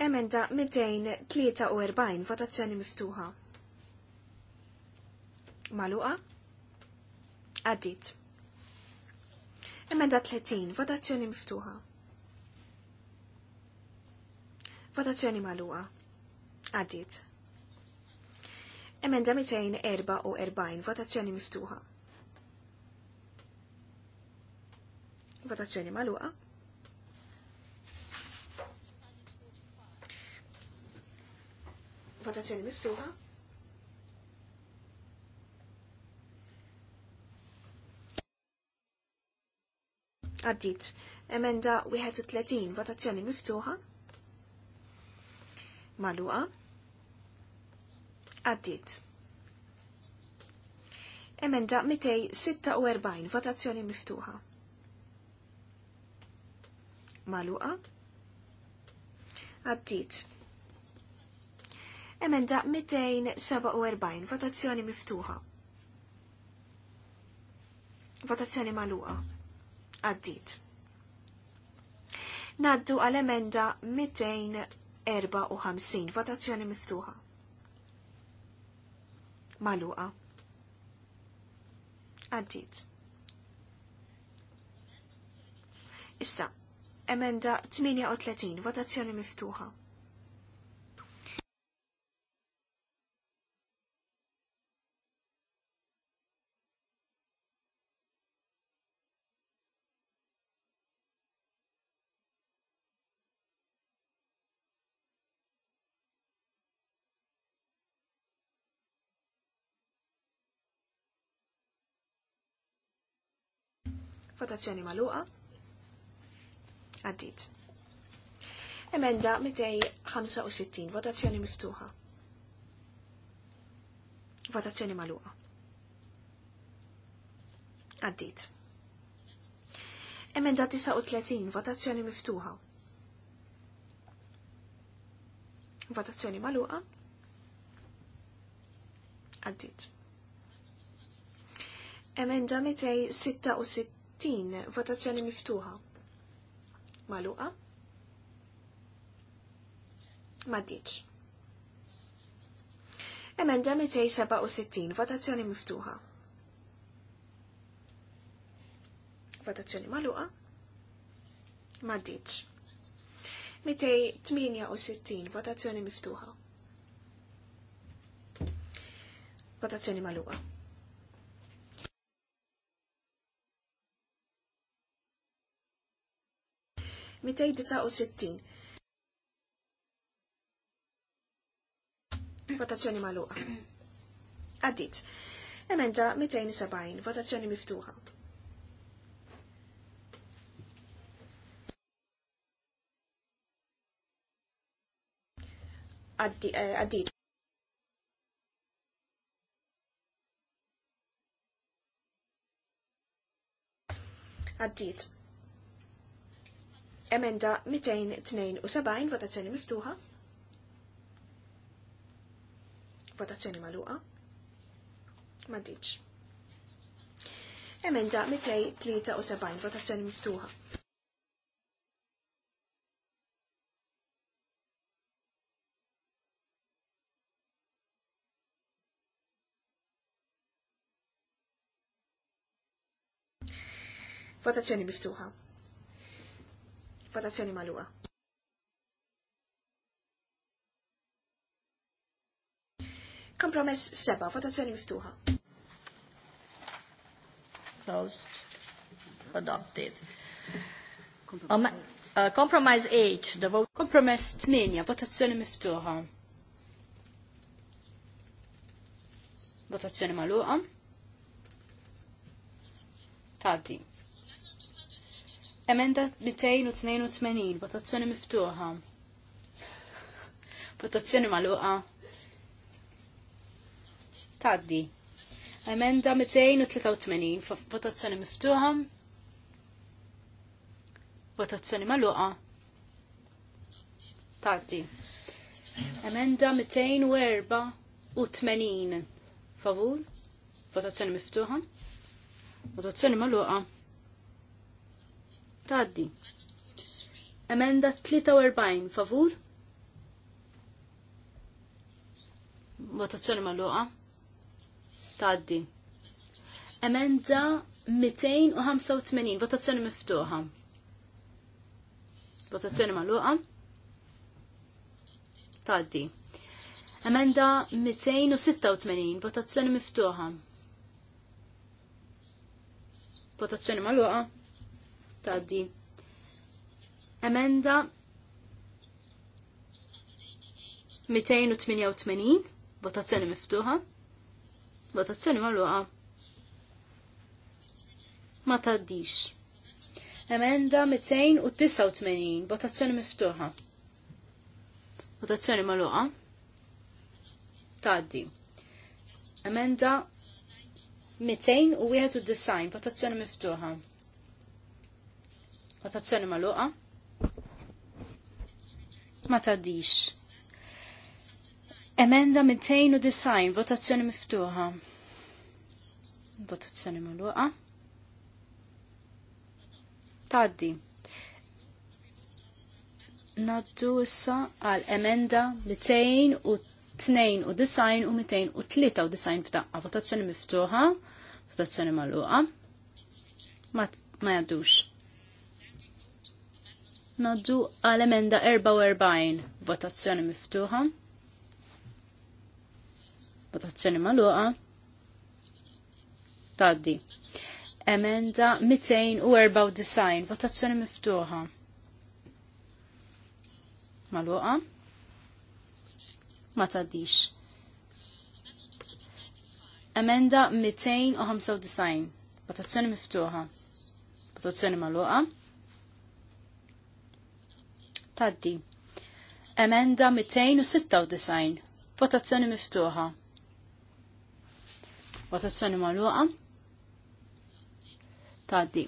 Emenda 243, votazzjoni miftuħa. Maluqa. Għaddit. Emenda 30, votazzjoni miftuħa. Votazzjoni maluqa. Għaddit. Emenda 244, votazzjoni miftuħa. Votazzjoni maluqa. Votazzjoni miftuħa. Għaddit. Emenda 31. Votazzjoni miftuħa. Maluqa. Għaddit. Emenda 246. Votazzjoni miftuħa maluqa. Għaddit. Emenda 247, votazzjoni miftuħa. Votazzjoni maluqa. Għaddit. Naddu għal-emenda 254, votazzjoni miftuħa. Maluqa. Għaddit. Issa, Emenda 38, votazzjoni miftuħa. Votazzjoni maluqa għaddit. Emenda 265, votazzjoni miftuħa. Votazzjoni maluqa. Għaddit. Emenda 39, votazzjoni miftuħa. Votazzjoni maluqa. Għaddit. Emenda 266, votazzjoni miftuħa maluqa. Maddiċ. Emenda 267, votazzjoni miftuħa. Votazzjoni maluqa. Mitej 268, votazzjoni miftuħa. Votazzjoni maluqa. 269. Votazzjoni maluqa. Għaddit. Emenda 270. Votazzjoni miftuħa. Eh, għaddit. Għaddit. Emenda 272 votazzjoni miftuħa. Votazzjoni maluqa. ditx. Emenda 273 votazzjoni miftuħa. Votazzjoni miftuħa. Votazzjoni maluqa. Kompromess seba, votazzjoni miftuħa. Closed. Adopted. Um, uh, compromise 8, the vote. Kompromess 8, votazzjoni miftuħa. Votazzjoni maluqa. Tati. Emenda 282, votazzjoni miftuħa. Votazzjoni maluqa. Taddi. Emenda 283, votazzjoni miftuħa. Votazzjoni maluqa. Taddi. Emenda 284, favur. Votazzjoni miftuħa. Votazzjoni maluqa. Taddi. Emenda 43 favur. Votazzjoni maluqa. Taddi. Emenda 285 votazzjoni miftuħa. Votazzjoni maluqa. Taddi. Emenda 286 votazzjoni miftuħa. Votazzjoni maluqa tgħaddi. Emenda 288 votazzjoni miftuħa. Votazzjoni magħluqa. Ma tgħaddix. Emenda 289 votazzjoni miftuħa. Votazzjoni magħluqa. Tgħaddi. Emenda 291 votazzjoni miftuħa. Votazzjoni maluqa. Ma taddix. Emenda 290, votazzjoni miftuħa. Votazzjoni maluqa. Taddi. Naddu issa għal emenda 292 u 293 f'daqqa. Votazzjoni miftuħa, votazzjoni maluqa. Ma, ma jaddux. Naddu għal-emenda 44, votazzjoni miftuħa. Votazzjoni maluqa. Taddi. Emenda 294, votazzjoni miftuħa. Maluqa. Ma taddix. Emenda 295, votazzjoni miftuħa. Votazzjoni maluqa. Taddi. Emenda 296. Votazzjoni miftuħa. Votazzjoni magħluqa. Taddi.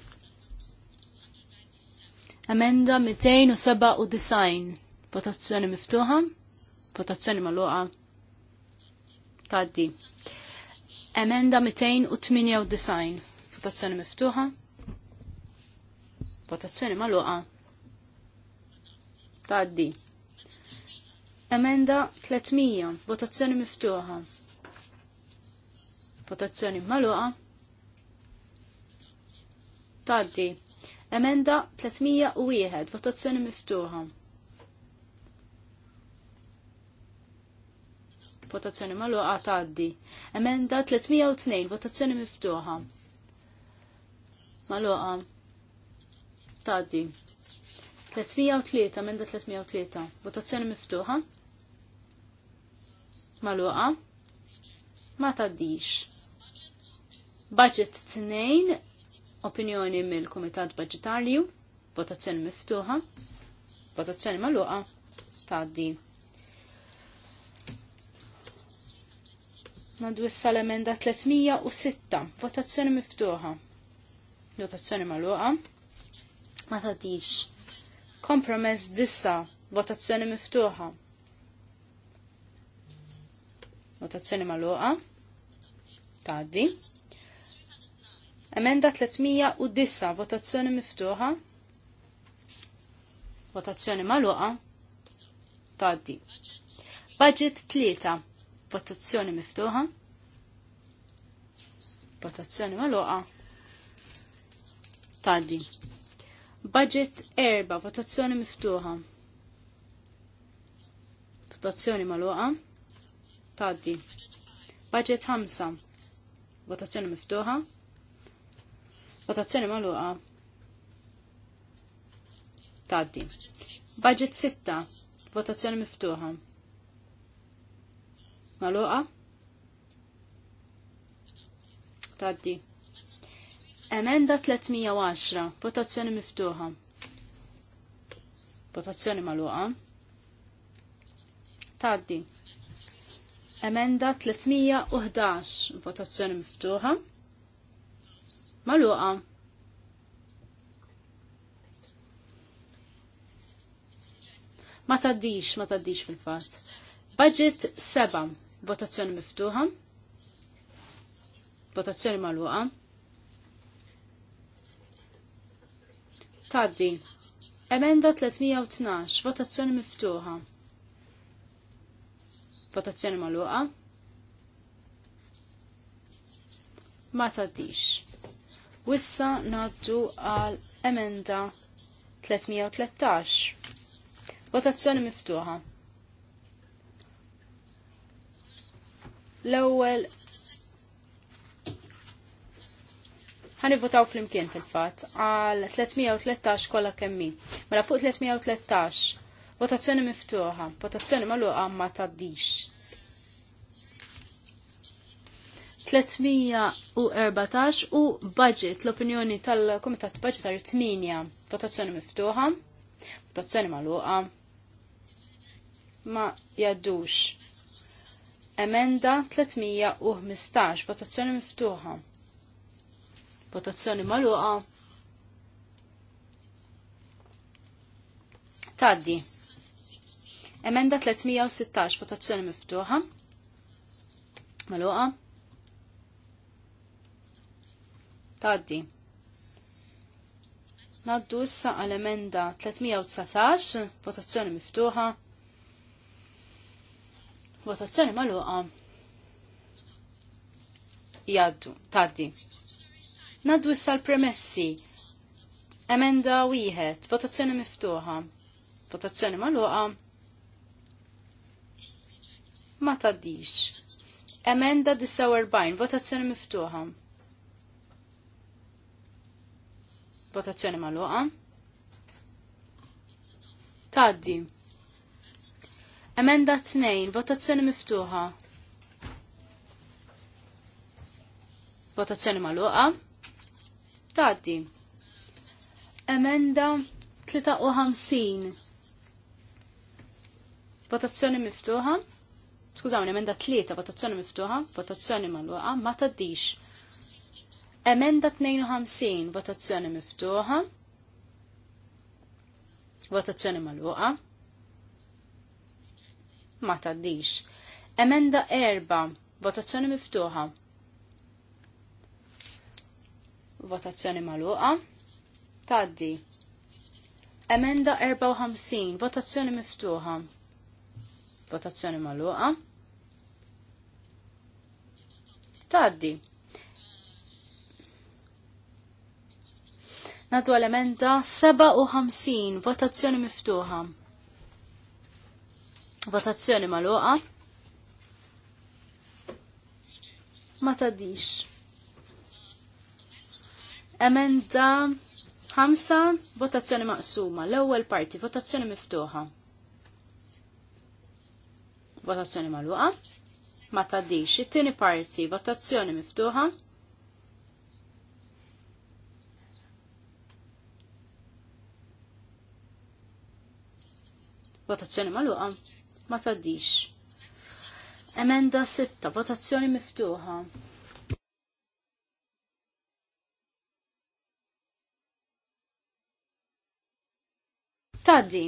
Emenda 297. Votazzjoni miftuħa. Votazzjoni magħluqa. Taddi. Emenda 298. Votazzjoni miftuħa. Votazzjoni magħluqa. Taddi. Emenda 300. Votazzjoni miftuħa. Votazzjoni maluqa. Taddi. Emenda 301. Votazzjoni miftuħa. votazzjoni maluqa taddi. Emenda 302, votazzjoni miftuħa. Maluqa. Taddi. 303, minn 303. Votazzjoni miftuħa. Maluqa. Ma taddix. Budget 2, opinjoni mill-Komitat Budgetarju. Votazzjoni miftuħa. Votazzjoni maluqa. Taddi. Naddu issa l-emenda 306. Votazzjoni miftuħa. Votazzjoni maluqa. Ma taddix. Kompromess dissa, votazzjoni miftuħa. Votazzjoni maluqa. Taddi. Emenda dissa, votazzjoni miftuħa. Votazzjoni maluqa. Taddi. Budget 3, votazzjoni miftuħa. Votazzjoni maluqa. Taddi. Budget erba, votazzjoni miftuħa. Votazzjoni maluqa. Taddi. Budget ħamsa. Votazzjoni miftuħa. Votazzjoni maluqa. Taddi. Budget sitta, Votazzjoni miftuħa. Maluqa. Taddi. Emenda 310, votazzjoni miftuħa. Votazzjoni maluqa. Taddi. Emenda 311, votazzjoni miftuħa. Maluqa. Ma taddix, ma taddix fil-fat. Budget 7, votazzjoni miftuħa. Votazzjoni maluqa. Taddi. Emenda 312. Votazzjoni miftuħa. Votazzjoni maluqa. Ma taddix. Wissa naddu għal emenda 313. Votazzjoni miftuħa. L-ewwel ħanivvotaw fl-imkien fil-fatt għal 313 kollha kemmi. Mela fuq 313 votazzjoni miftuħa, votazzjoni magħluqa ma taddix. 314 u budget, l-opinjoni tal-Komitat Budgetarju 8, votazzjoni miftuħa, votazzjoni magħluqa ma jaddux. Emenda 315, votazzjoni miftuħa, Votazzjoni maluqa. Taddi. Emenda 316, votazzjoni miftuħa. Maluqa. Taddi. Naddu issa għal-emenda 319, votazzjoni miftuħa. Votazzjoni maluqa. Jaddu, taddi. Naddu issa l-premessi. Emenda wieħed, votazzjoni miftuħa. Votazzjoni magħluqa. Ma taddix. Emenda 49, votazzjoni miftuħa. Votazzjoni magħluqa. Taddi. Emenda 2, votazzjoni miftuħa. Votazzjoni maluqa tgħaddi. Emenda 53. Votazzjoni miftuħa. Skużawni, emenda 3, votazzjoni miftuħa, votazzjoni mal-waqa, ma taddix. Emenda 52, votazzjoni miftuħa, votazzjoni mal-waqa, ma taddix. Emenda 4, votazzjoni miftuħa, Votazzjoni maluqa. Taddi. Emenda 54. Votazzjoni miftuħa. Votazzjoni maluqa. Taddi. Nadu emenda 57, votazzjoni miftuħa. Votazzjoni maluqa. Ma taddix. Emenda 5, votazzjoni maqsuma. L-ewwel parti, votazzjoni miftuħa. Votazzjoni magħluqa. Ma tgħaddix. It-tieni parti, votazzjoni miftuħa. Votazzjoni magħluqa. Ma tgħaddix. Emenda 6, votazzjoni miftuħa. Taddi.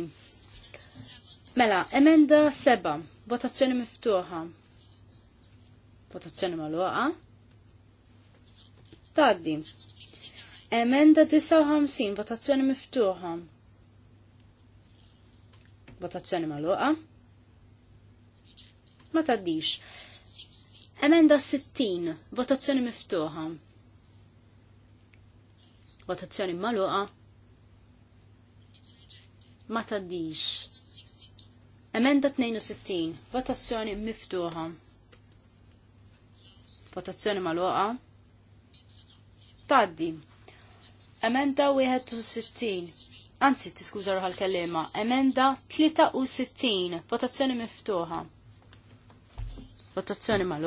Mela, emenda seba. Votazzjoni miftuħa. Votazzjoni maluqa. Taddi. Emenda 59. Votazzjoni miftuħa. Votazzjoni maluqa. Ma taddix. Emenda 60. Votazzjoni miftuħa. Votazzjoni maluqa ma taddix. Emenda 62, votazzjoni miftuħa. Votazzjoni mal-waqa. Taddi. Emenda 61, anzi tiskuża ruħal kellima, emenda 63, votazzjoni miftuħa. Votazzjoni mal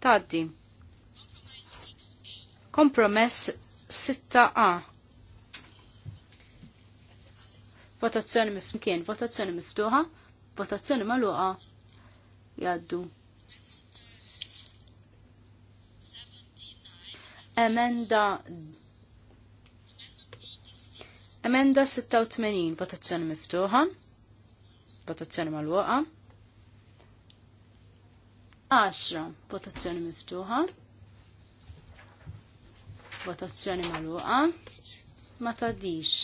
Taddi. Kompromess 6A, Votazzjoni mifkien, votazzjoni miftuħa, votazzjoni maluqa jaddu. Emenda Emenda 86, votazzjoni miftuħa, votazzjoni maluqa. 10, votazzjoni miftuħa, votazzjoni maluqa. Ma tadix.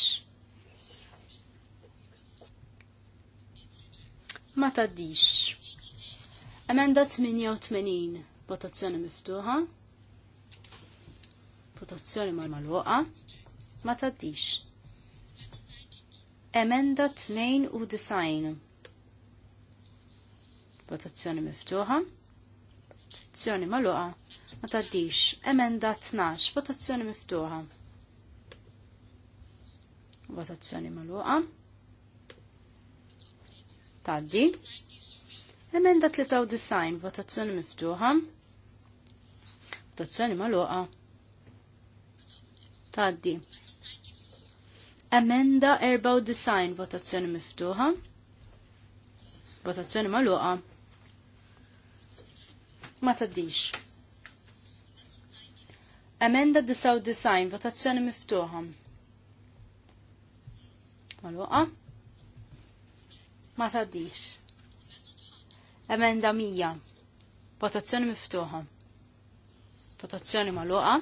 ma taddix. Emenda 88, votazzjoni miftuħa, votazzjoni mal maluqa, ma taddix. Emenda 92, votazzjoni miftuħa, votazzjoni maluqa, ma taddix. Emenda 12, votazzjoni miftuħa, votazzjoni maluqa, Taddi. Emenda 93 votazzjoni miftuħa. Votazzjoni maluqa. Taddi. Emenda 94 votazzjoni miftuħa. Votazzjoni maluqa. Ma taddix. Emenda 99 votazzjoni miftuħa. Maluqa ma taddix. Emenda mija. Votazzjoni miftuħa. Votazzjoni magħluqa.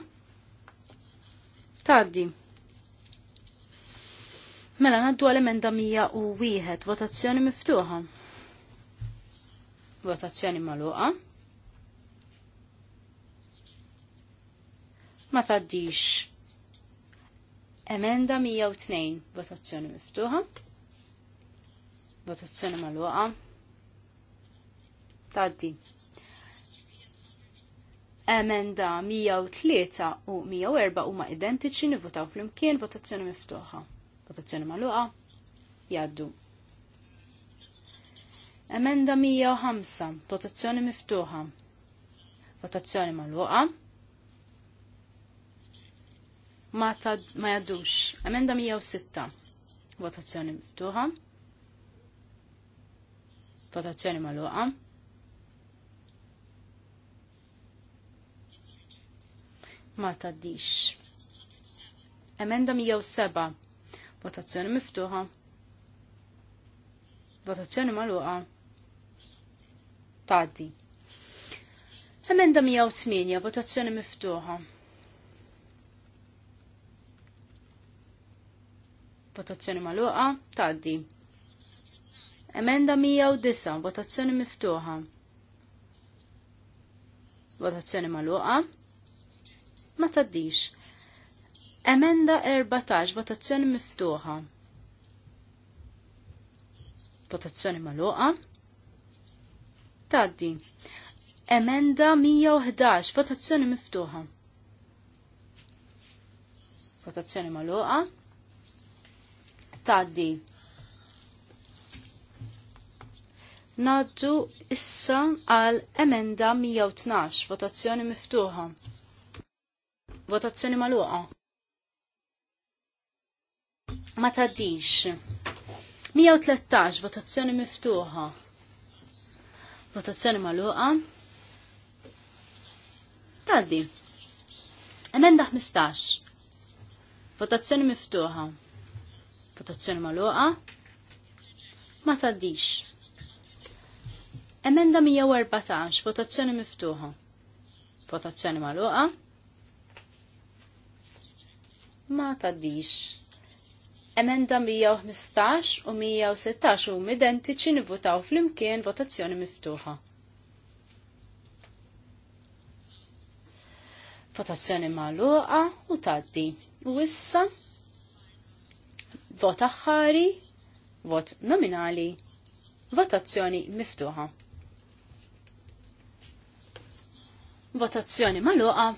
Taddi. Mela naddu għal-emenda wieħed Votazzjoni miftuħa. Votazzjoni magħluqa. Ma taddix. Emenda 102. Votazzjoni miftuħa. Votazzjoni mal waqa Taddi. Emenda 103 u 104 huma identiċi nivvotaw fl-imkien votazzjoni miftuħa. Votazzjoni magħluqa jgħaddu. Emenda 105 votazzjoni miftuħa. Votazzjoni magħluqa. Ma, ma jaddux. Emenda 106 votazzjoni miftuħa. Votazzjoni luqa. Ma taddix. Emenda 107. Votazzjoni miftuħa. Votazzjoni luqa. Taddi. Emenda 108. Votazzjoni miftuħa. votazzjoni luqa. taddi. Emenda 109, votazzjoni miftuħa. Votazzjoni maluqa. Ma taddix. Emenda 14, votazzjoni miftuħa. Votazzjoni maluqa. Taddi. Emenda 111, votazzjoni miftuħa. Votazzjoni maluqa. Taddi. Naddu issa għal emenda 112, votazzjoni miftuħa. Votazzjoni maluqa. Ma taddix. 113, votazzjoni miftuħa. Votazzjoni maluqa. Taddi. Emenda 15. Votazzjoni miftuħa. Votazzjoni maluqa. Ma taddix. Emenda 114, votazzjoni miftuħa. Votazzjoni maluqa. Ma taddix. Emenda 115 u 116 u identiċi nivvotaw fl-imkien votazzjoni miftuħa. votazzjoni maluqa u taddi. U issa vot aħħari, vot nominali, votazzjoni miftuħa. Votazzjoni maluqa.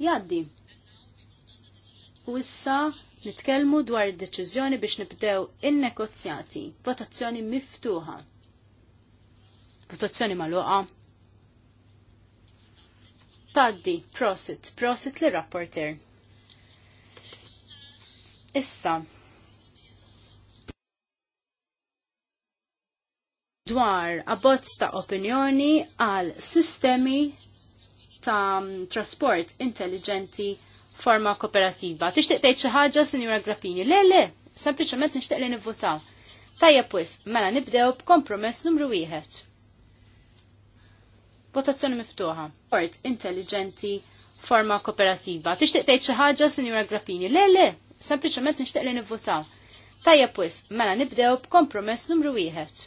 Jaddi. U issa nitkellmu dwar id-deċiżjoni biex nibdew in-negozjati. Votazzjoni miftuħa. Votazzjoni maluqa. Taddi, prosit, prosit li rapporter. Issa, dwar abbozz ta' opinjoni għal sistemi ta' mm, trasport intelligenti forma kooperativa. Tixtieq tgħid xi ħaġa, Sinjura Grappini? Le, le, sempliċement nixtieq li nivvotaw. Tajja wis, mela nibdew b'kompromess numru wieħed. Votazzjoni miftuħa. Port intelligenti forma kooperativa. Tixtieq tgħid xi ħaġa, Sinjura Grappini? Le, le, sempliċement nixtieq li nivvotaw. Tajja wis, mela nibdew b'kompromess numru wieħed.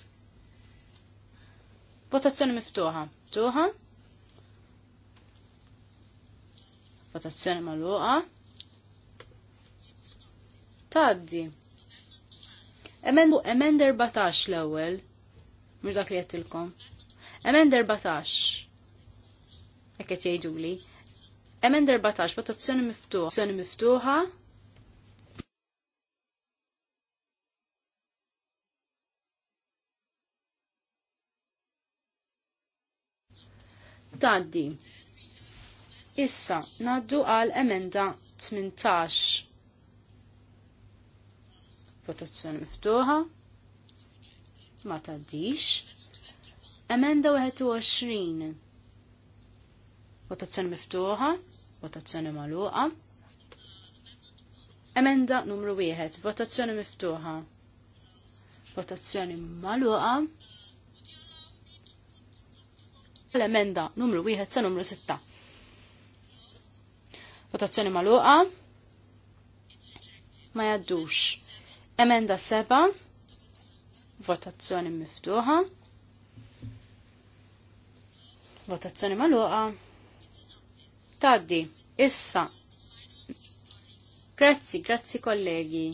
Votazzjoni miftuħa. Tuħa. Votazzjoni maluqa. Taddi. Emend 14 l ewwel Mhux dak li jattilkom. Emend 14. Hekk qed jgħiduli. Emend 14, votazzjoni miftuħa. Votazzjoni miftuħa. tgħaddi. Issa naddu għal emenda 18. Votazzjoni miftuħa. Ma tgħaddix. Emenda 21. Votazzjoni miftuħa. Votazzjoni magħluqa. Emenda numru 1. Votazzjoni miftuħa. Votazzjoni magħluqa l-emenda numru 1 sa numru 6. Votazzjoni maluqa. Ma jaddux. Emenda 7. Votazzjoni miftuħa. Votazzjoni maluqa. Taddi. Issa. Grazzi, grazzi kollegi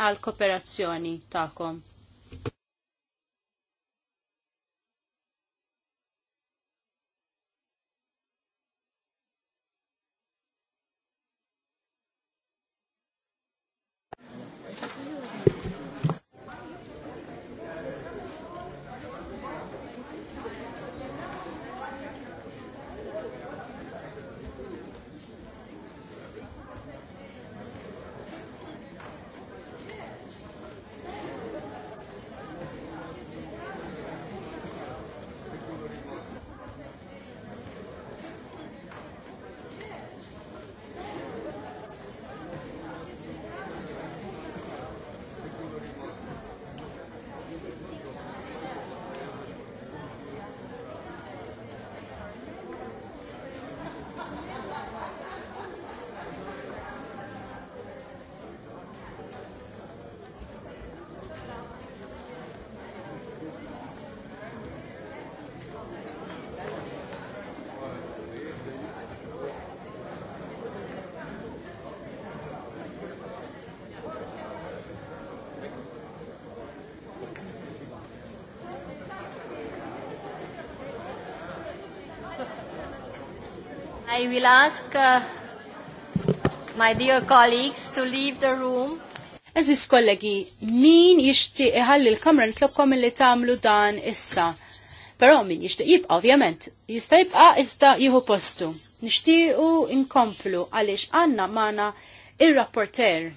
għal kooperazzjoni ta'kom. I will ask uh, my dear colleagues to leave the room. Eżis kollegi, min jishti iħalli l-kamra nitlobkom li tamlu dan issa. Pero min jishti jibqa' ovvjament, jista' jibqa' iżda jihu postu. Nishti u inkomplu għalix għanna magħna il rapporter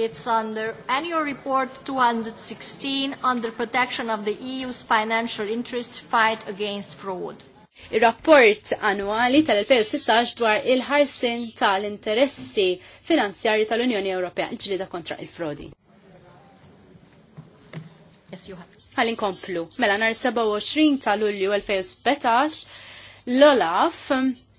It's under Annual Report 216 under protection of the EU's financial interests fight against fraud ir-rapport annwali tal-2016 dwar il-ħarsin tal-interessi finanzjari tal-Unjoni Ewropea ġlida kontra il-frodi. Yes, you Għalin komplu. Mela nar 27 ta' Lulju 2017 l-Olaf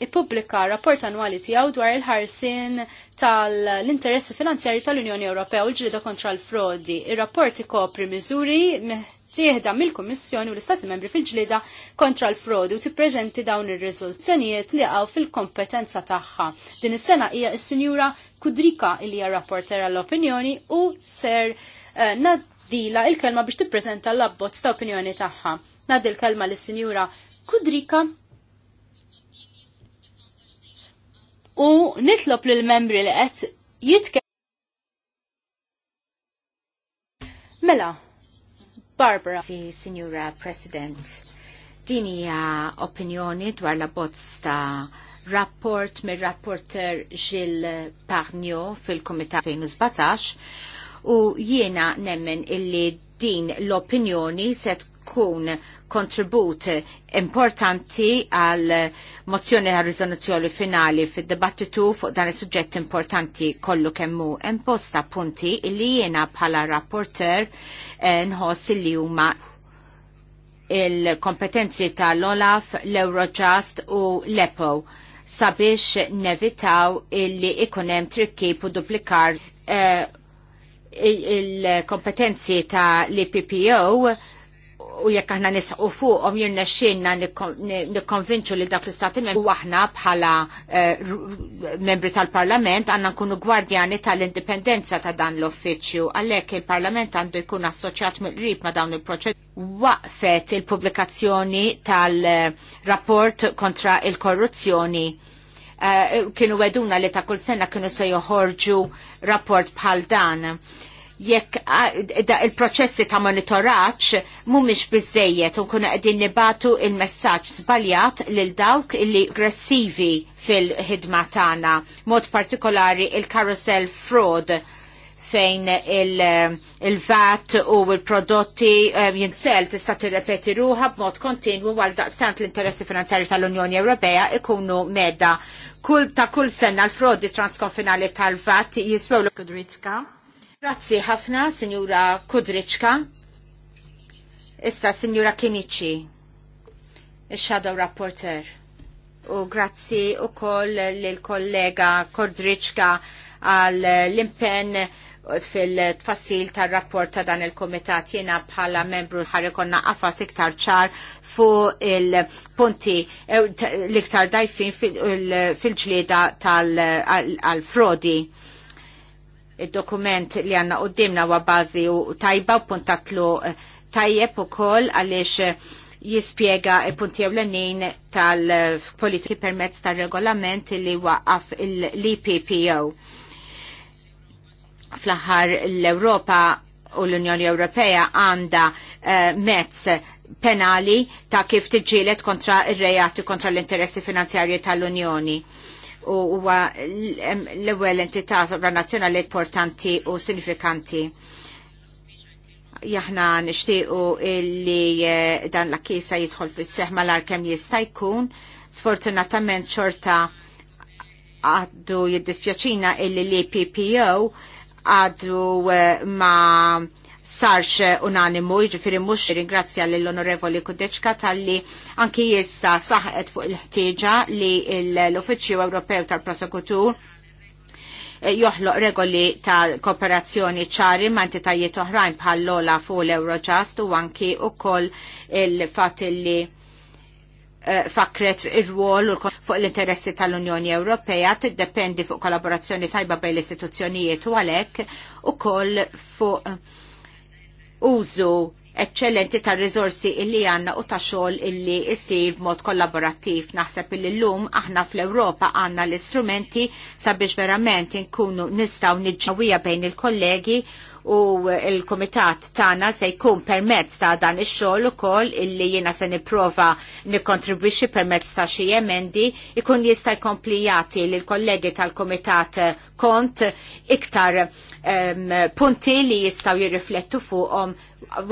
ippubblika rapport annwali tiegħu dwar il-ħarsin tal-interessi finanzjari tal-Unjoni Ewropea u l kontra l-frodi. Ir-rapport ikopri miżuri tieħda mill-Kummissjoni u l-Istati Membri fil-ġlida kontra l frodi u tippreżenti dawn ir-riżoluzzjonijiet li għaw fil-kompetenza tagħha. Din is-sena hija s-Sinjura Kudrika li hija rapporter għall-opinjoni u ser Naddila eh, nadila il-kelma biex tippreżenta l-abbozz ta' opinjoni tagħha. Naddi l-kelma l sinjura Kudrika u nitlob lill-membri li qed jitkellmu Mela, Barbara, si, Signora President, din hija opinjoni dwar la bozza rapport mir rapporter Gilles Parnio fil-Komitat 2017 u jiena nemmen illi din l-opinjoni se tkun kontribut importanti għal mozzjoni għal rizoluzzjoni finali fid dibattitu fuq dan is suġġett importanti kollu kemmu imposta punti illi jiena bħala rapporter eh, nħoss li huma il-kompetenzi tal-Olaf, l-Eurojust u l-EPO sabiex nevitaw illi ikunem trikki u duplikar eh, il-kompetenzi ta' l-PPO u jekk aħna nisqu fuqhom jirna xinna nikkonvinċu li dak l-istati membri u aħna bħala eh, membri tal-Parlament għandna nkunu gwardjani tal-indipendenza ta' dan l-uffiċċju għalhekk il-Parlament għandu jkun assoċjat mill-qrib ma' dawn il-proċed waqfet il-pubblikazzjoni tal-rapport kontra il-korruzzjoni eh, kienu weduna li ta' kull sena kienu se joħorġu rapport bħal dan jekk il-proċessi ta' monitoraċ mumiex bizzejiet u kuna għedin nibatu il-messagġ zbaljat lil dawk li aggressivi fil-ħidma tagħna, mod partikolari il-carousel fraud fejn il-vat u il-prodotti um, jinsel tista' tirrepeti ruħab b'mod kontinwu għal daqstant l-interessi finanzjari tal-Unjoni Ewropea ikunu medda. Kull ta' kull sena l-frodi transkonfinali tal-vat jiswew l-Kudritska. Grazzi ħafna, Sinjura Kudriċka. Issa, Sinjura Kinici, il-Shadow Rapporter. U grazzi u koll l-kollega Kudriċka għal l-impen fil-tfassil tar rapport ta' dan il-komitat jena bħala membru ħar ikonna iktar ċar fu il-punti eh, l-iktar dajfin fil-ġlieda tal-frodi. Fil Il-dokument li għanna u dimna wa għabazi u tajba u puntatlu eh, tajjeb u kol għalix eh, jispiega il-punti ewlenin tal-politiki permezz tal-regolament li waqaf l-EPPO. Fl-aħħar l-Europa u l-Unjoni Ewropea għanda eh, mezz penali ta' kif tiġġielet kontra il rejati kontra l-interessi finanzjarji tal-Unjoni u huwa l-ewwel entità sovranazzjonali importanti u sinifikanti. Jaħna nixtiequ li eh, dan l-akkisa jidħol fis-seħ l ar kemm jista' jkun. Sfortunatament xorta għaddu jiddispjaċina illi l-PPO għaddu eh, ma' sarx unanimu, ġifiri mux ringrazzja l-Onorevoli Kudeċka tal-li anki jessa saħet fuq il-ħtieġa li l-Uffiċċju Ewropew tal-Prosekutur eh, joħloq regoli ta' kooperazzjoni ċari ma' entitajiet oħrajn bħal l-ola fuq l-Eurojust u anki u koll il-fat li eh, fakret ir-rwol fuq l-interessi tal-Unjoni Ewropea tiddependi fuq kollaborazzjoni tajba bejn l-istituzzjonijiet u għalhekk ukoll fuq użu eccellenti ta' rizorsi illi għanna u ta' xogħol illi jsir b'mod kollaborattiv. Naħseb illi l-lum aħna fl-Ewropa għanna l-istrumenti sabiex verament inkunu nistgħu niġġawija bejn il-kollegi u il-komitat tana se jkun permezz ta' dan ix-xogħol ukoll illi jiena se nipprova nikkontribwixxi permezz ta' xi emendi ikun jista' jkompli jagħti lill-kollegi tal-komitat kont iktar um, punti li jistgħu jirriflettu fuqhom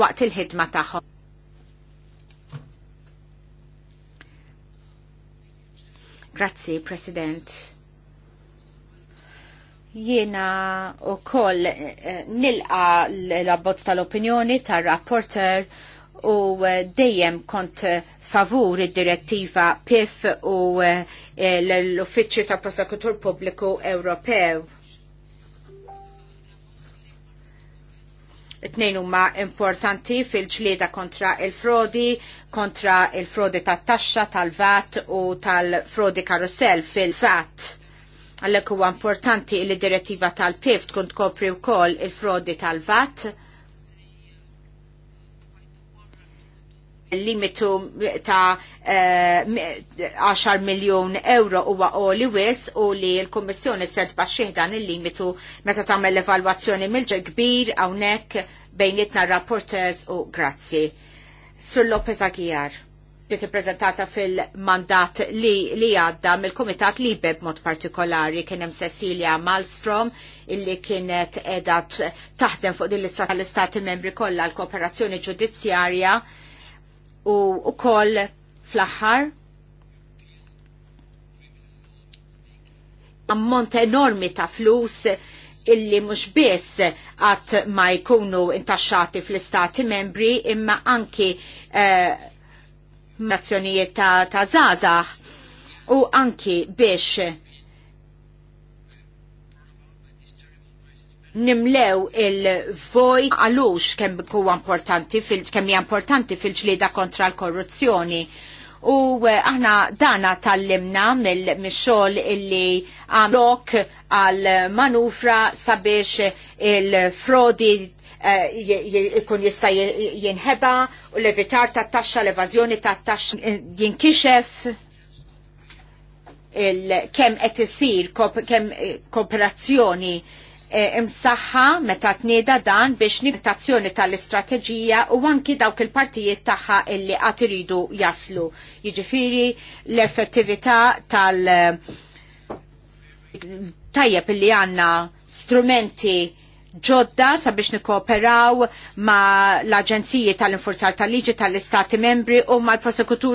waqt il-ħidma tagħhom. Grazzi, President. Jiena u koll eh, nilqa l-abbozz tal-opinjoni tal-rapporter u eh, dejjem kont favur id-direttiva PIF u eh, l-Uffiċċju ta' Prosekutur Pubbliku Ewropew. Tnejn huma importanti fil-ġlieda kontra il-frodi, kontra il-frodi tat-taxxa, tal-VAT u tal-frodi karusell fil-VAT Għallek huwa importanti li direttiva tal-PIF tkun tkopri wkoll il-frodi tal-VAT. limitu ta' 10 eh, miljon euro huwa oli wis u li l-Kummissjoni sed baxxih dan il-limitu meta tagħmel l-evalwazzjoni mill-ġej kbir hawnhekk bejnietna rapporters u grazzi. Sur Lopez Aguiar ġiet ippreżentata fil-mandat li, li għadda mill-Kumitat beb b'mod partikolari kien hemm Cecilia Malmstrom illi kienet qiegħda taħdem fuq din l-istra tal-istati membri kollha l-kooperazzjoni ġudizzjarja u wkoll fl-aħħar ammont enormi ta' flus illi mhux biss għat ma jkunu intaxxati fl-istati membri imma anki uh, nazzjonijiet ta', ta zazax u anki biex nimlew il-voj għalux kemm huwa importanti kemm hija importanti fil-ġlieda kontra l-korruzzjoni. U eh, aħna dana tal-limna mill-xogħol illi għamlok għal manufra sabiex il-frodi Eh, ikun jista jinħeba u l-evitar ta' taxxa, l-evazjoni ta' taxxa eh, jinkixef kem qed isir kem eh, kooperazzjoni imsaħħa meta tnieda dan biex nibtazzjoni tal-istrateġija u anki dawk il-partijiet tagħha illi qatt iridu jaslu. Jiġifieri l-effettività tal- tajjeb illi għandna strumenti ġodda sabiex nikkooperaw ma l-Aġenziji tal-Infurzar tal-Liġi tal-Istati Membri u mal l